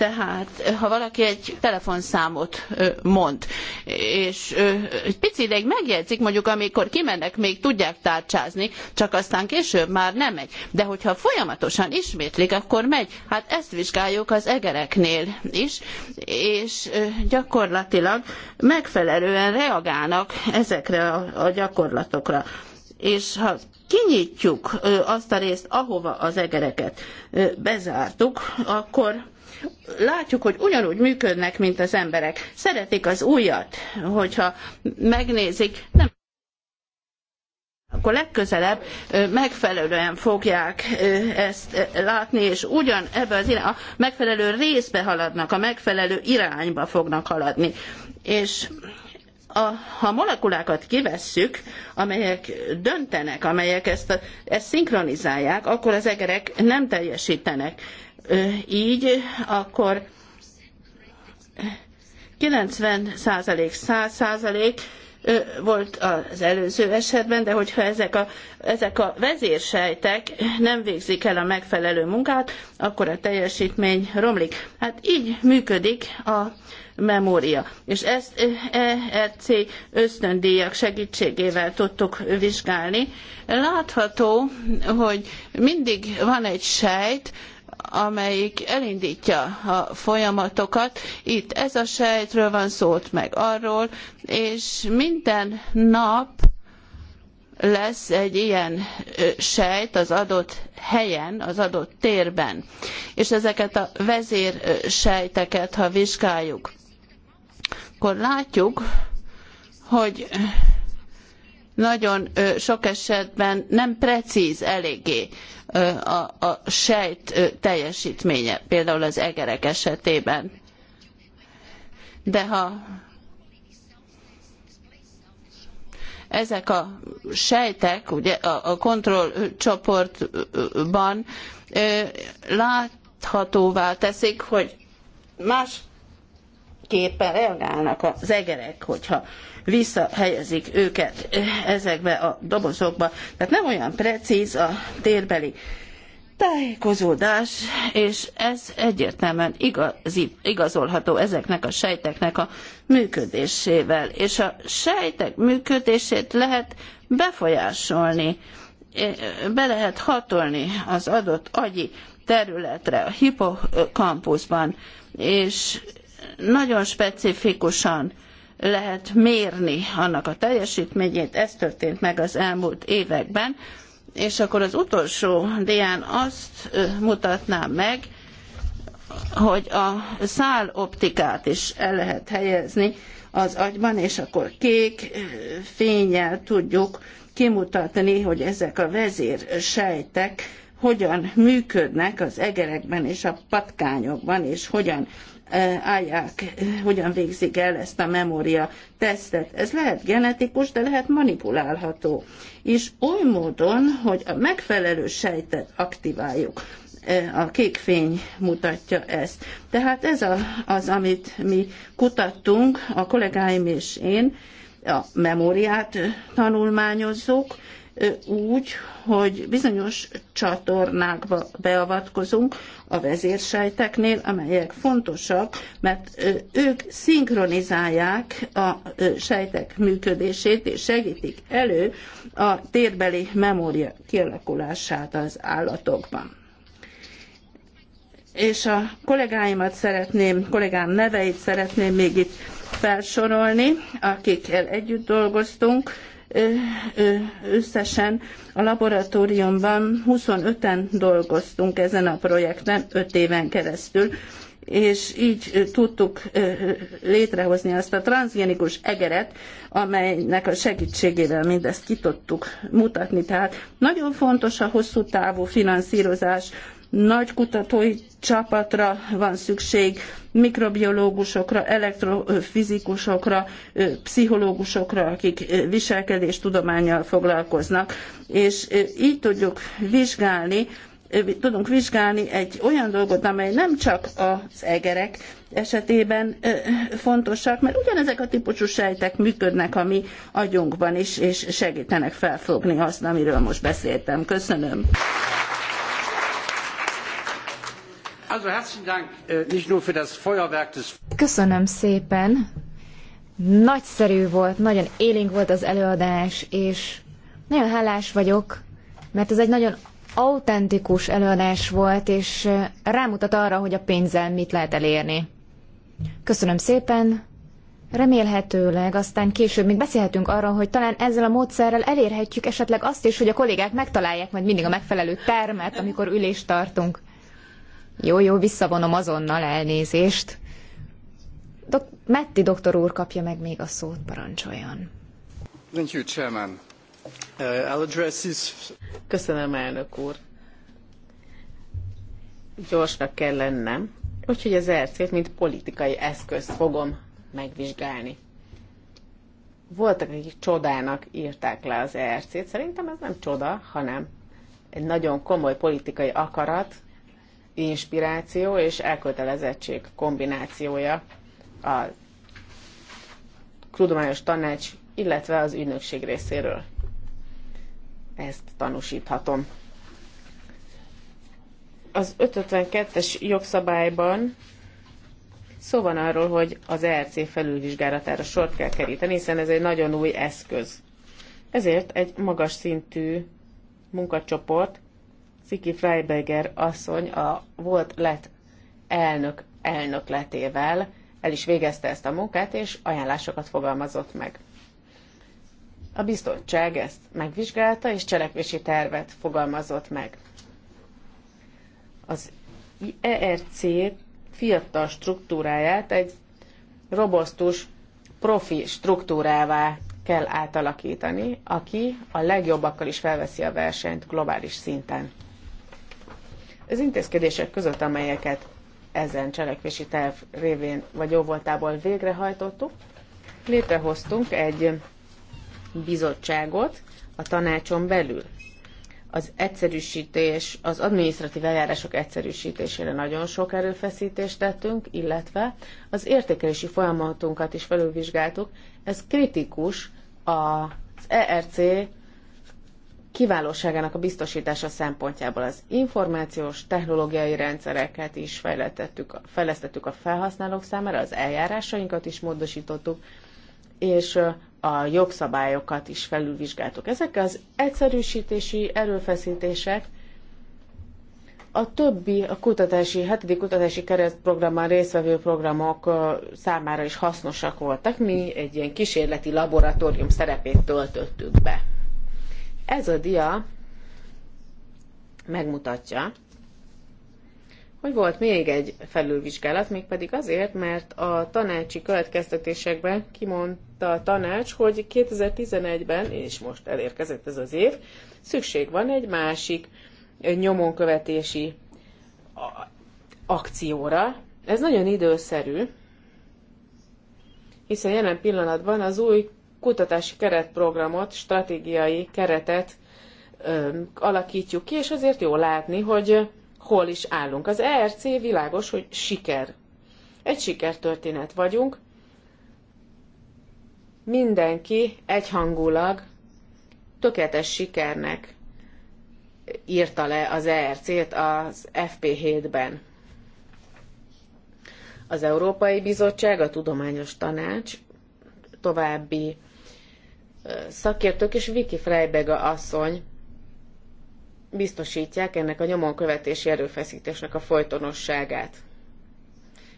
Tehát, ha valaki egy telefonszámot mond, és egy pici ideig megjegyzik, mondjuk amikor kimennek, még tudják tárcsázni, csak aztán később már nem megy. De hogyha folyamatosan ismétlik, akkor megy. Hát ezt vizsgáljuk az egereknél is, és gyakorlatilag megfelelően reagálnak ezekre a gyakorlatokra. És ha kinyitjuk azt a részt, ahova az egereket bezártuk, akkor látjuk, hogy ugyanúgy működnek, mint az emberek. Szeretik az újat, hogyha megnézik, nem akkor legközelebb megfelelően fogják ezt látni, és ugyan ebbe az irány, a megfelelő részbe haladnak, a megfelelő irányba fognak haladni. És a, ha molekulákat kivesszük, amelyek döntenek, amelyek ezt, ezt szinkronizálják, akkor az egerek nem teljesítenek így, akkor 90 százalék, 100 százalék volt az előző esetben, de hogyha ezek a, ezek a vezérsejtek nem végzik el a megfelelő munkát, akkor a teljesítmény romlik. Hát így működik a memória. És ezt ERC ösztöndíjak segítségével tudtuk vizsgálni. Látható, hogy mindig van egy sejt, amelyik elindítja a folyamatokat. Itt ez a sejtről van szót meg arról, és minden nap lesz egy ilyen sejt az adott helyen, az adott térben. És ezeket a vezérsejteket, ha vizsgáljuk, akkor látjuk, hogy nagyon sok esetben nem precíz eléggé a, a sejt teljesítménye, például az egerek esetében. De ha ezek a sejtek, ugye a, a kontrollcsoportban láthatóvá teszik, hogy más képpen reagálnak az egerek, hogyha visszahelyezik őket ezekbe a dobozokba. Tehát nem olyan precíz a térbeli tájékozódás, és ez egyértelműen igazi, igazolható ezeknek a sejteknek a működésével. És a sejtek működését lehet befolyásolni, e, be lehet hatolni az adott agyi területre, a hipokampuszban, és nagyon specifikusan lehet mérni annak a teljesítményét, ez történt meg az elmúlt években, és akkor az utolsó dián azt mutatnám meg, hogy a száloptikát is el lehet helyezni az agyban, és akkor kék fényel tudjuk kimutatni, hogy ezek a vezérsejtek hogyan működnek az egerekben és a patkányokban, és hogyan állják, hogyan végzik el ezt a memória tesztet. Ez lehet genetikus, de lehet manipulálható. És oly módon, hogy a megfelelő sejtet aktiváljuk. E, a kék fény mutatja ezt. Tehát ez a, az, amit mi kutattunk, a kollégáim és én, a memóriát tanulmányozzuk, úgy, hogy bizonyos csatornákba beavatkozunk a vezérsejteknél, amelyek fontosak, mert ők szinkronizálják a sejtek működését, és segítik elő a térbeli memória kialakulását az állatokban és a kollégáimat szeretném, kollégám neveit szeretném még itt felsorolni, akikkel együtt dolgoztunk, összesen a laboratóriumban 25-en dolgoztunk ezen a projekten 5 éven keresztül, és így tudtuk létrehozni azt a transgenikus egeret, amelynek a segítségével mindezt ki tudtuk mutatni. Tehát nagyon fontos a hosszú távú finanszírozás, nagy kutatói csapatra van szükség, mikrobiológusokra, elektrofizikusokra, pszichológusokra, akik viselkedéstudományjal foglalkoznak, és így tudjuk vizsgálni, tudunk vizsgálni egy olyan dolgot, amely nem csak az egerek esetében fontosak, mert ugyanezek a típusú sejtek működnek a mi agyunkban is, és segítenek felfogni azt, amiről most beszéltem. Köszönöm. Äh, Köszönöm szépen. Nagyszerű volt, nagyon élénk volt az előadás, és nagyon hálás vagyok, mert ez egy nagyon autentikus előadás volt, és rámutat arra, hogy a pénzzel mit lehet elérni. Köszönöm szépen. Remélhetőleg aztán később még beszélhetünk arról, hogy talán ezzel a módszerrel elérhetjük esetleg azt is, hogy a kollégák megtalálják majd mindig a megfelelő termet, amikor ülést tartunk. Jó, jó, visszavonom azonnal elnézést. Dok- Metti doktor úr kapja meg még a szót, parancsoljon. Thank you, Chairman. Uh, I'll address this... Köszönöm, elnök úr. Gyorsnak kell lennem, úgyhogy az erc mint politikai eszközt fogom megvizsgálni. Voltak, akik csodának írták le az erc -t. Szerintem ez nem csoda, hanem egy nagyon komoly politikai akarat, inspiráció és elkötelezettség kombinációja a tudományos tanács, illetve az ügynökség részéről. Ezt tanúsíthatom. Az 552-es jogszabályban szó van arról, hogy az ERC felülvizsgálatára sort kell keríteni, hiszen ez egy nagyon új eszköz. Ezért egy magas szintű munkacsoport Fiki Freiberger asszony a volt lett elnök elnökletével el is végezte ezt a munkát, és ajánlásokat fogalmazott meg. A biztonság ezt megvizsgálta, és cselekvési tervet fogalmazott meg. Az ERC fiatal struktúráját egy robosztus profi struktúrává kell átalakítani, aki a legjobbakkal is felveszi a versenyt globális szinten. Az intézkedések között, amelyeket ezen cselekvési terv révén vagy óvoltából végrehajtottuk, létrehoztunk egy bizottságot a tanácson belül. Az egyszerűsítés, az adminisztratív eljárások egyszerűsítésére nagyon sok erőfeszítést tettünk, illetve az értékelési folyamatunkat is felülvizsgáltuk. Ez kritikus az ERC kiválóságának a biztosítása szempontjából az információs technológiai rendszereket is fejlesztettük, fejlesztettük a felhasználók számára, az eljárásainkat is módosítottuk, és a jogszabályokat is felülvizsgáltuk. Ezek az egyszerűsítési erőfeszítések a többi a kutatási, hetedik kutatási keretprogramban résztvevő programok számára is hasznosak voltak. Mi egy ilyen kísérleti laboratórium szerepét töltöttük be. Ez a dia megmutatja, hogy volt még egy felülvizsgálat, mégpedig azért, mert a tanácsi következtetésekben kimondta a tanács, hogy 2011-ben, és most elérkezett ez az év, szükség van egy másik nyomonkövetési akcióra. Ez nagyon időszerű, hiszen jelen pillanatban az új kutatási keretprogramot, stratégiai keretet ö, alakítjuk ki, és azért jó látni, hogy hol is állunk. Az ERC világos, hogy siker. Egy sikertörténet vagyunk. Mindenki egyhangulag tökéletes sikernek írta le az ERC-t az FP7-ben. Az Európai Bizottság, a Tudományos Tanács további szakértők és Vicky Freibega asszony biztosítják ennek a nyomon követési erőfeszítésnek a folytonosságát.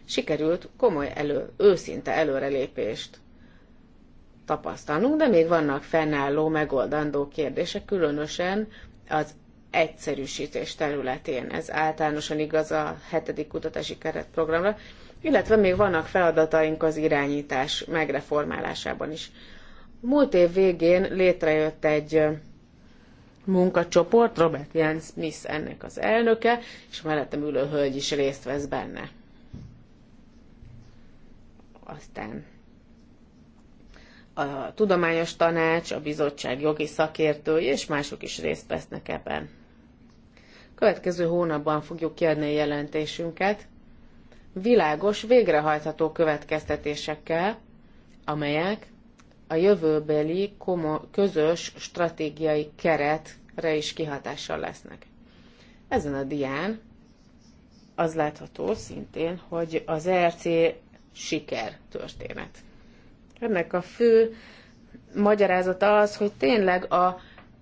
Sikerült komoly elő, őszinte előrelépést tapasztalnunk, de még vannak fennálló, megoldandó kérdések, különösen az egyszerűsítés területén. Ez általánosan igaz a hetedik kutatási keretprogramra, illetve még vannak feladataink az irányítás megreformálásában is. Múlt év végén létrejött egy munkacsoport, Robert Jan Smith ennek az elnöke, és mellettem ülő hölgy is részt vesz benne. Aztán a tudományos tanács, a bizottság jogi szakértői és mások is részt vesznek ebben. Következő hónapban fogjuk kérni a jelentésünket, világos, végrehajtható következtetésekkel, amelyek a jövőbeli komo közös stratégiai keretre is kihatással lesznek. Ezen a dián az látható szintén, hogy az ERC siker történet. Ennek a fő magyarázata az, hogy tényleg a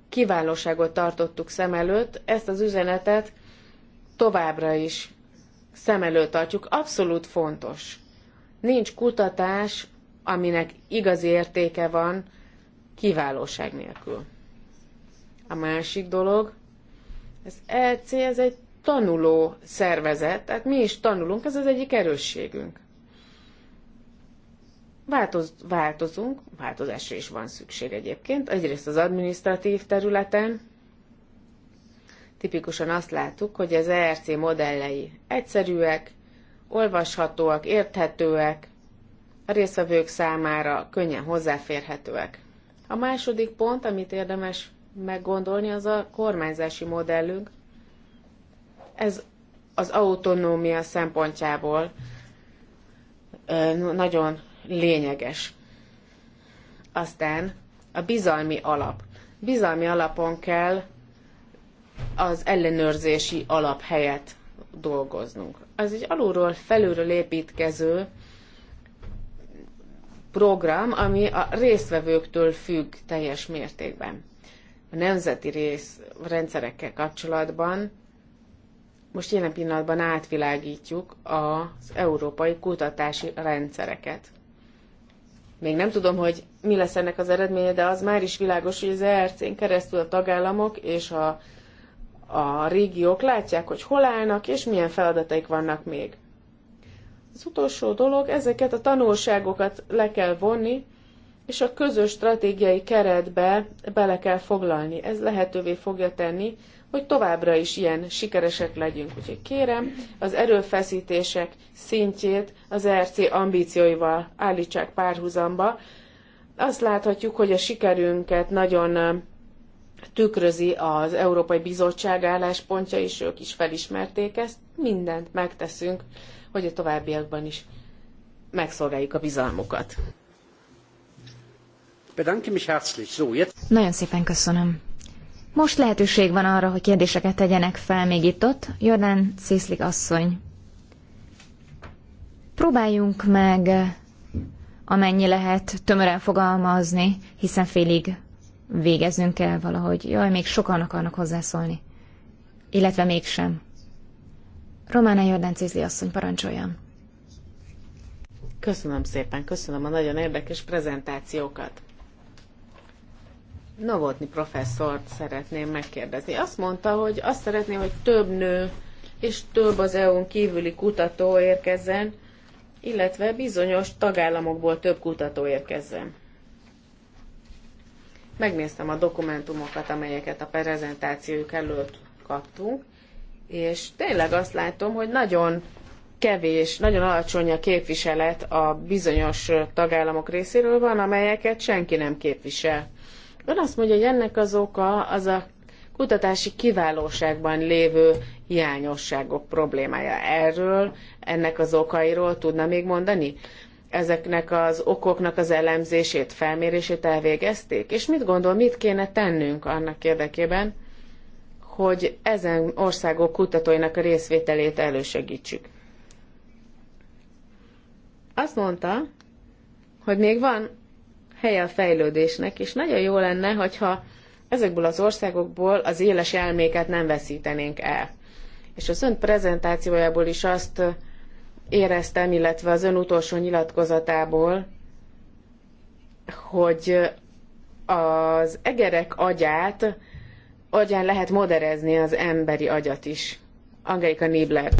kiválóságot tartottuk szem előtt, ezt az üzenetet továbbra is szem előtt tartjuk. Abszolút fontos. Nincs kutatás aminek igazi értéke van kiválóság nélkül. A másik dolog, az EC, ez egy tanuló szervezet, tehát mi is tanulunk, ez az egyik erősségünk. Változ, változunk, változásra is van szükség egyébként, egyrészt az adminisztratív területen, tipikusan azt láttuk, hogy az ERC modellei egyszerűek, olvashatóak, érthetőek, a részvevők számára könnyen hozzáférhetőek. A második pont, amit érdemes meggondolni, az a kormányzási modellünk. Ez az autonómia szempontjából nagyon lényeges. Aztán a bizalmi alap. Bizalmi alapon kell az ellenőrzési alap helyett dolgoznunk. Ez egy alulról felülről építkező program, ami a résztvevőktől függ teljes mértékben. A nemzeti rész rendszerekkel kapcsolatban most jelen pillanatban átvilágítjuk az európai kutatási rendszereket. Még nem tudom, hogy mi lesz ennek az eredménye, de az már is világos, hogy az ERC-n keresztül a tagállamok és a, a régiók látják, hogy hol állnak, és milyen feladataik vannak még. Az utolsó dolog, ezeket a tanulságokat le kell vonni, és a közös stratégiai keretbe bele kell foglalni. Ez lehetővé fogja tenni, hogy továbbra is ilyen sikeresek legyünk. Úgyhogy kérem, az erőfeszítések szintjét az ERC ambícióival állítsák párhuzamba. Azt láthatjuk, hogy a sikerünket nagyon tükrözi az Európai Bizottság álláspontja, és ők is felismerték ezt. Mindent megteszünk hogy a továbbiakban is megszolgáljuk a bizalmukat. Nagyon szépen köszönöm. Most lehetőség van arra, hogy kérdéseket tegyenek fel még itt ott. Jordán Cészlik asszony. Próbáljunk meg eh, amennyi lehet tömören fogalmazni, hiszen félig végeznünk kell valahogy. Jaj, még sokan akarnak hozzászólni. Illetve mégsem. Romána Jordán Cizli asszony parancsoljon. Köszönöm szépen, köszönöm a nagyon érdekes prezentációkat. Novotni professzort szeretném megkérdezni. Azt mondta, hogy azt szeretné, hogy több nő és több az EU-n kívüli kutató érkezzen, illetve bizonyos tagállamokból több kutató érkezzen. Megnéztem a dokumentumokat, amelyeket a prezentációjuk előtt kaptunk, és tényleg azt látom, hogy nagyon kevés, nagyon alacsony a képviselet a bizonyos tagállamok részéről van, amelyeket senki nem képvisel. Ön azt mondja, hogy ennek az oka az a kutatási kiválóságban lévő hiányosságok problémája. Erről, ennek az okairól tudna még mondani? Ezeknek az okoknak az elemzését, felmérését elvégezték? És mit gondol, mit kéne tennünk annak érdekében, hogy ezen országok kutatóinak a részvételét elősegítsük. Azt mondta, hogy még van helye a fejlődésnek, és nagyon jó lenne, hogyha ezekből az országokból az éles elméket nem veszítenénk el. És az ön prezentációjából is azt éreztem, illetve az ön utolsó nyilatkozatából, hogy az egerek agyát olyan lehet moderezni az emberi agyat is. Angelika Nibler.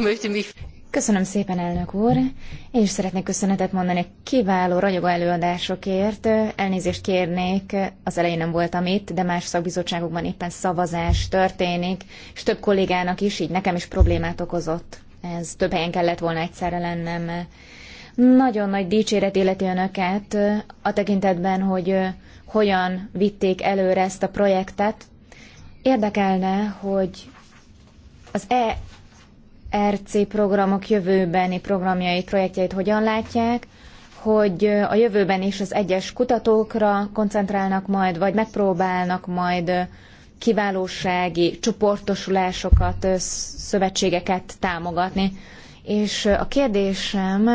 Köszönöm szépen, elnök úr, és szeretnék köszönetet mondani kiváló ragyogó előadásokért. Elnézést kérnék, az elején nem voltam itt, de más szakbizottságokban éppen szavazás történik, és több kollégának is, így nekem is problémát okozott. Ez több helyen kellett volna egyszerre lennem. Nagyon nagy dicséret életi önöket a tekintetben, hogy hogyan vitték előre ezt a projektet, Érdekelne, hogy az ERC programok jövőbeni programjait, projektjeit hogyan látják, hogy a jövőben is az egyes kutatókra koncentrálnak majd, vagy megpróbálnak majd kiválósági csoportosulásokat, szövetségeket támogatni. És a kérdésem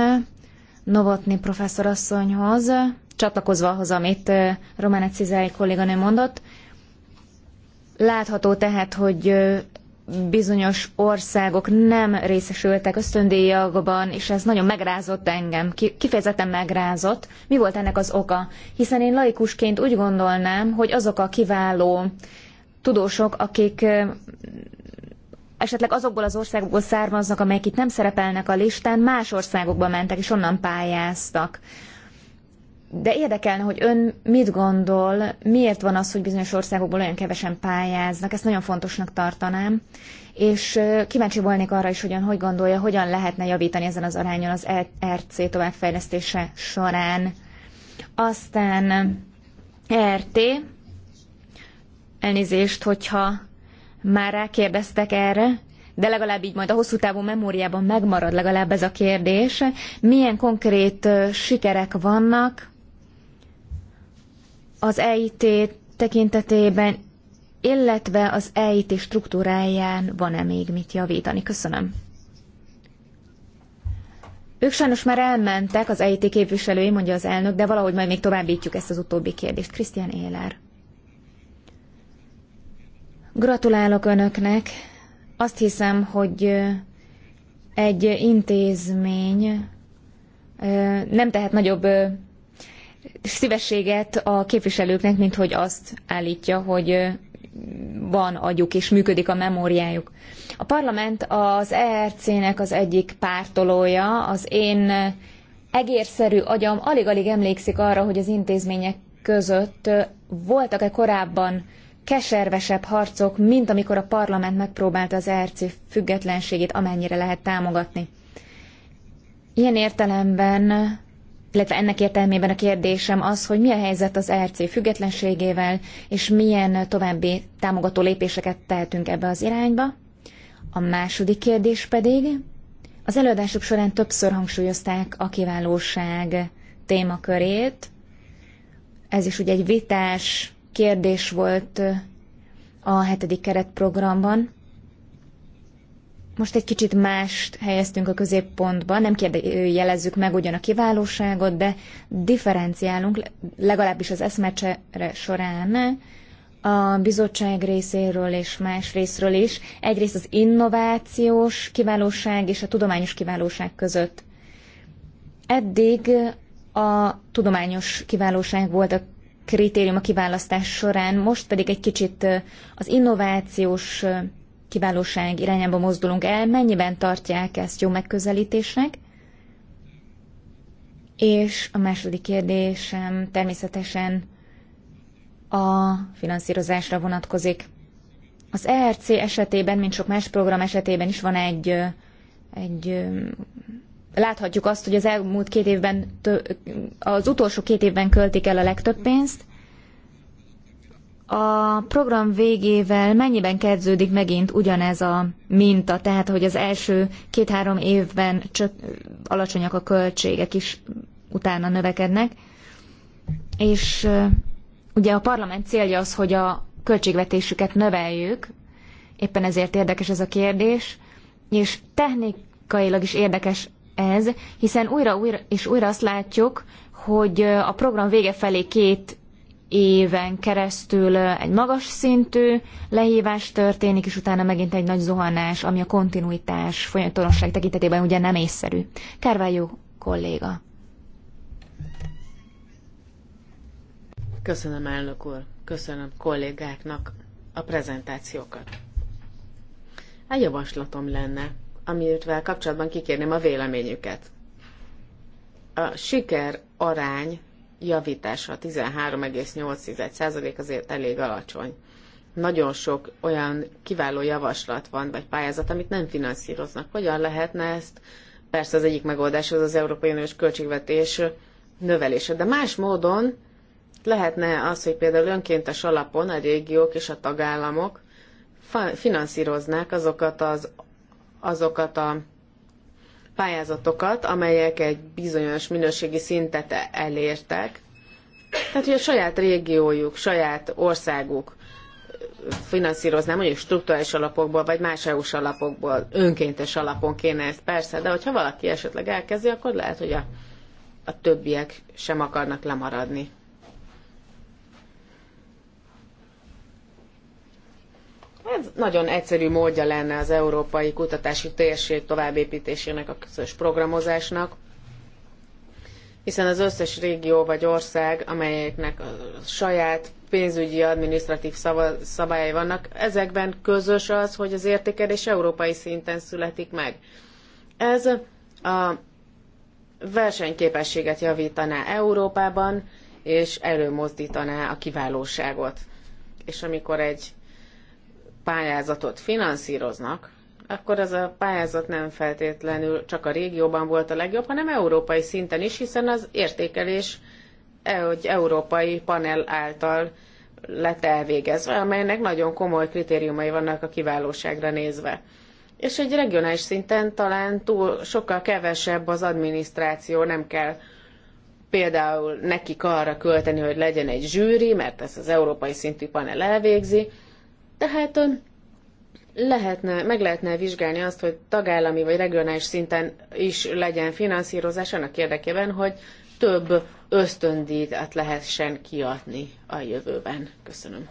Novotni professzorasszonyhoz, csatlakozva ahhoz, amit Romana Cizai kolléganő mondott, Látható tehát, hogy bizonyos országok nem részesültek ösztöndíjakban, és ez nagyon megrázott engem, kifejezetten megrázott. Mi volt ennek az oka? Hiszen én laikusként úgy gondolnám, hogy azok a kiváló tudósok, akik esetleg azokból az országokból származnak, amelyek itt nem szerepelnek a listán, más országokba mentek és onnan pályáztak de érdekelne, hogy ön mit gondol, miért van az, hogy bizonyos országokból olyan kevesen pályáznak, ezt nagyon fontosnak tartanám, és kíváncsi volnék arra is, hogy hogyan, hogy gondolja, hogyan lehetne javítani ezen az arányon az e- RC továbbfejlesztése során. Aztán RT, elnézést, hogyha már rákérdeztek erre, de legalább így majd a hosszú távú memóriában megmarad legalább ez a kérdés. Milyen konkrét sikerek vannak, az EIT tekintetében, illetve az EIT struktúráján van-e még mit javítani? Köszönöm. Ők sajnos már elmentek, az EIT képviselői, mondja az elnök, de valahogy majd még továbbítjuk ezt az utóbbi kérdést. Krisztián Éler. Gratulálok Önöknek. Azt hiszem, hogy egy intézmény nem tehet nagyobb szívességet a képviselőknek, mint hogy azt állítja, hogy van agyuk és működik a memóriájuk. A parlament az ERC-nek az egyik pártolója, az én egérszerű agyam alig-alig emlékszik arra, hogy az intézmények között voltak-e korábban keservesebb harcok, mint amikor a parlament megpróbálta az ERC függetlenségét amennyire lehet támogatni. Ilyen értelemben illetve ennek értelmében a kérdésem az, hogy mi a helyzet az ERC függetlenségével, és milyen további támogató lépéseket tehetünk ebbe az irányba. A második kérdés pedig, az előadások során többször hangsúlyozták a kiválóság témakörét. Ez is ugye egy vitás kérdés volt a hetedik keretprogramban. Most egy kicsit mást helyeztünk a középpontba, nem jelezzük meg ugyan a kiválóságot, de differenciálunk, legalábbis az eszmecsere során, a bizottság részéről és más részről is. Egyrészt az innovációs kiválóság és a tudományos kiválóság között. Eddig a tudományos kiválóság volt a kritérium a kiválasztás során, most pedig egy kicsit az innovációs kiválóság irányába mozdulunk el, mennyiben tartják ezt jó megközelítésnek? És a második kérdésem természetesen a finanszírozásra vonatkozik. Az ERC esetében, mint sok más program esetében is van egy, egy láthatjuk azt, hogy az elmúlt két évben, az utolsó két évben költik el a legtöbb pénzt, a program végével mennyiben kezdődik megint ugyanez a minta, tehát hogy az első két-három évben csak alacsonyak a költségek is utána növekednek, és ugye a parlament célja az, hogy a költségvetésüket növeljük, éppen ezért érdekes ez a kérdés, és technikailag is érdekes ez, hiszen újra, újra és újra azt látjuk, hogy a program vége felé két éven keresztül egy magas szintű lehívás történik, és utána megint egy nagy zuhanás, ami a kontinuitás folyamatosság tekintetében ugye nem észszerű. Kárvályó kolléga. Köszönöm, elnök úr. Köszönöm kollégáknak a prezentációkat. Egy javaslatom lenne, amivel kapcsolatban kikérném a véleményüket. A siker arány javításra. 13,8% azért elég alacsony. Nagyon sok olyan kiváló javaslat van, vagy pályázat, amit nem finanszíroznak. Hogyan lehetne ezt? Persze az egyik megoldás az az Európai Uniós költségvetés növelése, de más módon lehetne az, hogy például önkéntes alapon a régiók és a tagállamok finanszíroznák azokat az azokat a pályázatokat, amelyek egy bizonyos minőségi szintet e- elértek. Tehát, hogy a saját régiójuk, saját országuk finanszírozná, mondjuk struktúrális alapokból, vagy más EU-s alapokból, önkéntes alapon kéne ezt persze, de hogyha valaki esetleg elkezdi, akkor lehet, hogy a, a többiek sem akarnak lemaradni. Ez nagyon egyszerű módja lenne az európai kutatási térség továbbépítésének a közös programozásnak, hiszen az összes régió vagy ország, amelyeknek a saját pénzügyi adminisztratív szabályai vannak, ezekben közös az, hogy az értékelés európai szinten születik meg. Ez a versenyképességet javítaná Európában, és előmozdítaná a kiválóságot. És amikor egy pályázatot finanszíroznak, akkor az a pályázat nem feltétlenül csak a régióban volt a legjobb, hanem európai szinten is, hiszen az értékelés egy európai panel által lett elvégezve, amelynek nagyon komoly kritériumai vannak a kiválóságra nézve. És egy regionális szinten talán túl sokkal kevesebb az adminisztráció, nem kell például nekik arra költeni, hogy legyen egy zsűri, mert ezt az európai szintű panel elvégzi, tehát lehetne, meg lehetne vizsgálni azt, hogy tagállami vagy regionális szinten is legyen finanszírozás annak érdekében, hogy több ösztöndíjat lehessen kiadni a jövőben. Köszönöm.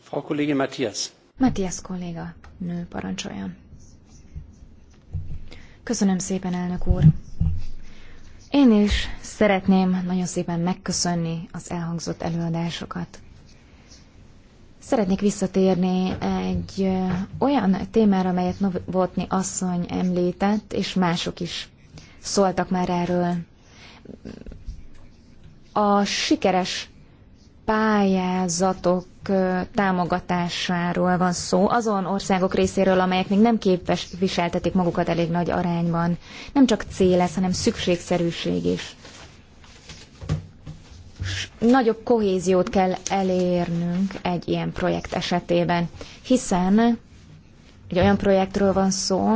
Frau Kollégin Matthias. Matthias kolléga, nő parancsoljon. Köszönöm szépen, elnök úr. Én is szeretném nagyon szépen megköszönni az elhangzott előadásokat. Szeretnék visszatérni egy olyan témára, amelyet Novotny asszony említett, és mások is szóltak már erről. A sikeres pályázatok támogatásáról van szó, azon országok részéről, amelyek még nem képes viseltetik magukat elég nagy arányban. Nem csak cél ez, hanem szükségszerűség is nagyobb kohéziót kell elérnünk egy ilyen projekt esetében, hiszen egy olyan projektről van szó,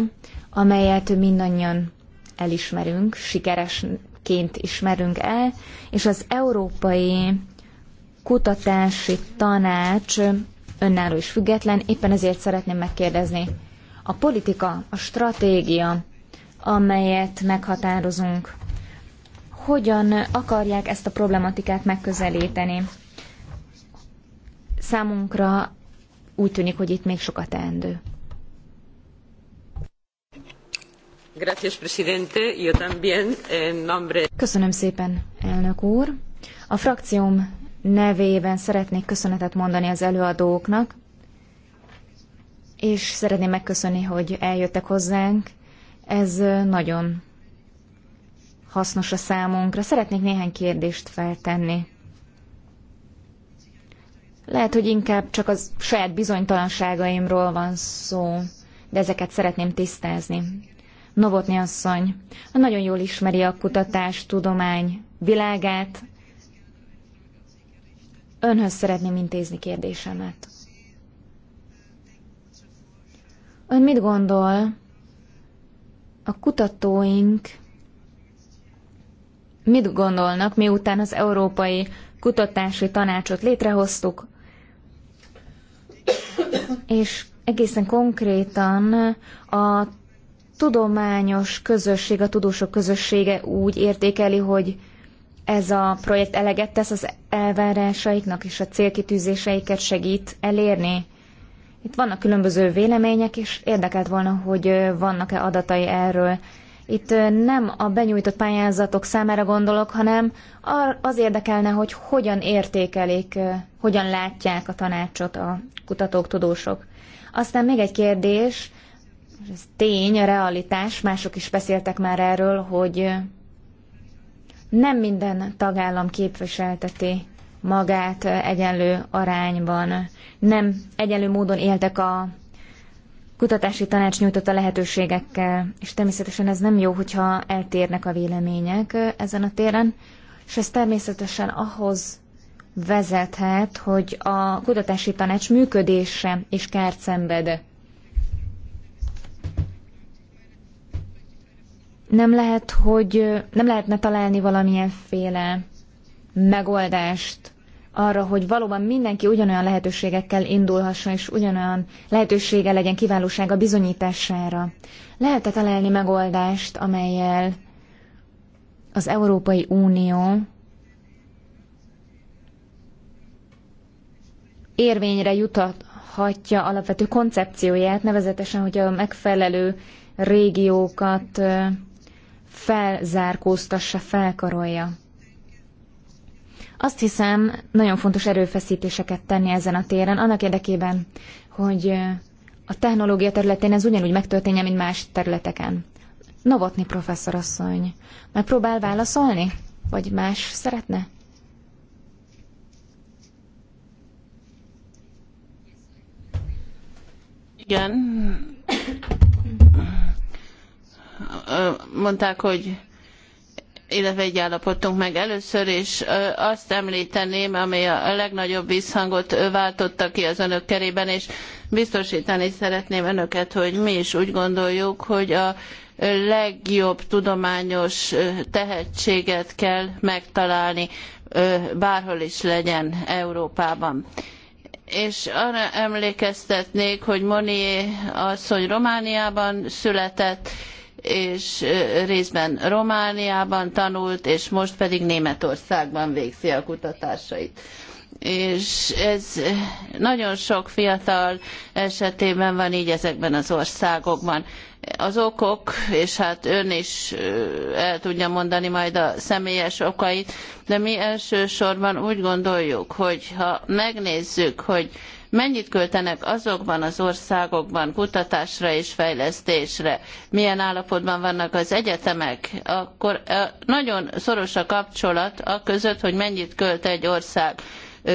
amelyet mindannyian elismerünk, sikeresként ismerünk el, és az Európai Kutatási Tanács önálló és független, éppen ezért szeretném megkérdezni. A politika, a stratégia, amelyet meghatározunk hogyan akarják ezt a problematikát megközelíteni. Számunkra úgy tűnik, hogy itt még sokat teendő. Köszönöm szépen, elnök úr. A frakcióm nevében szeretnék köszönetet mondani az előadóknak, és szeretném megköszönni, hogy eljöttek hozzánk. Ez nagyon hasznos a számunkra. Szeretnék néhány kérdést feltenni. Lehet, hogy inkább csak az saját bizonytalanságaimról van szó, de ezeket szeretném tisztázni. Novotnyi asszony, nagyon jól ismeri a kutatás, tudomány világát. Önhöz szeretném intézni kérdésemet. Ön mit gondol, a kutatóink mit gondolnak, miután az Európai Kutatási Tanácsot létrehoztuk, és egészen konkrétan a tudományos közösség, a tudósok közössége úgy értékeli, hogy ez a projekt eleget tesz az elvárásaiknak és a célkitűzéseiket segít elérni? Itt vannak különböző vélemények, és érdekelt volna, hogy vannak-e adatai erről. Itt nem a benyújtott pályázatok számára gondolok, hanem az érdekelne, hogy hogyan értékelik, hogyan látják a tanácsot a kutatók, tudósok. Aztán még egy kérdés, ez tény, realitás, mások is beszéltek már erről, hogy nem minden tagállam képviselteti magát egyenlő arányban, nem egyenlő módon éltek a kutatási tanács nyújtotta lehetőségekkel, és természetesen ez nem jó, hogyha eltérnek a vélemények ezen a téren, és ez természetesen ahhoz vezethet, hogy a kutatási tanács működése is kárt szenved. Nem lehet, hogy nem lehetne találni valamilyenféle megoldást arra, hogy valóban mindenki ugyanolyan lehetőségekkel indulhasson, és ugyanolyan lehetősége legyen kiválósága bizonyítására. Lehet-e találni megoldást, amelyel az Európai Unió érvényre jutathatja alapvető koncepcióját, nevezetesen, hogy a megfelelő régiókat felzárkóztassa, felkarolja. Azt hiszem, nagyon fontos erőfeszítéseket tenni ezen a téren, annak érdekében, hogy a technológia területén ez ugyanúgy megtörténjen, mint más területeken. Novotni professzorasszony, megpróbál válaszolni? Vagy más szeretne? Igen. Mondták, hogy illetve így állapodtunk meg először is. Azt említeném, ami a legnagyobb visszhangot váltotta ki az önök kerében, és biztosítani szeretném önöket, hogy mi is úgy gondoljuk, hogy a legjobb tudományos tehetséget kell megtalálni, bárhol is legyen Európában és arra emlékeztetnék, hogy Monié asszony Romániában született, és részben Romániában tanult, és most pedig Németországban végzi a kutatásait és ez nagyon sok fiatal esetében van így ezekben az országokban. Az okok, és hát ön is el tudja mondani majd a személyes okait, de mi elsősorban úgy gondoljuk, hogy ha megnézzük, hogy mennyit költenek azokban az országokban kutatásra és fejlesztésre, milyen állapotban vannak az egyetemek, akkor eh, nagyon szoros a kapcsolat a között, hogy mennyit költ egy ország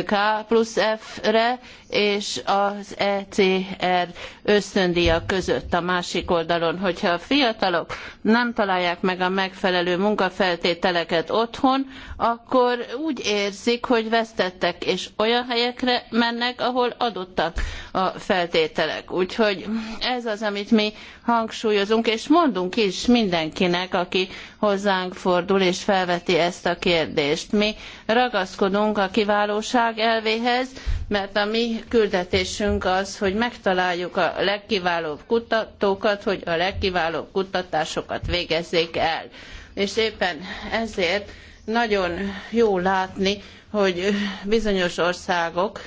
K plusz F-re és az ECR ösztöndíjak között a másik oldalon. Hogyha a fiatalok nem találják meg a megfelelő munkafeltételeket otthon, akkor úgy érzik, hogy vesztettek, és olyan helyekre mennek, ahol adottak a feltételek. Úgyhogy ez az, amit mi hangsúlyozunk, és mondunk is mindenkinek, aki hozzánk fordul és felveti ezt a kérdést. Mi ragaszkodunk a kiválóság elvéhez, mert a mi küldetésünk az, hogy megtaláljuk a legkiválóbb kutatókat, hogy a legkiválóbb kutatásokat végezzék el. És éppen ezért nagyon jó látni, hogy bizonyos országok,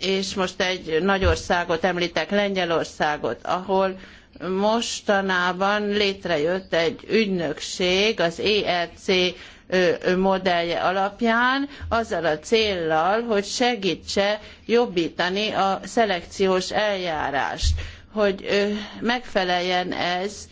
és most egy nagy országot említek, Lengyelországot, ahol mostanában létrejött egy ügynökség az ERC modellje alapján, azzal a céllal, hogy segítse jobbítani a szelekciós eljárást, hogy megfeleljen ez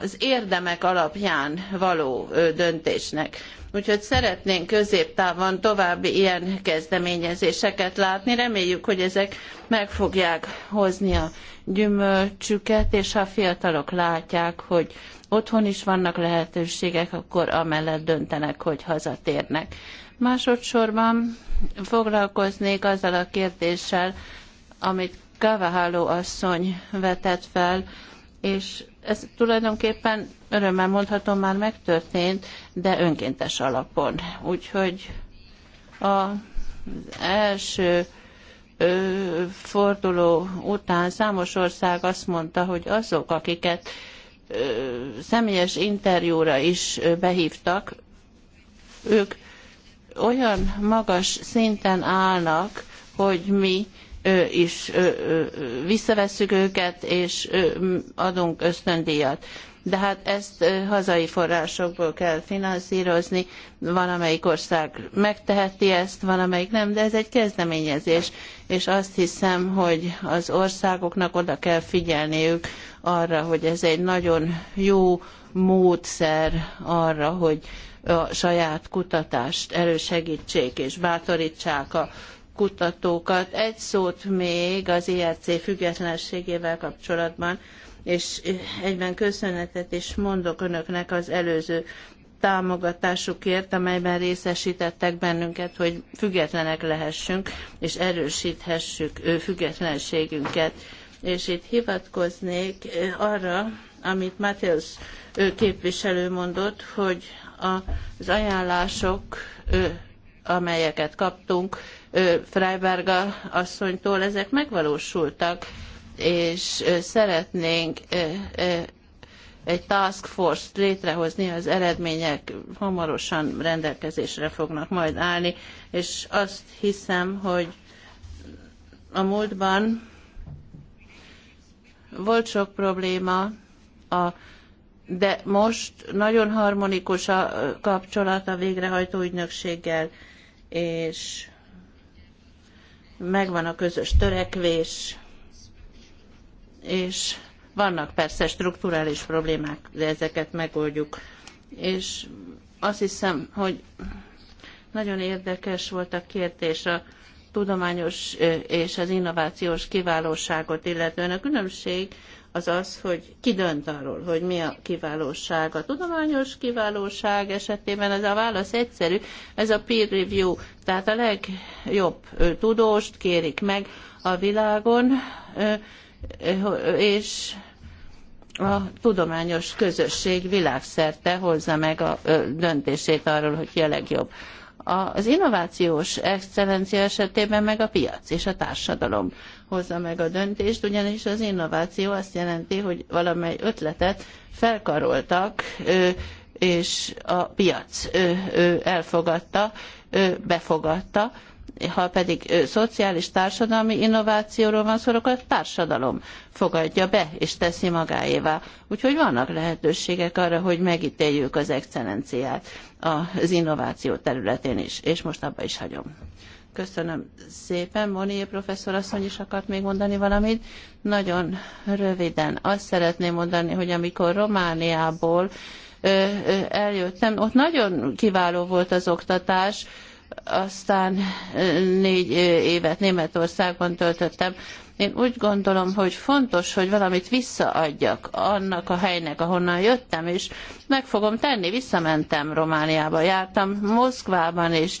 az érdemek alapján való döntésnek. Úgyhogy szeretnénk középtávon további ilyen kezdeményezéseket látni. Reméljük, hogy ezek meg fogják hozni a gyümölcsüket, és ha a fiatalok látják, hogy otthon is vannak lehetőségek, akkor amellett döntenek, hogy hazatérnek. Másodszorban foglalkoznék azzal a kérdéssel, amit Kavaháló asszony vetett fel, és ez tulajdonképpen örömmel mondhatom már megtörtént, de önkéntes alapon. Úgyhogy az első forduló után számos ország azt mondta, hogy azok, akiket személyes interjúra is behívtak, ők olyan magas szinten állnak, hogy mi is visszavesszük őket, és adunk ösztöndíjat. De hát ezt hazai forrásokból kell finanszírozni, valamelyik ország megteheti ezt, valamelyik nem, de ez egy kezdeményezés, és azt hiszem, hogy az országoknak oda kell figyelniük arra, hogy ez egy nagyon jó módszer arra, hogy a saját kutatást elősegítsék és bátorítsák a kutatókat. Egy szót még az IRC függetlenségével kapcsolatban, és egyben köszönetet is mondok önöknek az előző támogatásukért, amelyben részesítettek bennünket, hogy függetlenek lehessünk, és erősíthessük függetlenségünket. És itt hivatkoznék arra, amit Mateusz képviselő mondott, hogy az ajánlások, amelyeket kaptunk, Freiberga asszonytól, ezek megvalósultak, és szeretnénk egy task force-t létrehozni, az eredmények hamarosan rendelkezésre fognak majd állni, és azt hiszem, hogy a múltban volt sok probléma, a, de most nagyon harmonikus a kapcsolat a végrehajtó ügynökséggel, és megvan a közös törekvés, és vannak persze strukturális problémák, de ezeket megoldjuk. És azt hiszem, hogy nagyon érdekes volt a kérdés a tudományos és az innovációs kiválóságot illetően. A különbség az az, hogy ki dönt arról, hogy mi a kiválóság. A tudományos kiválóság esetében ez a válasz egyszerű, ez a peer review, tehát a legjobb tudóst kérik meg a világon, és a tudományos közösség világszerte hozza meg a döntését arról, hogy ki a legjobb. Az innovációs excellencia esetében meg a piac és a társadalom hozza meg a döntést, ugyanis az innováció azt jelenti, hogy valamely ötletet felkaroltak, és a piac elfogadta, befogadta, ha pedig szociális társadalmi innovációról van szó, akkor a társadalom fogadja be és teszi magáévá. Úgyhogy vannak lehetőségek arra, hogy megítéljük az excellenciát az innováció területén is, és most abba is hagyom. Köszönöm szépen. Monié professzor asszony is akart még mondani valamit. Nagyon röviden. Azt szeretném mondani, hogy amikor Romániából eljöttem, ott nagyon kiváló volt az oktatás, aztán négy évet Németországban töltöttem. Én úgy gondolom, hogy fontos, hogy valamit visszaadjak annak a helynek, ahonnan jöttem, és meg fogom tenni. Visszamentem Romániába, jártam Moszkvában is, és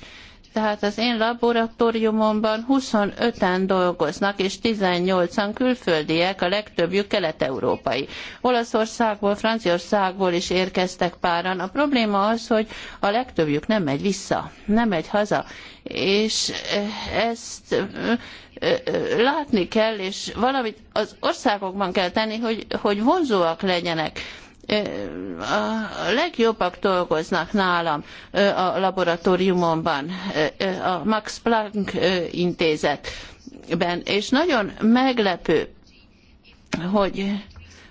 tehát az én laboratóriumomban 25-en dolgoznak, és 18-an külföldiek, a legtöbbjük kelet-európai. Olaszországból, Franciaországból is érkeztek páran. A probléma az, hogy a legtöbbjük nem megy vissza, nem megy haza. És eh, ezt eh, eh, látni kell, és valamit az országokban kell tenni, hogy, hogy vonzóak legyenek a legjobbak dolgoznak nálam a laboratóriumomban, a Max Planck intézetben, és nagyon meglepő, hogy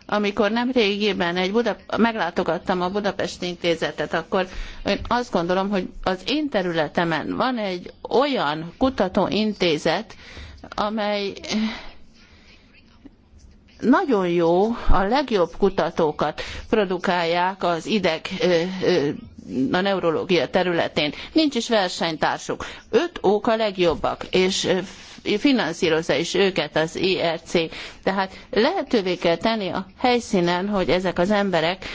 amikor nem régiben egy Buda- meglátogattam a Budapest Intézetet, akkor én azt gondolom, hogy az én területemen van egy olyan kutatóintézet, amely nagyon jó, a legjobb kutatókat produkálják az ideg a neurológia területén. Nincs is versenytársuk. Öt ók a legjobbak, és finanszírozza is őket az IRC. Tehát lehetővé kell tenni a helyszínen, hogy ezek az emberek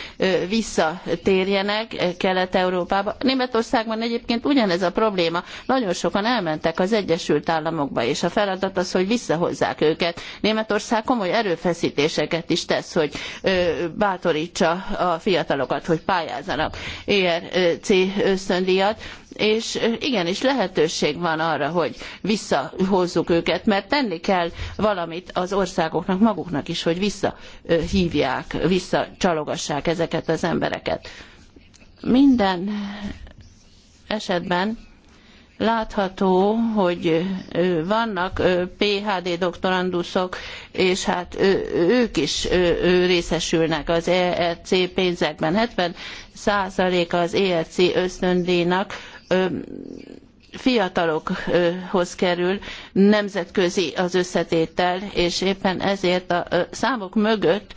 visszatérjenek Kelet-Európába. Németországban egyébként ugyanez a probléma. Nagyon sokan elmentek az Egyesült Államokba, és a feladat az, hogy visszahozzák őket. Németország komoly erőfeszítéseket is tesz, hogy bátorítsa a fiatalokat, hogy pályázzanak ERC ösztöndíjat, és igenis lehetőség van arra, hogy visszahozzuk őket, mert tenni kell valamit az országoknak maguknak is, hogy visszahívják, visszacsalogassák ezeket az embereket. Minden esetben látható, hogy vannak PHD doktoranduszok, és hát ők is részesülnek az ERC pénzekben. 70 százaléka az ERC ösztöndíjnak fiatalokhoz kerül, nemzetközi az összetétel, és éppen ezért a számok mögött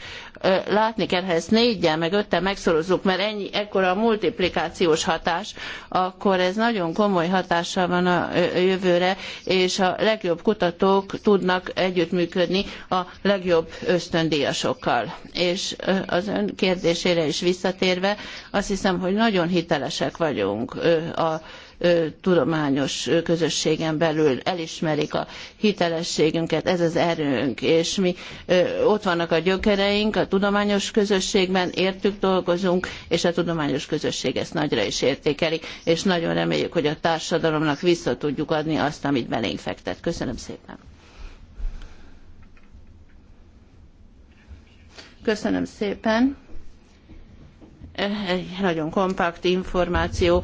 látni kell, ha ezt négyel, meg öttel megszorozzuk, mert ennyi, ekkora a multiplikációs hatás, akkor ez nagyon komoly hatással van a jövőre, és a legjobb kutatók tudnak együttműködni a legjobb ösztöndíjasokkal. És az ön kérdésére is visszatérve, azt hiszem, hogy nagyon hitelesek vagyunk a tudományos közösségen belül elismerik a hitelességünket, ez az erőnk, és mi ott vannak a gyökereink a tudományos közösségben, értük dolgozunk, és a tudományos közösség ezt nagyra is értékeli, és nagyon reméljük, hogy a társadalomnak vissza tudjuk adni azt, amit belénk fektet. Köszönöm szépen! Köszönöm szépen! egy nagyon kompakt információ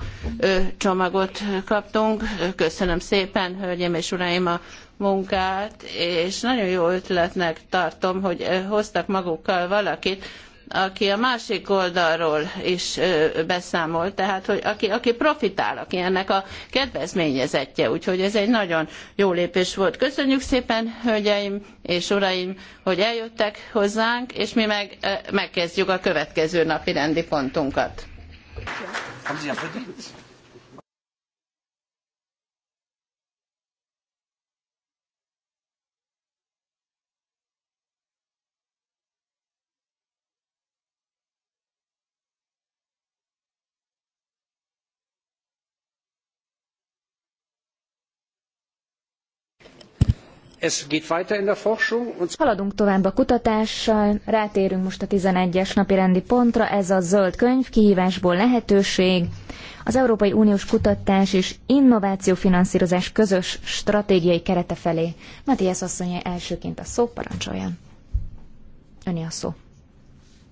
csomagot kaptunk. Köszönöm szépen, hölgyeim és uraim, a munkát, és nagyon jó ötletnek tartom, hogy hoztak magukkal valakit, aki a másik oldalról is beszámolt, tehát hogy aki, aki profitál, aki ennek a kedvezményezettje, úgyhogy ez egy nagyon jó lépés volt. Köszönjük szépen, hölgyeim és uraim, hogy eljöttek hozzánk, és mi meg megkezdjük a következő napi rendi pontunkat. Haladunk tovább a kutatással, rátérünk most a 11-es napi rendi pontra, ez a zöld könyv, kihívásból lehetőség, az Európai Uniós Kutatás és Innováció Finanszírozás közös stratégiai kerete felé. Matthias asszony elsőként a szó, parancsoljon. Öné a szó,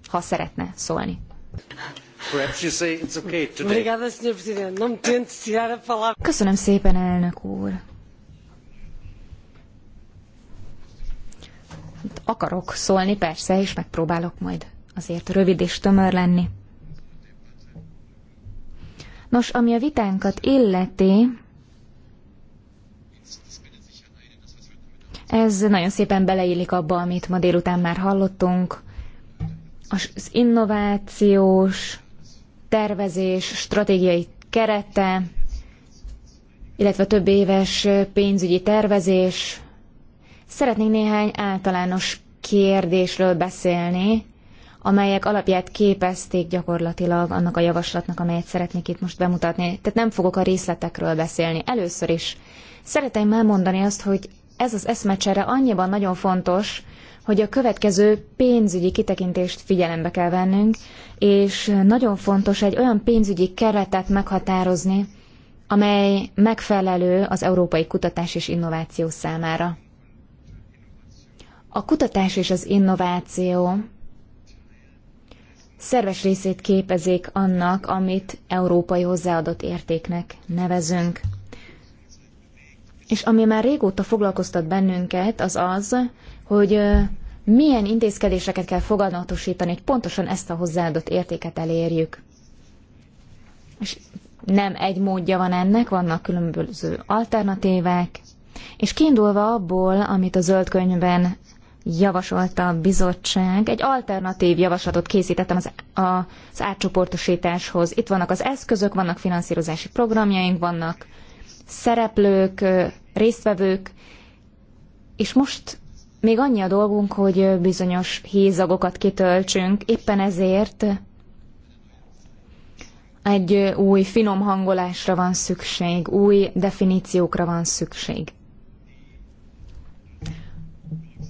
ha szeretne szólni. Köszönöm szépen, elnök úr. akarok szólni, persze, és megpróbálok majd azért rövid és tömör lenni. Nos, ami a vitánkat illeti, ez nagyon szépen beleillik abba, amit ma délután már hallottunk. Az innovációs tervezés, stratégiai kerete, illetve több éves pénzügyi tervezés, Szeretnék néhány általános kérdésről beszélni, amelyek alapját képezték gyakorlatilag annak a javaslatnak, amelyet szeretnék itt most bemutatni. Tehát nem fogok a részletekről beszélni. Először is szeretném elmondani azt, hogy ez az eszmecsere annyiban nagyon fontos, hogy a következő pénzügyi kitekintést figyelembe kell vennünk, és nagyon fontos egy olyan pénzügyi keretet meghatározni, amely megfelelő az európai kutatás és innováció számára. A kutatás és az innováció szerves részét képezik annak, amit európai hozzáadott értéknek nevezünk. És ami már régóta foglalkoztat bennünket, az az, hogy milyen intézkedéseket kell fogadatosítani, hogy pontosan ezt a hozzáadott értéket elérjük. És nem egy módja van ennek, vannak különböző alternatívák, és kiindulva abból, amit a zöld könyvben javasolta a bizottság. Egy alternatív javaslatot készítettem az, a, az átcsoportosításhoz. Itt vannak az eszközök, vannak finanszírozási programjaink, vannak szereplők, résztvevők, és most még annyi a dolgunk, hogy bizonyos hézagokat kitöltsünk. Éppen ezért egy új finom hangolásra van szükség, új definíciókra van szükség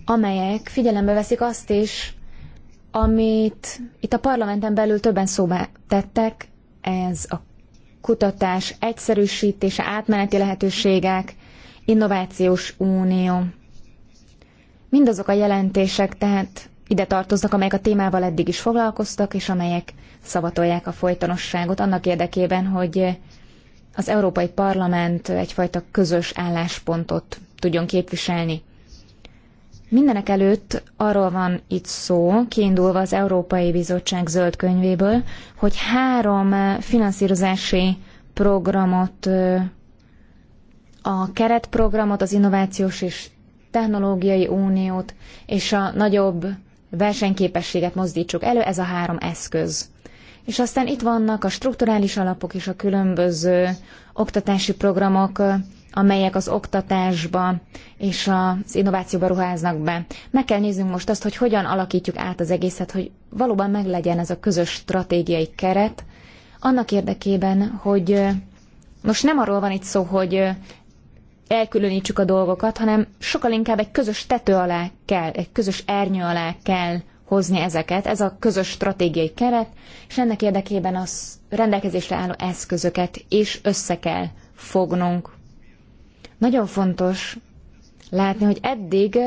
amelyek figyelembe veszik azt is, amit itt a parlamenten belül többen szóba tettek, ez a kutatás egyszerűsítése, átmeneti lehetőségek, innovációs unió. Mindazok a jelentések tehát ide tartoznak, amelyek a témával eddig is foglalkoztak, és amelyek szavatolják a folytonosságot annak érdekében, hogy az Európai Parlament egyfajta közös álláspontot tudjon képviselni. Mindenek előtt arról van itt szó, kiindulva az Európai Bizottság zöld könyvéből, hogy három finanszírozási programot, a keretprogramot, az Innovációs és Technológiai Uniót és a nagyobb versenyképességet mozdítsuk elő, ez a három eszköz. És aztán itt vannak a strukturális alapok és a különböző oktatási programok, amelyek az oktatásba és az innovációba ruháznak be. Meg kell néznünk most azt, hogy hogyan alakítjuk át az egészet, hogy valóban meglegyen ez a közös stratégiai keret, annak érdekében, hogy most nem arról van itt szó, hogy elkülönítsük a dolgokat, hanem sokkal inkább egy közös tető alá kell, egy közös ernyő alá kell hozni ezeket, ez a közös stratégiai keret, és ennek érdekében az rendelkezésre álló eszközöket is össze kell fognunk. Nagyon fontos látni, hogy eddig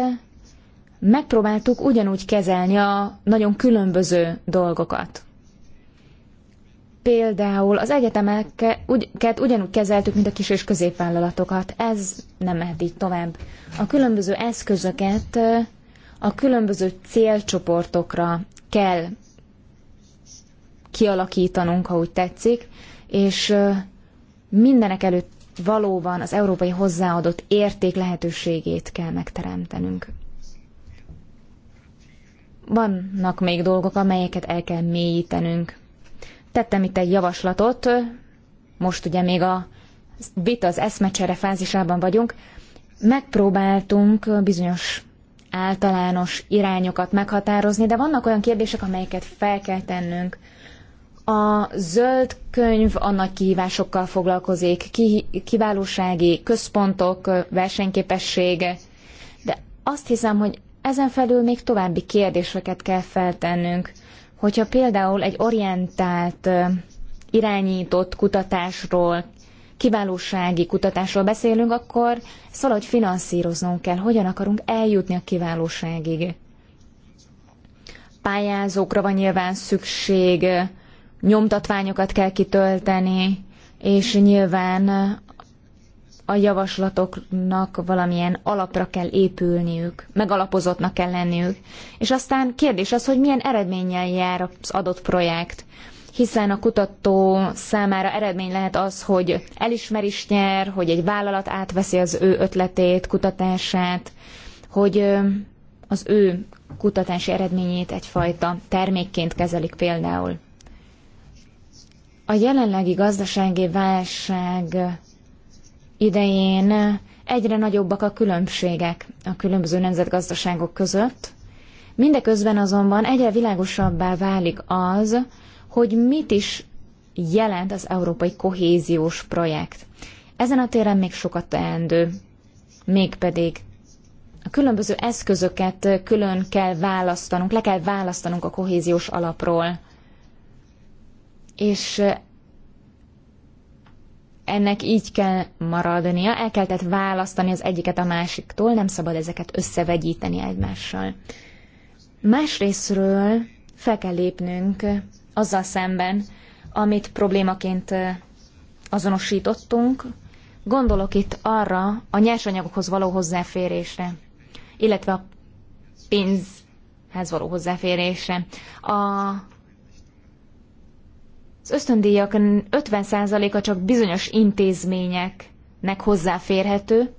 megpróbáltuk ugyanúgy kezelni a nagyon különböző dolgokat. Például az egyetemeket ugyanúgy kezeltük, mint a kis és középvállalatokat. Ez nem mehet így tovább. A különböző eszközöket a különböző célcsoportokra kell kialakítanunk, ha úgy tetszik, és mindenek előtt valóban az európai hozzáadott érték lehetőségét kell megteremtenünk. Vannak még dolgok, amelyeket el kell mélyítenünk. Tettem itt egy javaslatot, most ugye még a vita, az eszmecsere fázisában vagyunk, megpróbáltunk bizonyos általános irányokat meghatározni, de vannak olyan kérdések, amelyeket fel kell tennünk, a zöld könyv a nagy kihívásokkal foglalkozik, ki, kiválósági központok, versenyképessége, de azt hiszem, hogy ezen felül még további kérdéseket kell feltennünk. Hogyha például egy orientált, irányított kutatásról, kiválósági kutatásról beszélünk, akkor ezt valahogy finanszíroznunk kell. Hogyan akarunk eljutni a kiválóságig? Pályázókra van nyilván szükség, nyomtatványokat kell kitölteni, és nyilván a javaslatoknak valamilyen alapra kell épülniük, megalapozottnak kell lenniük. És aztán kérdés az, hogy milyen eredménnyel jár az adott projekt. Hiszen a kutató számára eredmény lehet az, hogy elismerés nyer, hogy egy vállalat átveszi az ő ötletét, kutatását, hogy az ő kutatási eredményét egyfajta termékként kezelik például. A jelenlegi gazdasági válság idején egyre nagyobbak a különbségek a különböző nemzetgazdaságok között, mindeközben azonban egyre világosabbá válik az, hogy mit is jelent az európai kohéziós projekt. Ezen a téren még sokat teendő, mégpedig a különböző eszközöket külön kell választanunk, le kell választanunk a kohéziós alapról és ennek így kell maradnia, el kell tehát választani az egyiket a másiktól, nem szabad ezeket összevegyíteni egymással. Másrésztről fel kell lépnünk azzal szemben, amit problémaként azonosítottunk, gondolok itt arra a nyersanyagokhoz való hozzáférésre, illetve a pénzhez való hozzáférésre. A az ösztöndíjak 50%-a csak bizonyos intézményeknek hozzáférhető,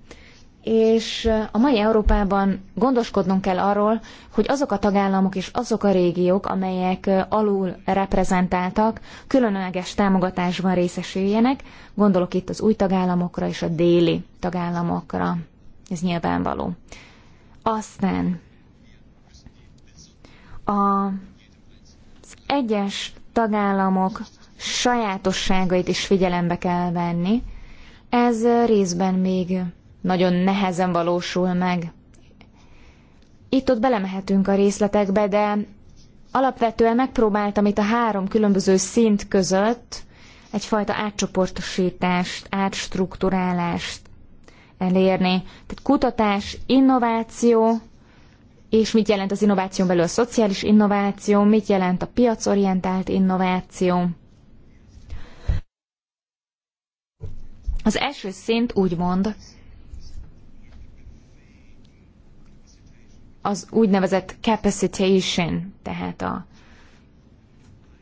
és a mai Európában gondoskodnunk kell arról, hogy azok a tagállamok és azok a régiók, amelyek alul reprezentáltak, különleges támogatásban részesüljenek, gondolok itt az új tagállamokra és a déli tagállamokra. Ez nyilvánvaló. Aztán a, az egyes tagállamok sajátosságait is figyelembe kell venni. Ez részben még nagyon nehezen valósul meg. Itt-ott belemehetünk a részletekbe, de alapvetően megpróbáltam itt a három különböző szint között egyfajta átcsoportosítást, átstruktúrálást elérni. Tehát kutatás, innováció, és mit jelent az innováción belül a szociális innováció, mit jelent a piacorientált innováció. Az első szint úgymond az úgynevezett capacitation, tehát a,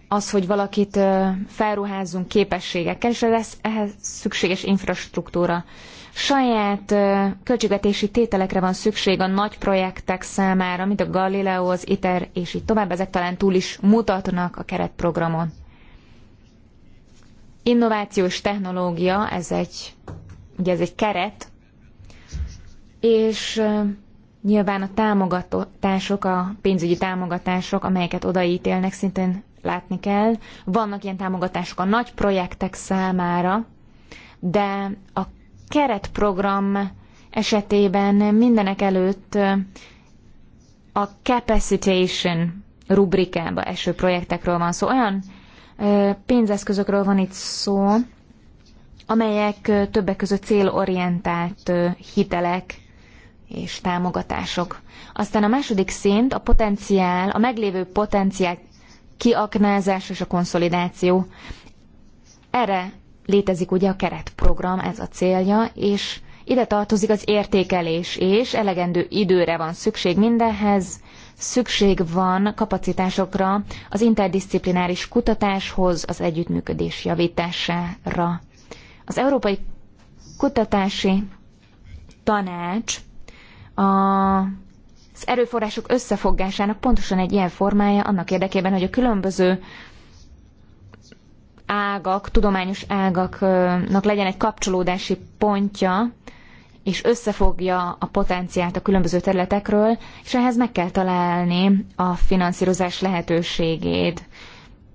az, hogy valakit felruházzunk képességekkel, és lesz ehhez szükséges infrastruktúra. Saját költségvetési tételekre van szükség a nagy projektek számára, mint a Galileo, az ITER, és így tovább, ezek talán túl is mutatnak a keretprogramon innovációs technológia, ez egy, ugye ez egy keret, és nyilván a támogatások, a pénzügyi támogatások, amelyeket odaítélnek, szintén látni kell. Vannak ilyen támogatások a nagy projektek számára, de a keretprogram esetében mindenek előtt a capacitation rubrikába eső projektekről van szó. Olyan pénzeszközökről van itt szó, amelyek többek között célorientált hitelek és támogatások. Aztán a második szint a potenciál, a meglévő potenciál kiaknázás és a konszolidáció. Erre létezik ugye a keretprogram, ez a célja, és ide tartozik az értékelés, és elegendő időre van szükség mindenhez, szükség van kapacitásokra az interdisziplináris kutatáshoz, az együttműködés javítására. Az Európai Kutatási Tanács a az erőforrások összefogásának pontosan egy ilyen formája annak érdekében, hogy a különböző ágak, tudományos ágaknak legyen egy kapcsolódási pontja és összefogja a potenciált a különböző területekről, és ehhez meg kell találni a finanszírozás lehetőségét.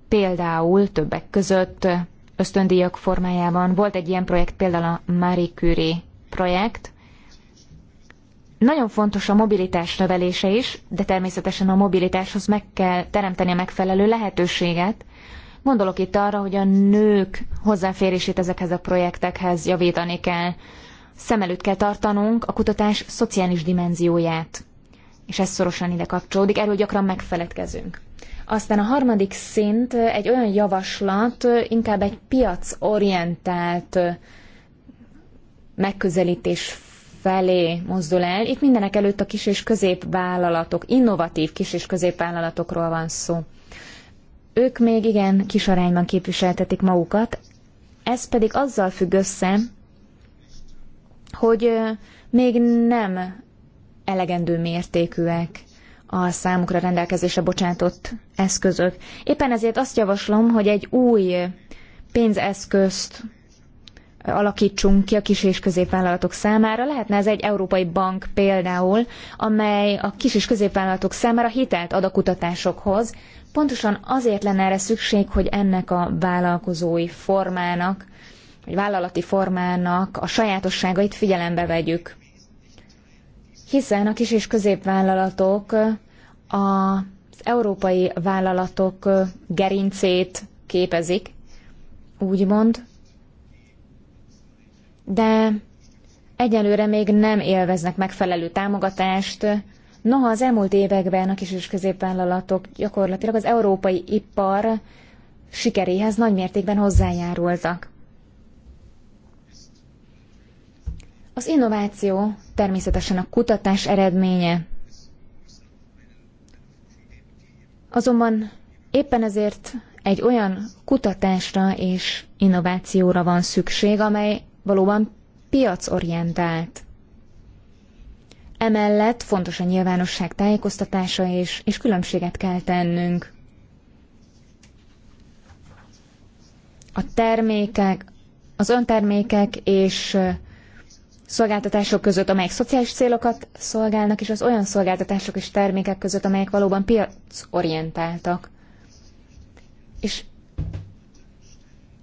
Például többek között ösztöndíjak formájában volt egy ilyen projekt, például a Marie Curie projekt. Nagyon fontos a mobilitás növelése is, de természetesen a mobilitáshoz meg kell teremteni a megfelelő lehetőséget, Gondolok itt arra, hogy a nők hozzáférését ezekhez a projektekhez javítani kell szem előtt kell tartanunk a kutatás szociális dimenzióját. És ez szorosan ide kapcsolódik, erről gyakran megfeledkezünk. Aztán a harmadik szint egy olyan javaslat, inkább egy piacorientált megközelítés felé mozdul el. Itt mindenek előtt a kis és középvállalatok, innovatív kis és középvállalatokról van szó. Ők még igen kis arányban képviseltetik magukat, ez pedig azzal függ össze, hogy még nem elegendő mértékűek a számukra rendelkezésre bocsátott eszközök. Éppen ezért azt javaslom, hogy egy új pénzeszközt alakítsunk ki a kis és középvállalatok számára. Lehetne ez egy európai bank például, amely a kis és középvállalatok számára hitelt ad a kutatásokhoz. Pontosan azért lenne erre szükség, hogy ennek a vállalkozói formának hogy vállalati formának a sajátosságait figyelembe vegyük. Hiszen a kis és középvállalatok az európai vállalatok gerincét képezik, úgymond, de egyelőre még nem élveznek megfelelő támogatást. Noha az elmúlt években a kis és középvállalatok gyakorlatilag az európai ipar sikeréhez nagymértékben hozzájárultak. Az innováció természetesen a kutatás eredménye. Azonban éppen ezért egy olyan kutatásra és innovációra van szükség, amely valóban piacorientált. Emellett fontos a nyilvánosság tájékoztatása és, és különbséget kell tennünk. A termékek, az öntermékek és szolgáltatások között, amelyek szociális célokat szolgálnak, és az olyan szolgáltatások és termékek között, amelyek valóban piacorientáltak. És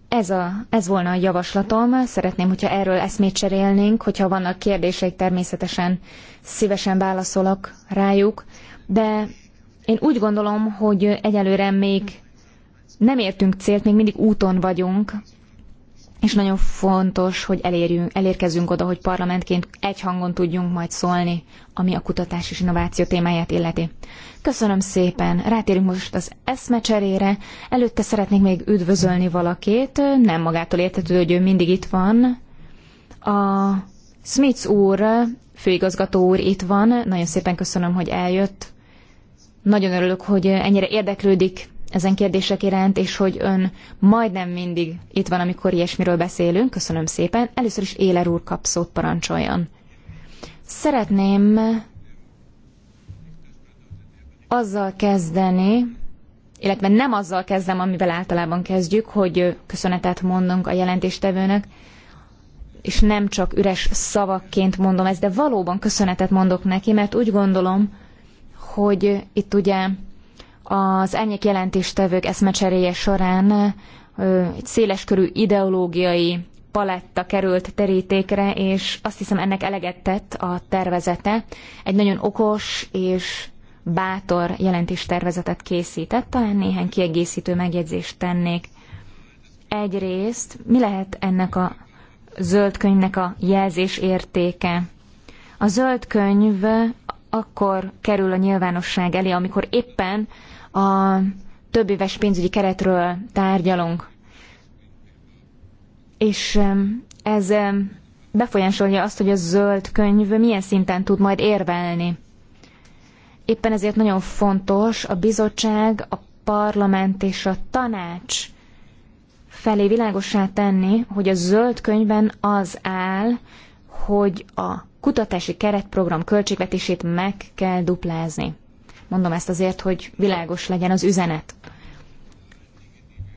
ez, a, ez volna a javaslatom. Szeretném, hogyha erről eszmét cserélnénk, hogyha vannak kérdéseik, természetesen szívesen válaszolok rájuk, de én úgy gondolom, hogy egyelőre még nem értünk célt, még mindig úton vagyunk, és nagyon fontos, hogy elérjünk, elérkezzünk oda, hogy parlamentként egy hangon tudjunk majd szólni, ami a kutatás és innováció témáját illeti. Köszönöm szépen, rátérünk most az eszmecserére. Előtte szeretnék még üdvözölni valakit, nem magától értetődő, hogy ő mindig itt van. A Smith úr, főigazgató úr itt van, nagyon szépen köszönöm, hogy eljött. Nagyon örülök, hogy ennyire érdeklődik ezen kérdések iránt, és hogy ön majdnem mindig itt van, amikor ilyesmiről beszélünk. Köszönöm szépen. Először is Éler úr kap szót, parancsoljon. Szeretném azzal kezdeni, illetve nem azzal kezdem, amivel általában kezdjük, hogy köszönetet mondunk a jelentéstevőnek, és nem csak üres szavakként mondom ezt, de valóban köszönetet mondok neki, mert úgy gondolom, hogy itt ugye az elnyék jelentéstevők eszmecseréje során egy széleskörű ideológiai paletta került terítékre, és azt hiszem ennek eleget tett a tervezete. Egy nagyon okos és bátor jelentéstervezetet készített, talán néhány kiegészítő megjegyzést tennék. Egyrészt, mi lehet ennek a zöld könyvnek a jelzés értéke? A zöld könyv akkor kerül a nyilvánosság elé, amikor éppen a több éves pénzügyi keretről tárgyalunk. És ez befolyásolja azt, hogy a zöld könyv milyen szinten tud majd érvelni. Éppen ezért nagyon fontos a bizottság, a parlament és a tanács felé világossá tenni, hogy a zöld könyvben az áll, hogy a kutatási keretprogram költségvetését meg kell duplázni. Mondom ezt azért, hogy világos legyen az üzenet.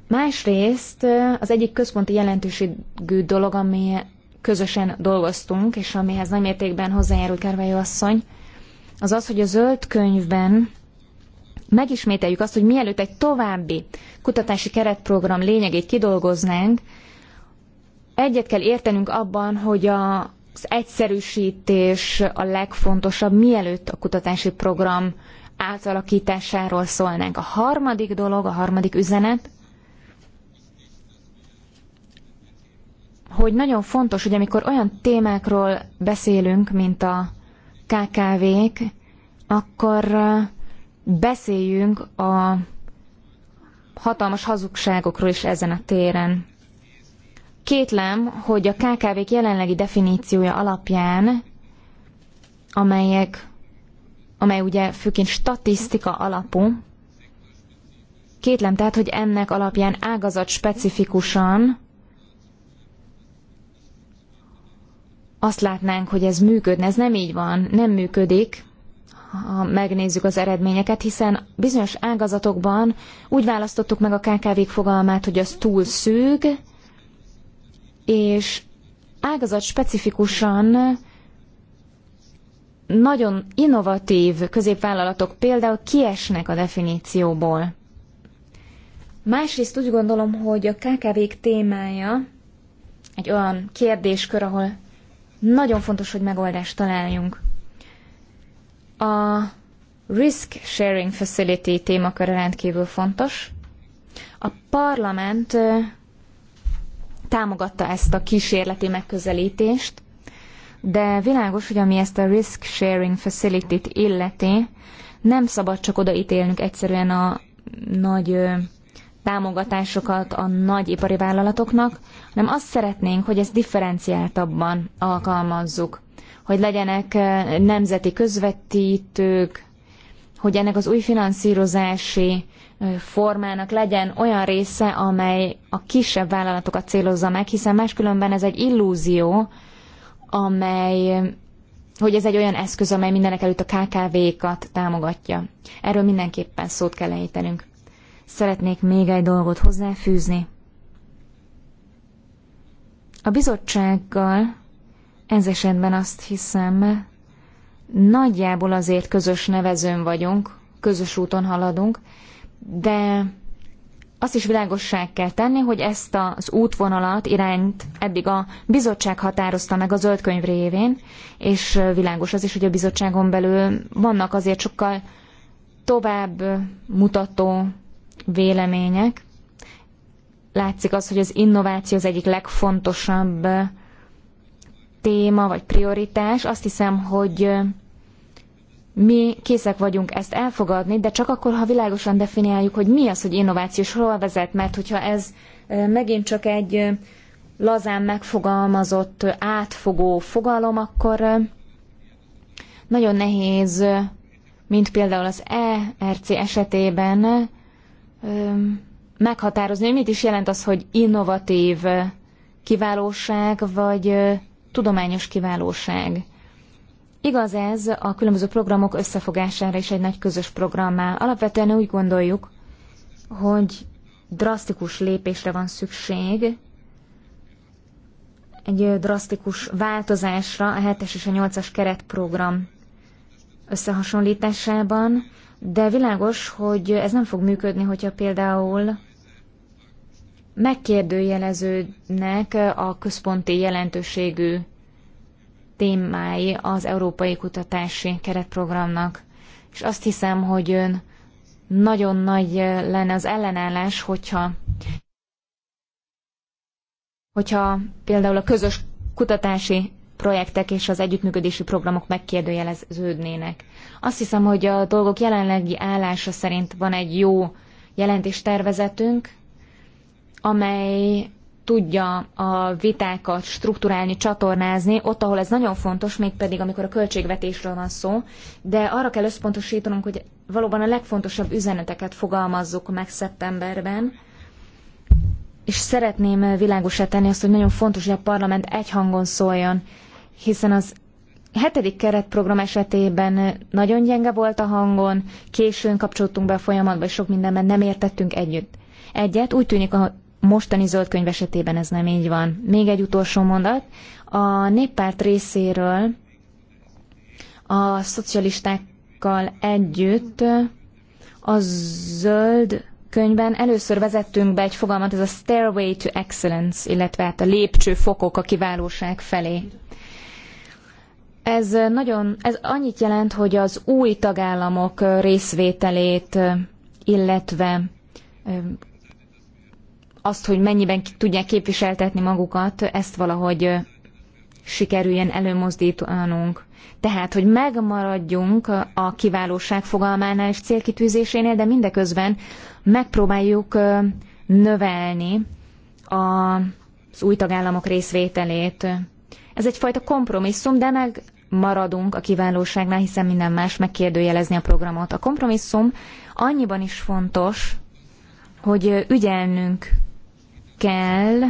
Másrészt az egyik központi jelentőségű dolog, ami közösen dolgoztunk, és amihez nagy mértékben hozzájárult Kárvályó asszony, az az, hogy a zöld könyvben megismételjük azt, hogy mielőtt egy további kutatási keretprogram lényegét kidolgoznánk, egyet kell értenünk abban, hogy a, az egyszerűsítés a legfontosabb, mielőtt a kutatási program átalakításáról szólnánk. A harmadik dolog, a harmadik üzenet, hogy nagyon fontos, hogy amikor olyan témákról beszélünk, mint a KKV-k, akkor beszéljünk a hatalmas hazugságokról is ezen a téren. Kétlem, hogy a KKV-k jelenlegi definíciója alapján, amelyek amely ugye főként statisztika alapú. Kétlem tehát, hogy ennek alapján ágazat specifikusan azt látnánk, hogy ez működne. Ez nem így van, nem működik, ha megnézzük az eredményeket, hiszen bizonyos ágazatokban úgy választottuk meg a kkv fogalmát, hogy az túl szűk, és ágazat specifikusan nagyon innovatív középvállalatok például kiesnek a definícióból. Másrészt úgy gondolom, hogy a KKV-k témája egy olyan kérdéskör, ahol nagyon fontos, hogy megoldást találjunk. A Risk Sharing Facility témakör rendkívül fontos. A parlament támogatta ezt a kísérleti megközelítést, de világos, hogy ami ezt a risk sharing facility-t illeti, nem szabad csak odaítélnünk egyszerűen a nagy támogatásokat a nagy ipari vállalatoknak, hanem azt szeretnénk, hogy ezt differenciáltabban alkalmazzuk, hogy legyenek nemzeti közvetítők, hogy ennek az új finanszírozási formának legyen olyan része, amely a kisebb vállalatokat célozza meg, hiszen máskülönben ez egy illúzió, amely, hogy ez egy olyan eszköz, amely mindenek előtt a KKV-kat támogatja. Erről mindenképpen szót kell ejtenünk. Szeretnék még egy dolgot hozzáfűzni. A bizottsággal ez esetben azt hiszem, nagyjából azért közös nevezőn vagyunk, közös úton haladunk, de azt is világossá kell tenni, hogy ezt az útvonalat, irányt eddig a bizottság határozta meg a zöld könyv révén, és világos az is, hogy a bizottságon belül vannak azért sokkal tovább mutató vélemények. Látszik az, hogy az innováció az egyik legfontosabb téma vagy prioritás. Azt hiszem, hogy mi készek vagyunk ezt elfogadni, de csak akkor, ha világosan definiáljuk, hogy mi az, hogy innováció, és hol vezet, mert hogyha ez megint csak egy lazán megfogalmazott, átfogó fogalom, akkor nagyon nehéz, mint például az ERC esetében meghatározni, hogy mit is jelent az, hogy innovatív kiválóság, vagy tudományos kiválóság. Igaz ez a különböző programok összefogására is egy nagy közös programmá. Alapvetően úgy gondoljuk, hogy drasztikus lépésre van szükség, egy drasztikus változásra a 7-es és a 8-as keretprogram összehasonlításában, de világos, hogy ez nem fog működni, hogyha például megkérdőjeleződnek a központi jelentőségű témái az Európai Kutatási Keretprogramnak. És azt hiszem, hogy ön nagyon nagy lenne az ellenállás, hogyha, hogyha például a közös kutatási projektek és az együttműködési programok megkérdőjeleződnének. Azt hiszem, hogy a dolgok jelenlegi állása szerint van egy jó jelentéstervezetünk, amely tudja a vitákat strukturálni, csatornázni, ott, ahol ez nagyon fontos, mégpedig amikor a költségvetésről van szó, de arra kell összpontosítanunk, hogy valóban a legfontosabb üzeneteket fogalmazzuk meg szeptemberben, és szeretném világosá tenni azt, hogy nagyon fontos, hogy a parlament egy hangon szóljon, hiszen az hetedik keretprogram esetében nagyon gyenge volt a hangon, későn kapcsolódtunk be a folyamatba, és sok mindenben nem értettünk együtt. Egyet úgy tűnik a mostani zöldkönyv esetében ez nem így van. Még egy utolsó mondat. A néppárt részéről a szocialistákkal együtt a zöld könyvben először vezettünk be egy fogalmat, ez a Stairway to Excellence, illetve hát a lépcsőfokok a kiválóság felé. Ez nagyon, ez annyit jelent, hogy az új tagállamok részvételét, illetve azt, hogy mennyiben tudják képviseltetni magukat, ezt valahogy sikerüljen előmozdítanunk. Tehát, hogy megmaradjunk a kiválóság fogalmánál és célkitűzésénél, de mindeközben megpróbáljuk növelni az új tagállamok részvételét. Ez egyfajta kompromisszum, de meg maradunk a kiválóságnál, hiszen minden más megkérdőjelezni a programot. A kompromisszum annyiban is fontos, hogy ügyelnünk kell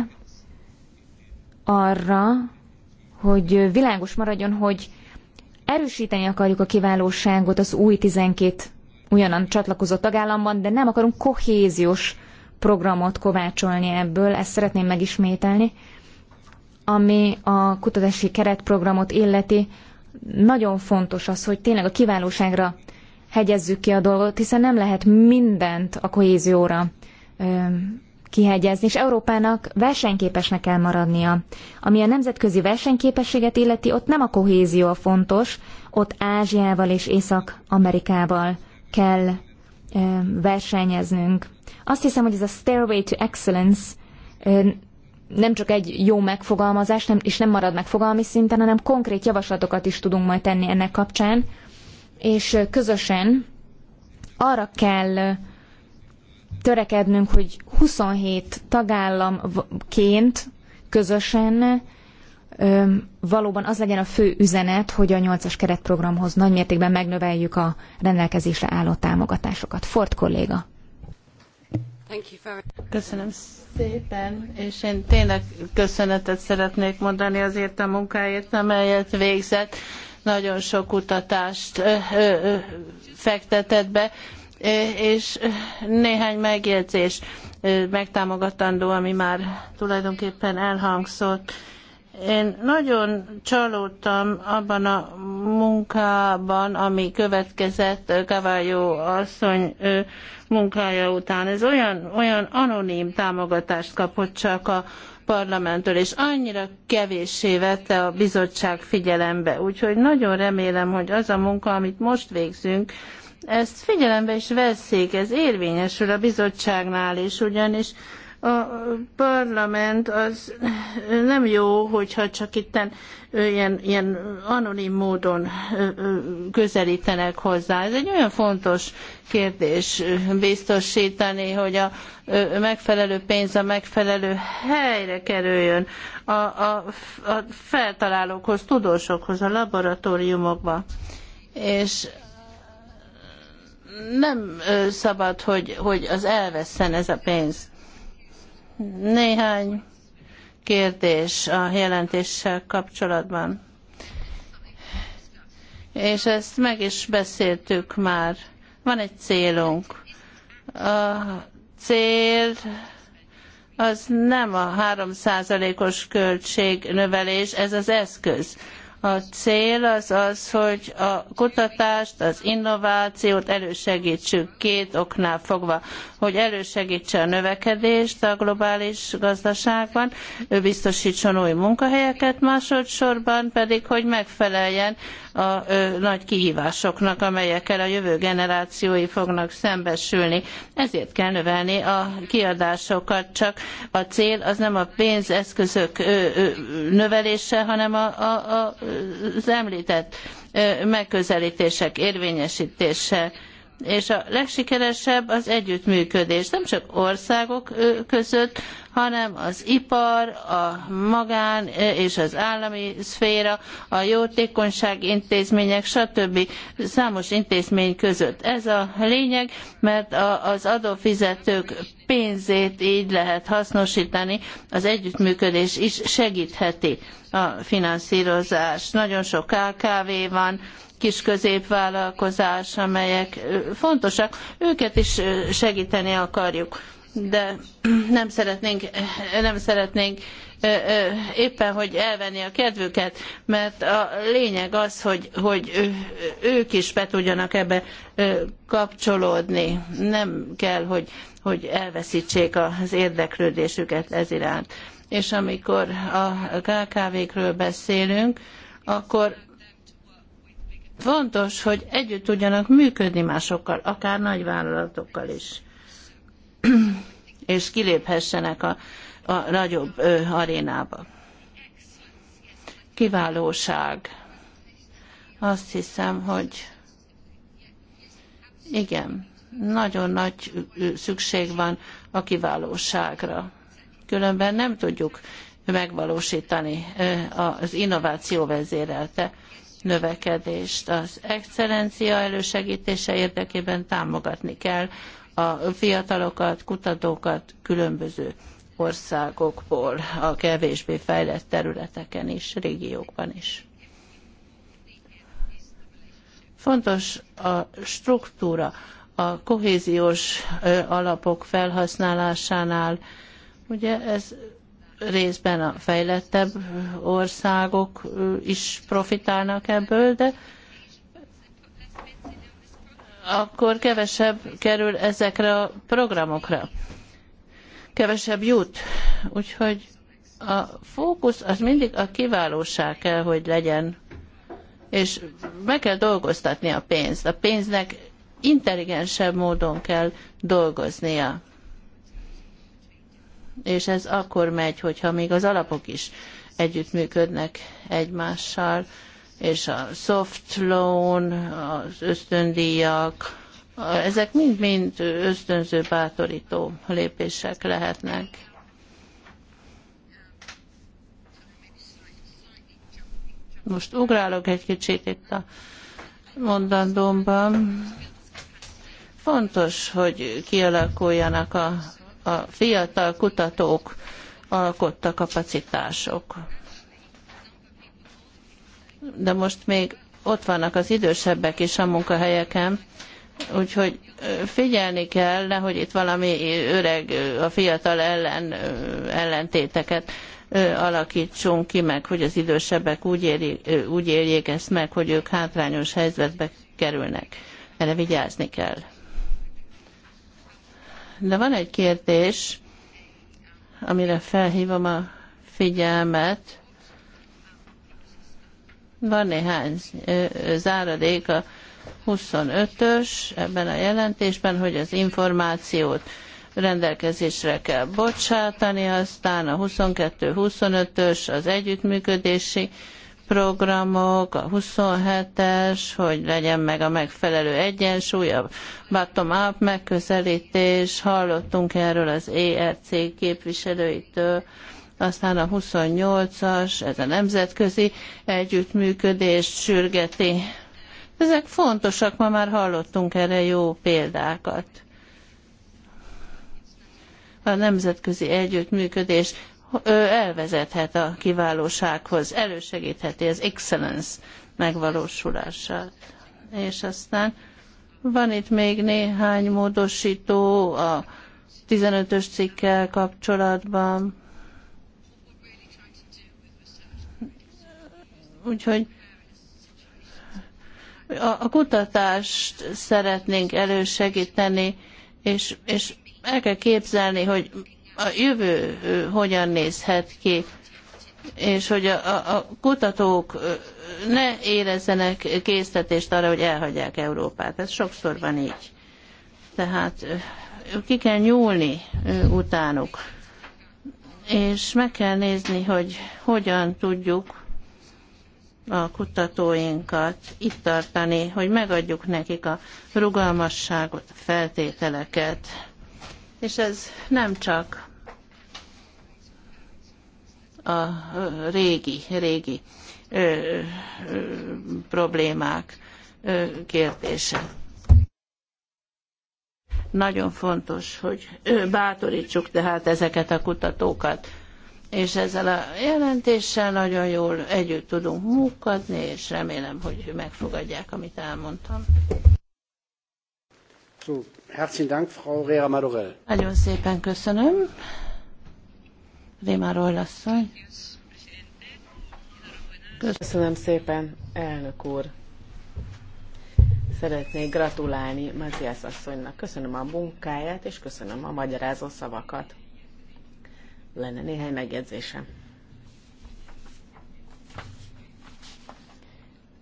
arra, hogy világos maradjon, hogy erősíteni akarjuk a kiválóságot az új 12 ugyanan csatlakozott tagállamban, de nem akarunk kohéziós programot kovácsolni ebből, ezt szeretném megismételni, ami a kutatási keretprogramot illeti. Nagyon fontos az, hogy tényleg a kiválóságra hegyezzük ki a dolgot, hiszen nem lehet mindent a kohézióra kihegyezni, és Európának versenyképesnek kell maradnia. Ami a nemzetközi versenyképességet illeti, ott nem a kohézió a fontos, ott Ázsiával és Észak-Amerikával kell eh, versenyeznünk. Azt hiszem, hogy ez a Stairway to Excellence eh, nem csak egy jó megfogalmazás, nem, és nem marad meg fogalmi szinten, hanem konkrét javaslatokat is tudunk majd tenni ennek kapcsán, és eh, közösen arra kell törekednünk, hogy 27 tagállamként közösen valóban az legyen a fő üzenet, hogy a 8-as keretprogramhoz nagymértékben megnöveljük a rendelkezésre álló támogatásokat. Ford kolléga. Köszönöm szépen, és én tényleg köszönetet szeretnék mondani azért a munkáért, amelyet végzett. Nagyon sok kutatást ö, ö, ö, fektetett be és néhány megjegyzés megtámogatandó, ami már tulajdonképpen elhangzott. Én nagyon csalódtam abban a munkában, ami következett Kavályó asszony munkája után. Ez olyan, olyan anonim támogatást kapott csak a parlamenttől, és annyira kevéssé vette a bizottság figyelembe. Úgyhogy nagyon remélem, hogy az a munka, amit most végzünk, ezt figyelembe is veszik, ez érvényesül a bizottságnál is, ugyanis a parlament az nem jó, hogyha csak itten ilyen, ilyen anonim módon közelítenek hozzá. Ez egy olyan fontos kérdés biztosítani, hogy a megfelelő pénz a megfelelő helyre kerüljön, a, a, a feltalálókhoz, tudósokhoz, a laboratóriumokba. És nem szabad, hogy, hogy az elvesszen ez a pénz. Néhány kérdés a jelentéssel kapcsolatban. És ezt meg is beszéltük már. Van egy célunk. A cél az nem a 3%-os költségnövelés, ez az eszköz a cél az az, hogy a kutatást, az innovációt elősegítsük két oknál fogva hogy elősegítse a növekedést a globális gazdaságban, ő biztosítson új munkahelyeket, másodszorban pedig, hogy megfeleljen a ö, nagy kihívásoknak, amelyekkel a jövő generációi fognak szembesülni. Ezért kell növelni a kiadásokat, csak a cél az nem a pénzeszközök ö, ö, növelése, hanem a, a, a, az említett ö, megközelítések érvényesítése és a legsikeresebb az együttműködés, nem csak országok között, hanem az ipar, a magán és az állami szféra, a jótékonyság intézmények, stb. számos intézmény között. Ez a lényeg, mert az adófizetők pénzét így lehet hasznosítani, az együttműködés is segítheti a finanszírozást. Nagyon sok KKV van, kis középvállalkozás, amelyek fontosak, őket is segíteni akarjuk de nem szeretnénk, nem szeretnénk éppen, hogy elvenni a kedvüket, mert a lényeg az, hogy, hogy ők is be tudjanak ebbe kapcsolódni. Nem kell, hogy, hogy elveszítsék az érdeklődésüket ez iránt. És amikor a KKV-kről beszélünk, akkor fontos, hogy együtt tudjanak működni másokkal, akár nagyvállalatokkal is és kiléphessenek a, a nagyobb ö, arénába. Kiválóság. Azt hiszem, hogy igen, nagyon nagy szükség van a kiválóságra. Különben nem tudjuk megvalósítani az innováció vezérelte növekedést. Az excellencia elősegítése érdekében támogatni kell a fiatalokat, kutatókat különböző országokból, a kevésbé fejlett területeken is, régiókban is. Fontos a struktúra, a kohéziós alapok felhasználásánál, ugye ez részben a fejlettebb országok is profitálnak ebből, de akkor kevesebb kerül ezekre a programokra. Kevesebb jut. Úgyhogy a fókusz az mindig a kiválóság kell, hogy legyen. És meg kell dolgoztatni a pénzt. A pénznek intelligensebb módon kell dolgoznia. És ez akkor megy, hogyha még az alapok is együttműködnek egymással és a soft loan, az ösztöndíjak, ezek mind-mind ösztönző, bátorító lépések lehetnek. Most ugrálok egy kicsit itt a mondandómban. Fontos, hogy kialakuljanak a, a fiatal kutatók alkotta kapacitások de most még ott vannak az idősebbek is a munkahelyeken, úgyhogy figyelni kell, nehogy itt valami öreg, a fiatal ellen, ellentéteket alakítsunk ki, meg hogy az idősebbek úgy, éri, úgy érjék ezt meg, hogy ők hátrányos helyzetbe kerülnek. Erre vigyázni kell. De van egy kérdés, amire felhívom a figyelmet, van néhány záradék a 25-ös ebben a jelentésben, hogy az információt rendelkezésre kell bocsátani, aztán a 22-25-ös az együttműködési programok, a 27-es, hogy legyen meg a megfelelő egyensúly, a bottom-up megközelítés, hallottunk erről az ERC képviselőitől, aztán a 28-as, ez a nemzetközi együttműködést sürgeti. Ezek fontosak, ma már hallottunk erre jó példákat. A nemzetközi együttműködés elvezethet a kiválósághoz, elősegítheti az excellence megvalósulását. És aztán van itt még néhány módosító a 15-ös cikkel kapcsolatban Úgyhogy a, a kutatást szeretnénk elősegíteni, és, és el kell képzelni, hogy a jövő hogyan nézhet ki, és hogy a, a kutatók ne érezzenek késztetést arra, hogy elhagyják Európát. Ez sokszor van így. Tehát ki kell nyúlni utánuk, és meg kell nézni, hogy hogyan tudjuk a kutatóinkat itt tartani, hogy megadjuk nekik a rugalmasságot, a feltételeket. És ez nem csak a régi, régi ö, ö, problémák ö, kérdése. Nagyon fontos, hogy bátorítsuk tehát ezeket a kutatókat és ezzel a jelentéssel nagyon jól együtt tudunk munkadni, és remélem, hogy megfogadják, amit elmondtam. So, herzlichen Dank, Frau Rera Madurell. Nagyon szépen köszönöm. Rémáról asszony. Köszönöm szépen, elnök úr. Szeretnék gratulálni Matthias asszonynak. Köszönöm a munkáját, és köszönöm a magyarázó szavakat lenne néhány megjegyzésem.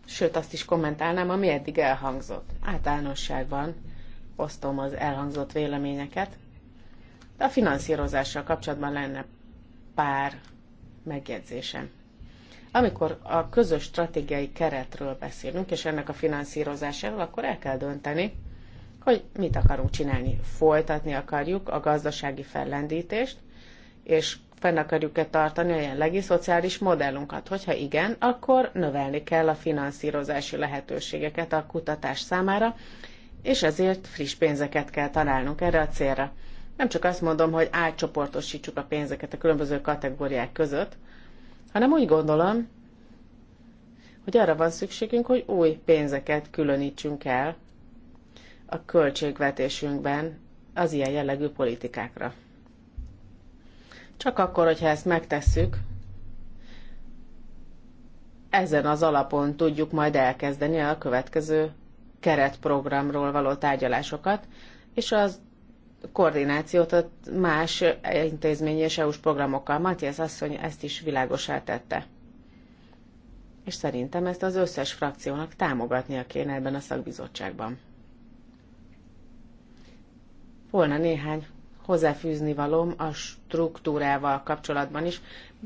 Sőt, azt is kommentálnám, ami eddig elhangzott. Általánosságban osztom az elhangzott véleményeket, de a finanszírozással kapcsolatban lenne pár megjegyzésem. Amikor a közös stratégiai keretről beszélünk, és ennek a finanszírozásáról, akkor el kell dönteni, hogy mit akarunk csinálni. Folytatni akarjuk a gazdasági fellendítést, és fenn akarjuk-e tartani a jelenlegi szociális modellunkat? Hogyha igen, akkor növelni kell a finanszírozási lehetőségeket a kutatás számára, és ezért friss pénzeket kell találnunk erre a célra. Nem csak azt mondom, hogy átcsoportosítsuk a pénzeket a különböző kategóriák között, hanem úgy gondolom, hogy arra van szükségünk, hogy új pénzeket különítsünk el a költségvetésünkben az ilyen jellegű politikákra. Csak akkor, hogyha ezt megtesszük, ezen az alapon tudjuk majd elkezdeni a következő keretprogramról való tárgyalásokat, és az koordinációt a más intézmény és EU-s programokkal. Matthias asszony ezt is világosá tette. És szerintem ezt az összes frakciónak támogatnia kéne ebben a szakbizottságban. Volna néhány hozzáfűzni valom a struktúrával kapcsolatban is.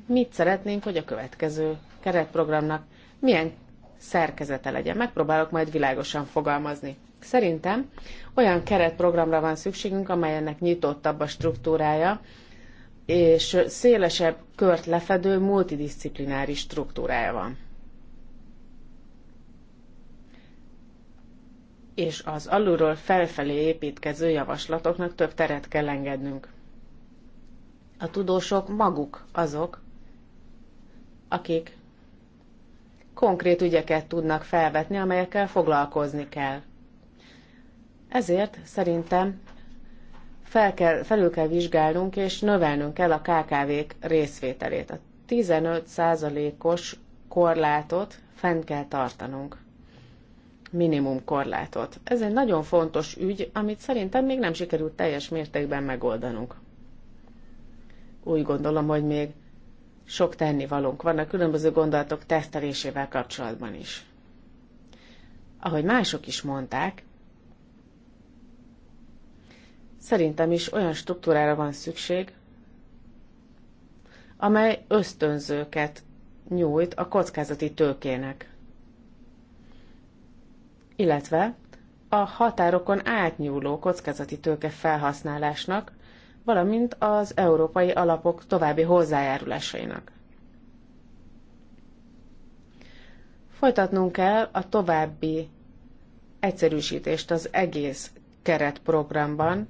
Mit szeretnénk, hogy a következő keretprogramnak milyen szerkezete legyen. Megpróbálok majd világosan fogalmazni. Szerintem olyan keretprogramra van szükségünk, amelynek nyitottabb a struktúrája, és szélesebb kört lefedő multidisziplináris struktúrája van. és az alulról felfelé építkező javaslatoknak több teret kell engednünk. A tudósok maguk azok, akik konkrét ügyeket tudnak felvetni, amelyekkel foglalkozni kell. Ezért szerintem fel kell, felül kell vizsgálnunk és növelnünk kell a KKV-k részvételét. A 15%-os korlátot fenn kell tartanunk minimum korlátot. Ez egy nagyon fontos ügy, amit szerintem még nem sikerült teljes mértékben megoldanunk. Úgy gondolom, hogy még sok tennivalónk van a különböző gondolatok tesztelésével kapcsolatban is. Ahogy mások is mondták, szerintem is olyan struktúrára van szükség, amely ösztönzőket nyújt a kockázati tőkének illetve a határokon átnyúló kockázati tőke felhasználásnak, valamint az európai alapok további hozzájárulásainak. Folytatnunk kell a további egyszerűsítést az egész keretprogramban,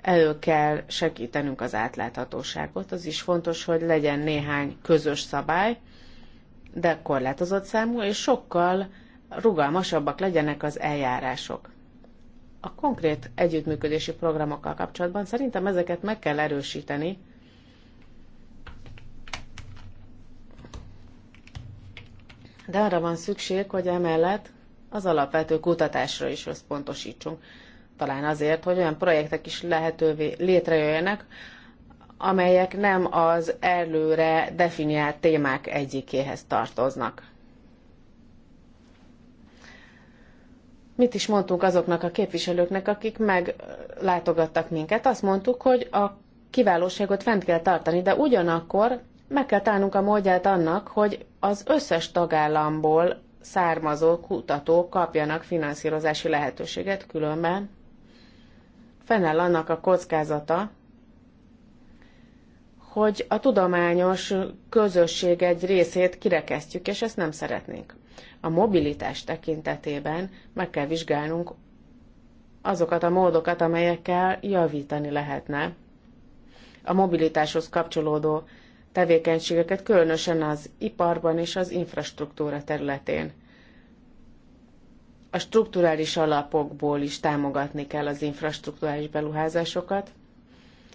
elő kell segítenünk az átláthatóságot. Az is fontos, hogy legyen néhány közös szabály, de korlátozott számú, és sokkal rugalmasabbak legyenek az eljárások. A konkrét együttműködési programokkal kapcsolatban szerintem ezeket meg kell erősíteni, de arra van szükség, hogy emellett az alapvető kutatásra is összpontosítsunk. Talán azért, hogy olyan projektek is lehetővé létrejöjjenek, amelyek nem az előre definiált témák egyikéhez tartoznak. mit is mondtunk azoknak a képviselőknek, akik meglátogattak minket. Azt mondtuk, hogy a kiválóságot fent kell tartani, de ugyanakkor meg kell találnunk a módját annak, hogy az összes tagállamból származó kutatók kapjanak finanszírozási lehetőséget, különben fennáll annak a kockázata, hogy a tudományos közösség egy részét kirekesztjük, és ezt nem szeretnénk a mobilitás tekintetében meg kell vizsgálnunk azokat a módokat, amelyekkel javítani lehetne a mobilitáshoz kapcsolódó tevékenységeket, különösen az iparban és az infrastruktúra területén. A strukturális alapokból is támogatni kell az infrastruktúrális beruházásokat,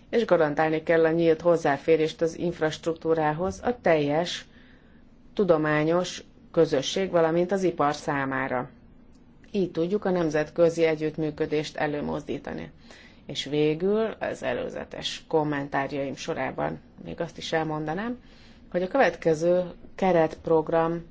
és garantálni kell a nyílt hozzáférést az infrastruktúrához a teljes tudományos közösség, valamint az ipar számára. Így tudjuk a nemzetközi együttműködést előmozdítani. És végül az előzetes kommentárjaim sorában még azt is elmondanám, hogy a következő keretprogram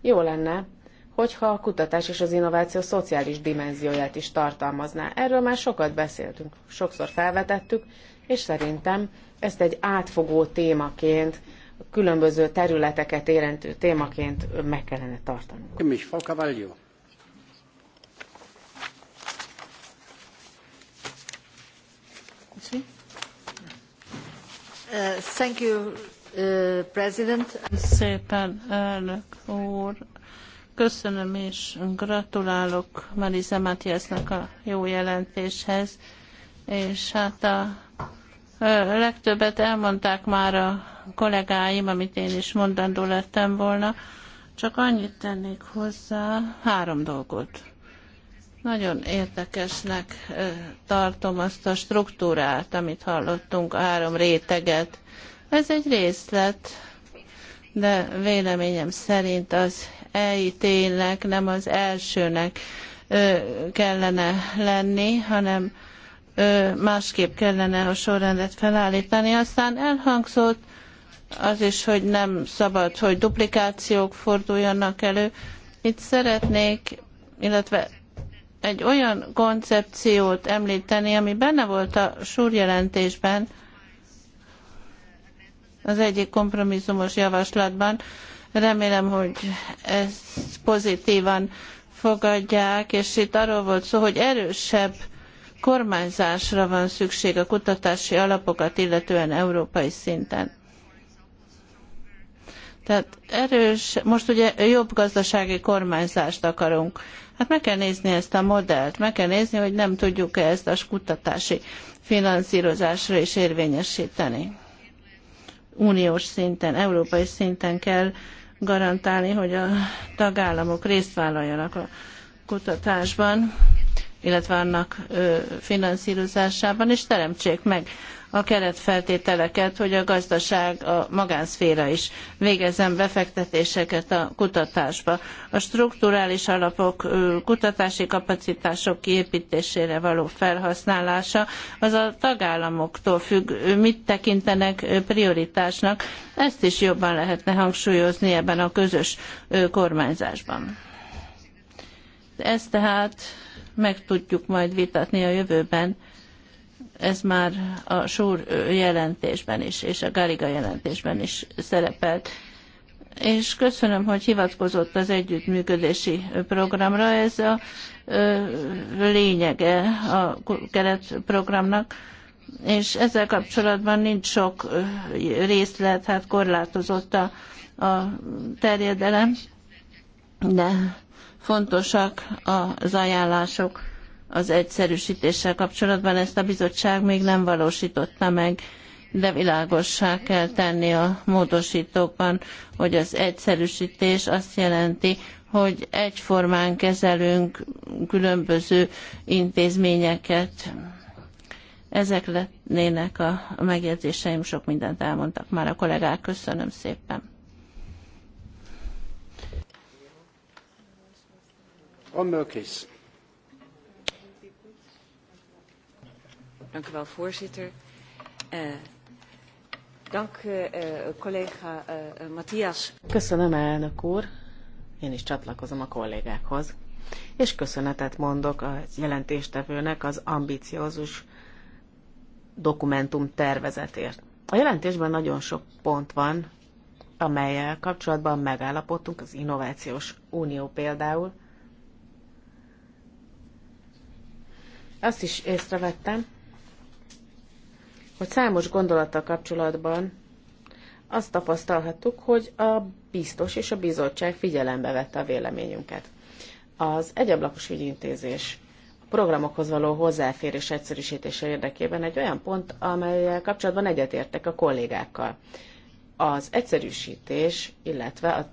jó lenne, hogyha a kutatás és az innováció szociális dimenzióját is tartalmazná. Erről már sokat beszéltünk, sokszor felvetettük, és szerintem ezt egy átfogó témaként különböző területeket érintő témaként meg kellene tartanunk. Uh, thank you, uh, President. Szépen, elnök úr. Köszönöm és gratulálok Marisa Matiasnak a jó jelentéshez, és hát a legtöbbet elmondták már a kollégáim, amit én is mondandó lettem volna. Csak annyit tennék hozzá, három dolgot. Nagyon érdekesnek tartom azt a struktúrát, amit hallottunk, a három réteget. Ez egy részlet, de véleményem szerint az EIT-nek nem az elsőnek kellene lenni, hanem másképp kellene a sorrendet felállítani. Aztán elhangzott az is, hogy nem szabad, hogy duplikációk forduljanak elő. Itt szeretnék, illetve egy olyan koncepciót említeni, ami benne volt a súrjelentésben, az egyik kompromisszumos javaslatban. Remélem, hogy ezt pozitívan fogadják, és itt arról volt szó, hogy erősebb kormányzásra van szükség a kutatási alapokat, illetően európai szinten. Tehát erős, most ugye jobb gazdasági kormányzást akarunk. Hát meg kell nézni ezt a modellt, meg kell nézni, hogy nem tudjuk-e ezt a kutatási finanszírozásra is érvényesíteni. Uniós szinten, európai szinten kell garantálni, hogy a tagállamok részt vállaljanak a kutatásban, illetve annak finanszírozásában, és teremtsék meg a keretfeltételeket, hogy a gazdaság, a magánszféra is végezzen befektetéseket a kutatásba. A strukturális alapok kutatási kapacitások kiépítésére való felhasználása az a tagállamoktól függ, mit tekintenek prioritásnak, ezt is jobban lehetne hangsúlyozni ebben a közös kormányzásban. Ezt tehát meg tudjuk majd vitatni a jövőben ez már a súr jelentésben is, és a Gariga jelentésben is szerepelt. És köszönöm, hogy hivatkozott az együttműködési programra. Ez a lényege a keretprogramnak, és ezzel kapcsolatban nincs sok részlet, hát korlátozott a, a terjedelem, de fontosak az ajánlások az egyszerűsítéssel kapcsolatban ezt a bizottság még nem valósította meg, de világossá kell tenni a módosítókban, hogy az egyszerűsítés azt jelenti, hogy egyformán kezelünk különböző intézményeket. Ezek lennének a megjegyzéseim, sok mindent elmondtak már a kollégák. Köszönöm szépen. Van mögész. Dank u wel, voorzitter. Uh, dank, uh, collega uh, Matthias. Köszönöm, elnök úr. Én is csatlakozom a kollégákhoz. És köszönetet mondok a jelentéstevőnek az ambiciózus dokumentum tervezetért. A jelentésben nagyon sok pont van, amelyel kapcsolatban megállapodtunk, az Innovációs Unió például. Azt is észrevettem, hogy számos gondolattal kapcsolatban azt tapasztalhattuk, hogy a biztos és a bizottság figyelembe vette a véleményünket. Az egyablakos ügyintézés a programokhoz való hozzáférés egyszerűsítése érdekében egy olyan pont, amelyel kapcsolatban egyetértek a kollégákkal. Az egyszerűsítés, illetve a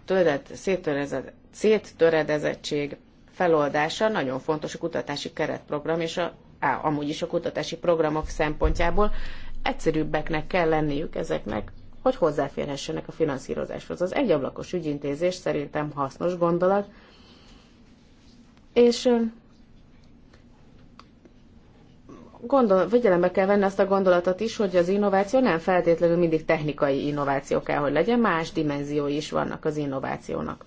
széttöredezettség feloldása nagyon fontos a kutatási keretprogram és a, á, amúgy is a kutatási programok szempontjából, egyszerűbbeknek kell lenniük ezeknek, hogy hozzáférhessenek a finanszírozáshoz. Az egyablakos ügyintézés szerintem hasznos gondolat, és gondol, vigyelembe kell venni azt a gondolatot is, hogy az innováció nem feltétlenül mindig technikai innováció kell, hogy legyen, más dimenziói is vannak az innovációnak.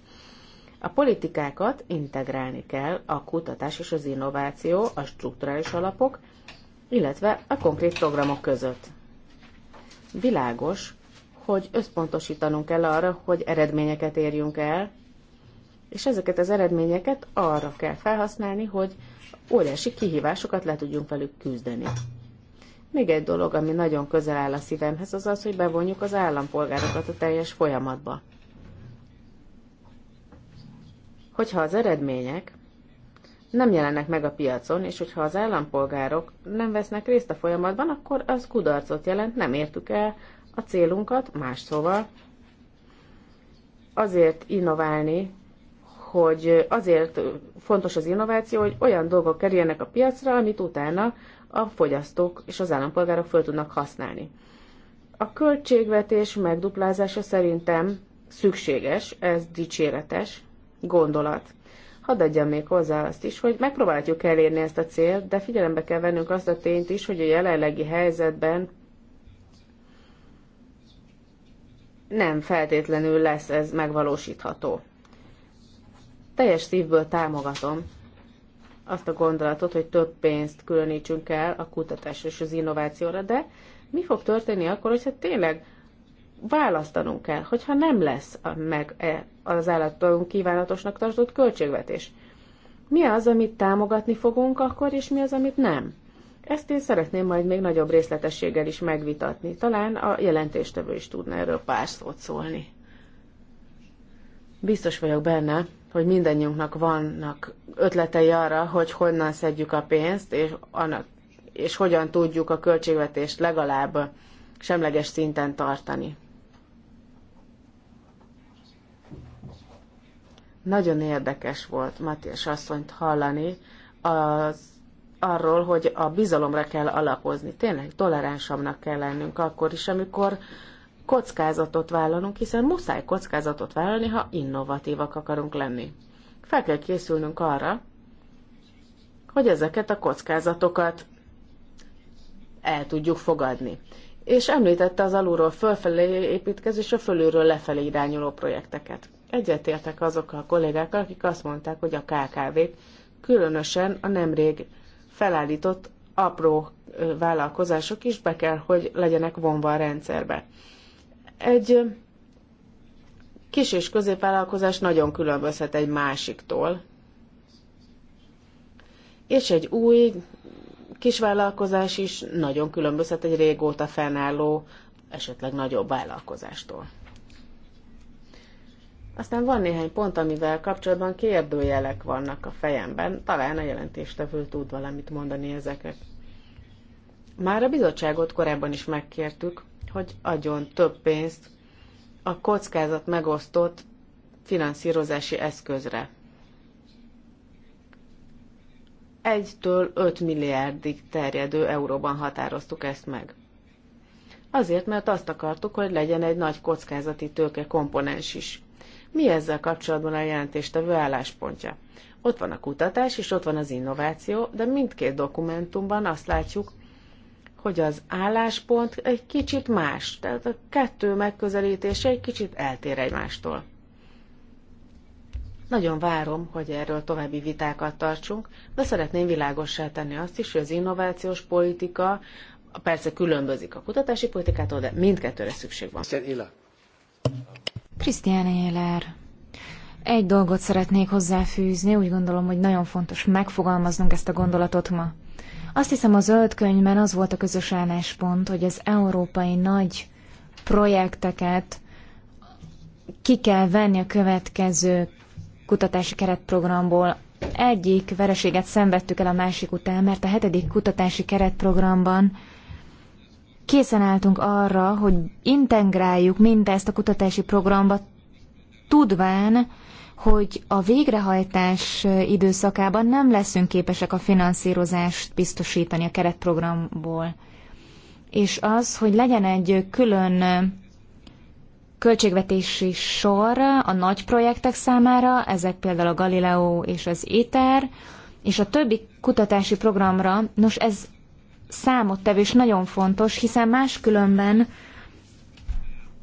A politikákat integrálni kell a kutatás és az innováció, a strukturális alapok, illetve a konkrét programok között. Világos, hogy összpontosítanunk kell arra, hogy eredményeket érjünk el, és ezeket az eredményeket arra kell felhasználni, hogy óriási kihívásokat le tudjunk velük küzdeni. Még egy dolog, ami nagyon közel áll a szívemhez, az az, hogy bevonjuk az állampolgárokat a teljes folyamatba. Hogyha az eredmények nem jelennek meg a piacon, és hogyha az állampolgárok nem vesznek részt a folyamatban, akkor az kudarcot jelent, nem értük el a célunkat, más szóval azért innoválni, hogy azért fontos az innováció, hogy olyan dolgok kerüljenek a piacra, amit utána a fogyasztók és az állampolgárok föl tudnak használni. A költségvetés megduplázása szerintem szükséges, ez dicséretes gondolat. Hadd adjam még hozzá azt is, hogy megpróbáljuk elérni ezt a célt, de figyelembe kell vennünk azt a tényt is, hogy a jelenlegi helyzetben nem feltétlenül lesz ez megvalósítható. Teljes szívből támogatom azt a gondolatot, hogy több pénzt különítsünk el a kutatás és az innovációra, de mi fog történni akkor, hogyha tényleg választanunk kell, hogyha nem lesz a, meg e, az állattalunk kívánatosnak tartott költségvetés. Mi az, amit támogatni fogunk akkor, és mi az, amit nem? Ezt én szeretném majd még nagyobb részletességgel is megvitatni. Talán a jelentéstevő is tudna erről pár szót szólni. Biztos vagyok benne, hogy mindannyiunknak vannak ötletei arra, hogy honnan szedjük a pénzt, és, annak, és hogyan tudjuk a költségvetést legalább semleges szinten tartani. Nagyon érdekes volt Matthias asszonyt hallani az, arról, hogy a bizalomra kell alapozni. Tényleg toleránsabbnak kell lennünk akkor is, amikor kockázatot vállalunk, hiszen muszáj kockázatot vállalni, ha innovatívak akarunk lenni. Fel kell készülnünk arra, hogy ezeket a kockázatokat el tudjuk fogadni. És említette az alulról fölfelé építkezés, a fölülről lefelé irányuló projekteket. Egyetértek azokkal a kollégákkal, akik azt mondták, hogy a kkv különösen a nemrég felállított apró vállalkozások is be kell, hogy legyenek vonva a rendszerbe. Egy kis és középvállalkozás nagyon különbözhet egy másiktól, és egy új kisvállalkozás is nagyon különbözhet egy régóta fennálló, esetleg nagyobb vállalkozástól. Aztán van néhány pont, amivel kapcsolatban kérdőjelek vannak a fejemben. Talán a jelentéstevő tud valamit mondani ezeket. Már a bizottságot korábban is megkértük, hogy adjon több pénzt a kockázat megosztott finanszírozási eszközre. Egytől 5 milliárdig terjedő euróban határoztuk ezt meg. Azért, mert azt akartuk, hogy legyen egy nagy kockázati tőke komponens is. Mi ezzel kapcsolatban a jelentéstevő álláspontja? Ott van a kutatás, és ott van az innováció, de mindkét dokumentumban azt látjuk, hogy az álláspont egy kicsit más, tehát a kettő megközelítése egy kicsit eltér egymástól. Nagyon várom, hogy erről további vitákat tartsunk, de szeretném világossá tenni azt is, hogy az innovációs politika persze különbözik a kutatási politikától, de mindkettőre szükség van. Krisztián Éler, egy dolgot szeretnék hozzáfűzni, úgy gondolom, hogy nagyon fontos megfogalmaznunk ezt a gondolatot ma. Azt hiszem a zöld könyvben az volt a közös álláspont, hogy az európai nagy projekteket ki kell venni a következő kutatási keretprogramból. Egyik vereséget szenvedtük el a másik után, mert a hetedik kutatási keretprogramban készen álltunk arra, hogy integráljuk mindezt a kutatási programba, tudván, hogy a végrehajtás időszakában nem leszünk képesek a finanszírozást biztosítani a keretprogramból. És az, hogy legyen egy külön költségvetési sor a nagy projektek számára, ezek például a Galileo és az ITER, és a többi kutatási programra, nos ez számottevő és nagyon fontos, hiszen máskülönben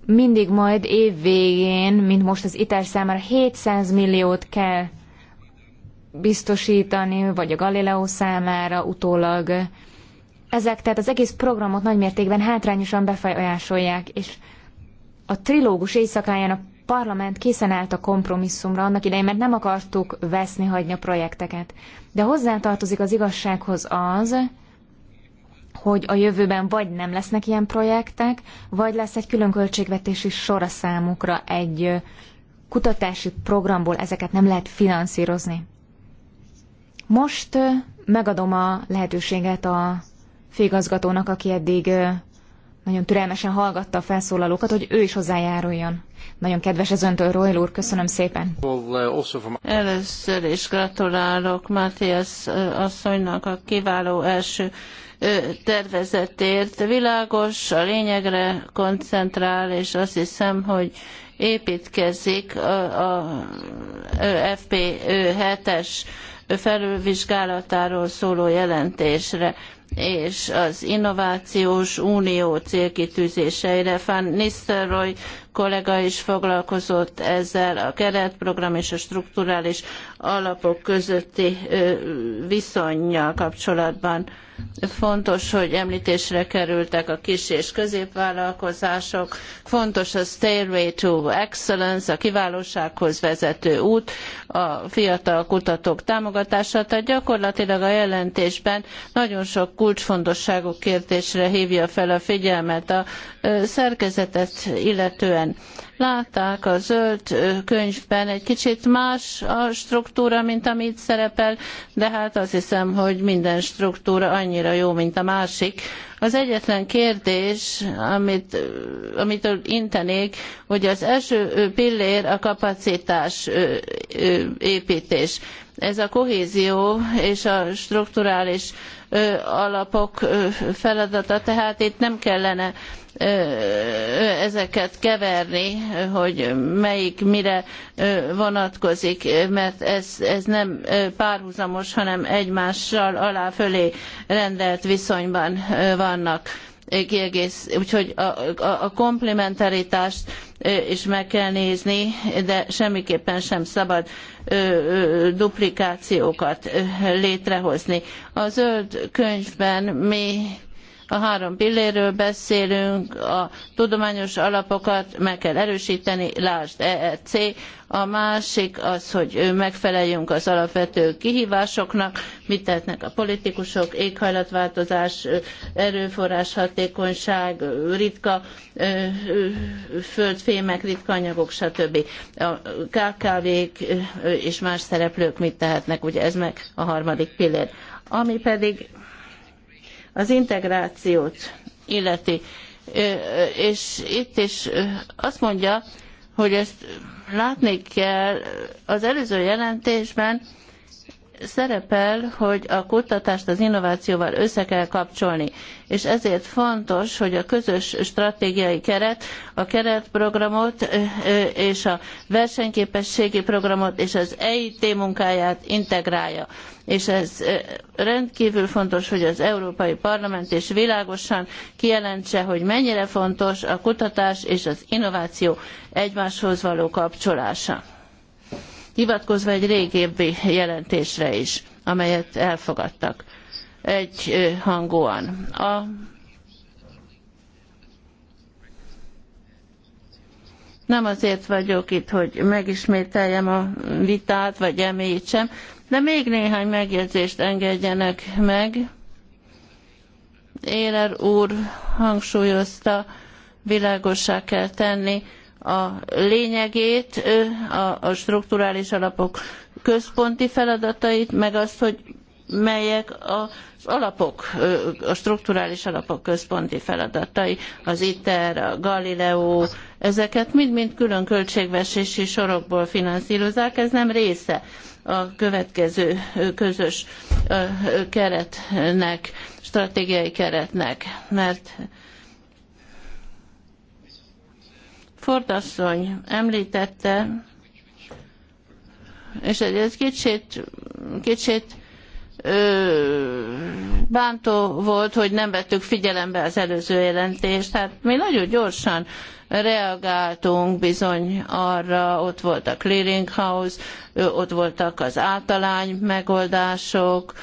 mindig majd év végén, mint most az ITER számára 700 milliót kell biztosítani, vagy a Galileo számára utólag. Ezek tehát az egész programot nagymértékben hátrányosan befolyásolják, és a trilógus éjszakáján a parlament készen állt a kompromisszumra annak idején, mert nem akartuk veszni hagyni a projekteket. De hozzátartozik az igazsághoz az, hogy a jövőben vagy nem lesznek ilyen projektek, vagy lesz egy külön költségvetési sor a számukra egy kutatási programból ezeket nem lehet finanszírozni. Most megadom a lehetőséget a főigazgatónak, aki eddig nagyon türelmesen hallgatta a felszólalókat, hogy ő is hozzájáruljon. Nagyon kedves ez öntől, Royal úr, köszönöm szépen. Először is gratulálok Matthias asszonynak a kiváló első tervezetért. Világos, a lényegre koncentrál, és azt hiszem, hogy építkezik a, a FP7-es felülvizsgálatáról szóló jelentésre és az Innovációs Unió célkitűzéseire. Van Nistelrooy kollega is foglalkozott ezzel, a keretprogram és a strukturális alapok közötti viszonyjal kapcsolatban. Fontos, hogy említésre kerültek a kis és középvállalkozások, fontos a Stairway to Excellence, a kiválósághoz vezető út, a fiatal kutatók támogatása, tehát gyakorlatilag a jelentésben nagyon sok kulcsfontosságú kérdésre hívja fel a figyelmet. A szerkezetet illetően. Látták a zöld könyvben egy kicsit más a struktúra, mint amit szerepel, de hát azt hiszem, hogy minden struktúra annyira jó, mint a másik. Az egyetlen kérdés, amit, amit intenék, hogy az első pillér a kapacitás építés. Ez a kohézió és a strukturális alapok feladata, tehát itt nem kellene ezeket keverni, hogy melyik mire vonatkozik, mert ez, ez nem párhuzamos, hanem egymással alá fölé rendelt viszonyban vannak. Kiegész, úgyhogy a, a, a komplementaritást is meg kell nézni, de semmiképpen sem szabad duplikációkat létrehozni. A zöld könyvben mi a három pilléről beszélünk, a tudományos alapokat meg kell erősíteni, lásd EEC, a másik az, hogy megfeleljünk az alapvető kihívásoknak, mit tettnek a politikusok, éghajlatváltozás, erőforrás hatékonyság, ritka földfémek, ritka anyagok, stb. A KKV-k és más szereplők mit tehetnek, ugye ez meg a harmadik pillér. Ami pedig az integrációt illeti. És itt is azt mondja, hogy ezt látni kell az előző jelentésben, szerepel, hogy a kutatást az innovációval össze kell kapcsolni, és ezért fontos, hogy a közös stratégiai keret, a keretprogramot és a versenyképességi programot és az EIT munkáját integrálja. És ez rendkívül fontos, hogy az Európai Parlament is világosan kijelentse, hogy mennyire fontos a kutatás és az innováció egymáshoz való kapcsolása hivatkozva egy régebbi jelentésre is, amelyet elfogadtak egy hangúan. A Nem azért vagyok itt, hogy megismételjem a vitát, vagy említsem, de még néhány megjegyzést engedjenek meg. Éler úr hangsúlyozta, világossá kell tenni, a lényegét, a, a strukturális alapok központi feladatait, meg azt, hogy melyek az alapok, a strukturális alapok központi feladatai, az ITER, a Galileo, ezeket mind-mind külön költségvetési sorokból finanszírozzák, ez nem része a következő közös keretnek, stratégiai keretnek, mert Fordasszony említette, és ez kicsit, kicsit bántó volt, hogy nem vettük figyelembe az előző jelentést. Hát mi nagyon gyorsan reagáltunk bizony arra, ott volt a Clearing House, ott voltak az általány megoldások,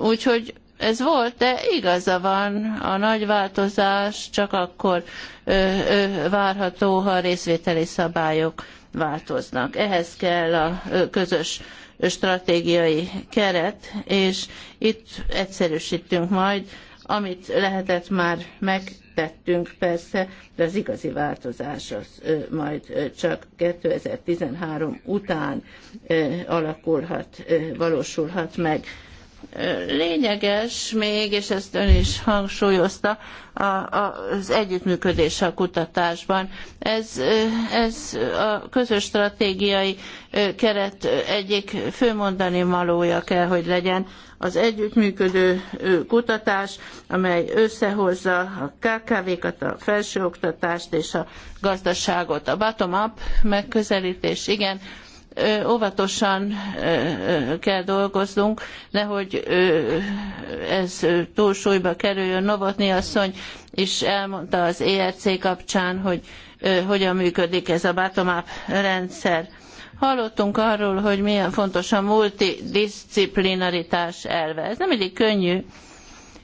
úgyhogy ez volt, de igaza van, a nagy változás csak akkor ö, ö, várható, ha a részvételi szabályok változnak. Ehhez kell a közös stratégiai keret, és itt egyszerűsítünk majd, amit lehetett már megtettünk persze, de az igazi változás az majd csak 2013 után alakulhat, valósulhat meg lényeges még, és ezt ön is hangsúlyozta, a, a, az együttműködés a kutatásban. Ez, ez a közös stratégiai keret egyik főmondani malója kell, hogy legyen. Az együttműködő kutatás, amely összehozza a KKV-kat, a felsőoktatást és a gazdaságot. A bottom-up megközelítés, igen, óvatosan kell dolgoznunk, nehogy ez túlsúlyba kerüljön. Novotni asszony is elmondta az ERC kapcsán, hogy hogyan működik ez a bottom rendszer. Hallottunk arról, hogy milyen fontos a multidisciplinaritás elve. Ez nem mindig könnyű,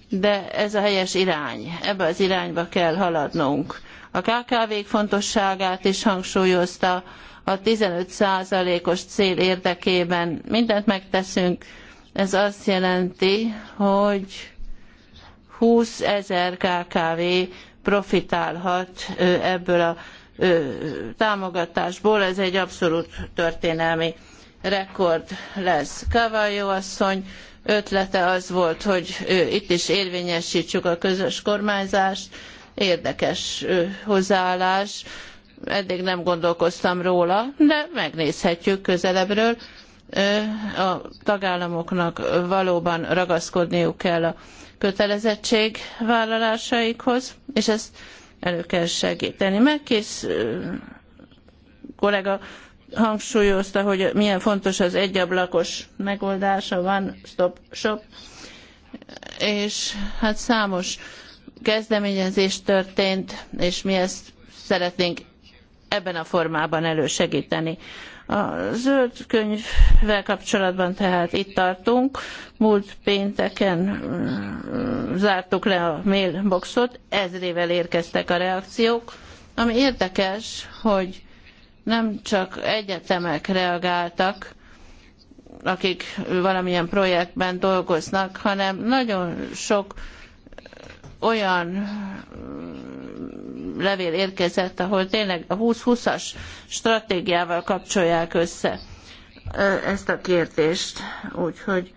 de ez a helyes irány. Ebbe az irányba kell haladnunk. A KKV-k fontosságát is hangsúlyozta, a 15%-os cél érdekében mindent megteszünk. Ez azt jelenti, hogy 20 ezer KKV profitálhat ebből a támogatásból. Ez egy abszolút történelmi rekord lesz. Kavaljó asszony ötlete az volt, hogy itt is érvényesítsük a közös kormányzást. Érdekes hozzáállás eddig nem gondolkoztam róla, de megnézhetjük közelebbről. A tagállamoknak valóban ragaszkodniuk kell a kötelezettség vállalásaikhoz, és ezt elő kell segíteni. Megkész kollega hangsúlyozta, hogy milyen fontos az egyablakos megoldás, a One Stop Shop, és hát számos kezdeményezés történt, és mi ezt szeretnénk ebben a formában elősegíteni. A zöld könyvvel kapcsolatban tehát itt tartunk. Múlt pénteken mm, zártuk le a mailboxot, ezrével érkeztek a reakciók. Ami érdekes, hogy nem csak egyetemek reagáltak, akik valamilyen projektben dolgoznak, hanem nagyon sok olyan levél érkezett, ahol tényleg a 20-20-as stratégiával kapcsolják össze ezt a kérdést. Úgyhogy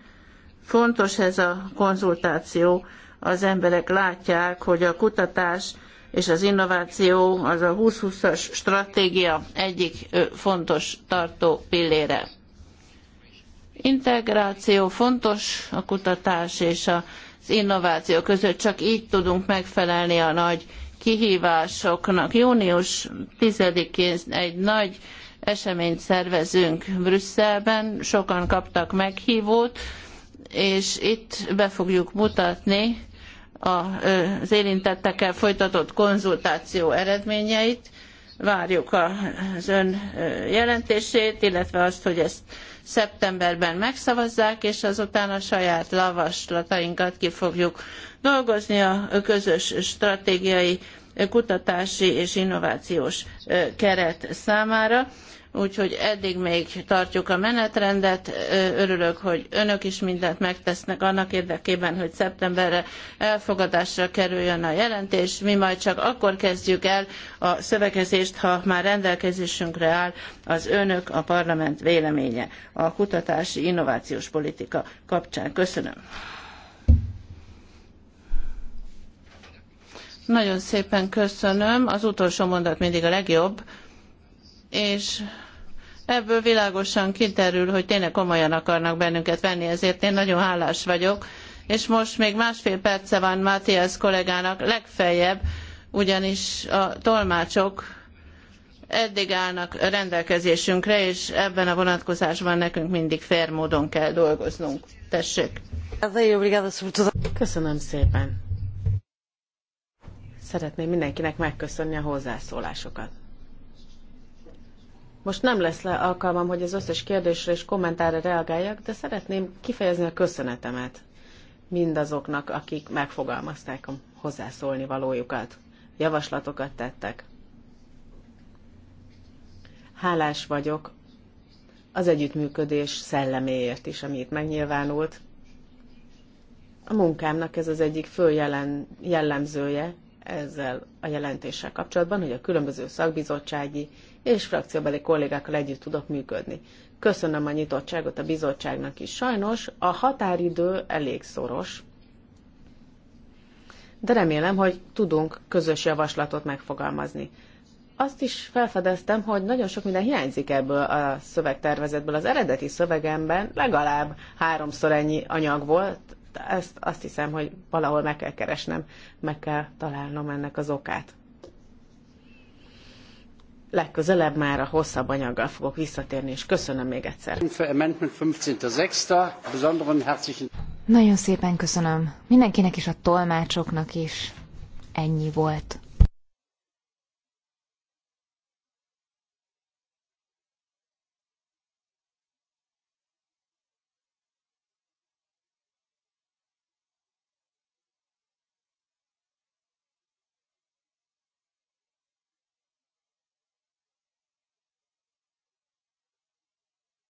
fontos ez a konzultáció, az emberek látják, hogy a kutatás és az innováció az a 2020-as stratégia egyik fontos tartó pillére. Integráció fontos a kutatás és az innováció között, csak így tudunk megfelelni a nagy kihívásoknak. Június 10-én egy nagy eseményt szervezünk Brüsszelben, sokan kaptak meghívót, és itt be fogjuk mutatni az érintettekkel folytatott konzultáció eredményeit. Várjuk az ön jelentését, illetve azt, hogy ezt szeptemberben megszavazzák, és azután a saját lavaslatainkat ki fogjuk dolgozni a közös stratégiai kutatási és innovációs keret számára. Úgyhogy eddig még tartjuk a menetrendet. Örülök, hogy önök is mindent megtesznek annak érdekében, hogy szeptemberre elfogadásra kerüljön a jelentés. Mi majd csak akkor kezdjük el a szövegezést, ha már rendelkezésünkre áll az önök, a parlament véleménye a kutatási innovációs politika kapcsán. Köszönöm. Nagyon szépen köszönöm. Az utolsó mondat mindig a legjobb. És ebből világosan kiderül, hogy tényleg komolyan akarnak bennünket venni, ezért én nagyon hálás vagyok. És most még másfél perce van Matthias kollégának legfeljebb, ugyanis a tolmácsok eddig állnak rendelkezésünkre, és ebben a vonatkozásban nekünk mindig fair módon kell dolgoznunk. Tessék! Köszönöm szépen! Szeretném mindenkinek megköszönni a hozzászólásokat. Most nem lesz le alkalmam, hogy az összes kérdésre és kommentára reagáljak, de szeretném kifejezni a köszönetemet mindazoknak, akik megfogalmazták a hozzászólni valójukat, javaslatokat tettek. Hálás vagyok az együttműködés szelleméért is, ami itt megnyilvánult. A munkámnak ez az egyik fő jellemzője, ezzel a jelentéssel kapcsolatban, hogy a különböző szakbizottsági és frakcióbeli kollégákkal együtt tudok működni. Köszönöm a nyitottságot a bizottságnak is. Sajnos a határidő elég szoros, de remélem, hogy tudunk közös javaslatot megfogalmazni. Azt is felfedeztem, hogy nagyon sok minden hiányzik ebből a szövegtervezetből. Az eredeti szövegemben legalább háromszor ennyi anyag volt, ezt azt hiszem, hogy valahol meg kell keresnem, meg kell találnom ennek az okát. Legközelebb már a hosszabb anyaggal fogok visszatérni, és köszönöm még egyszer. Nagyon szépen köszönöm. Mindenkinek is a tolmácsoknak is ennyi volt.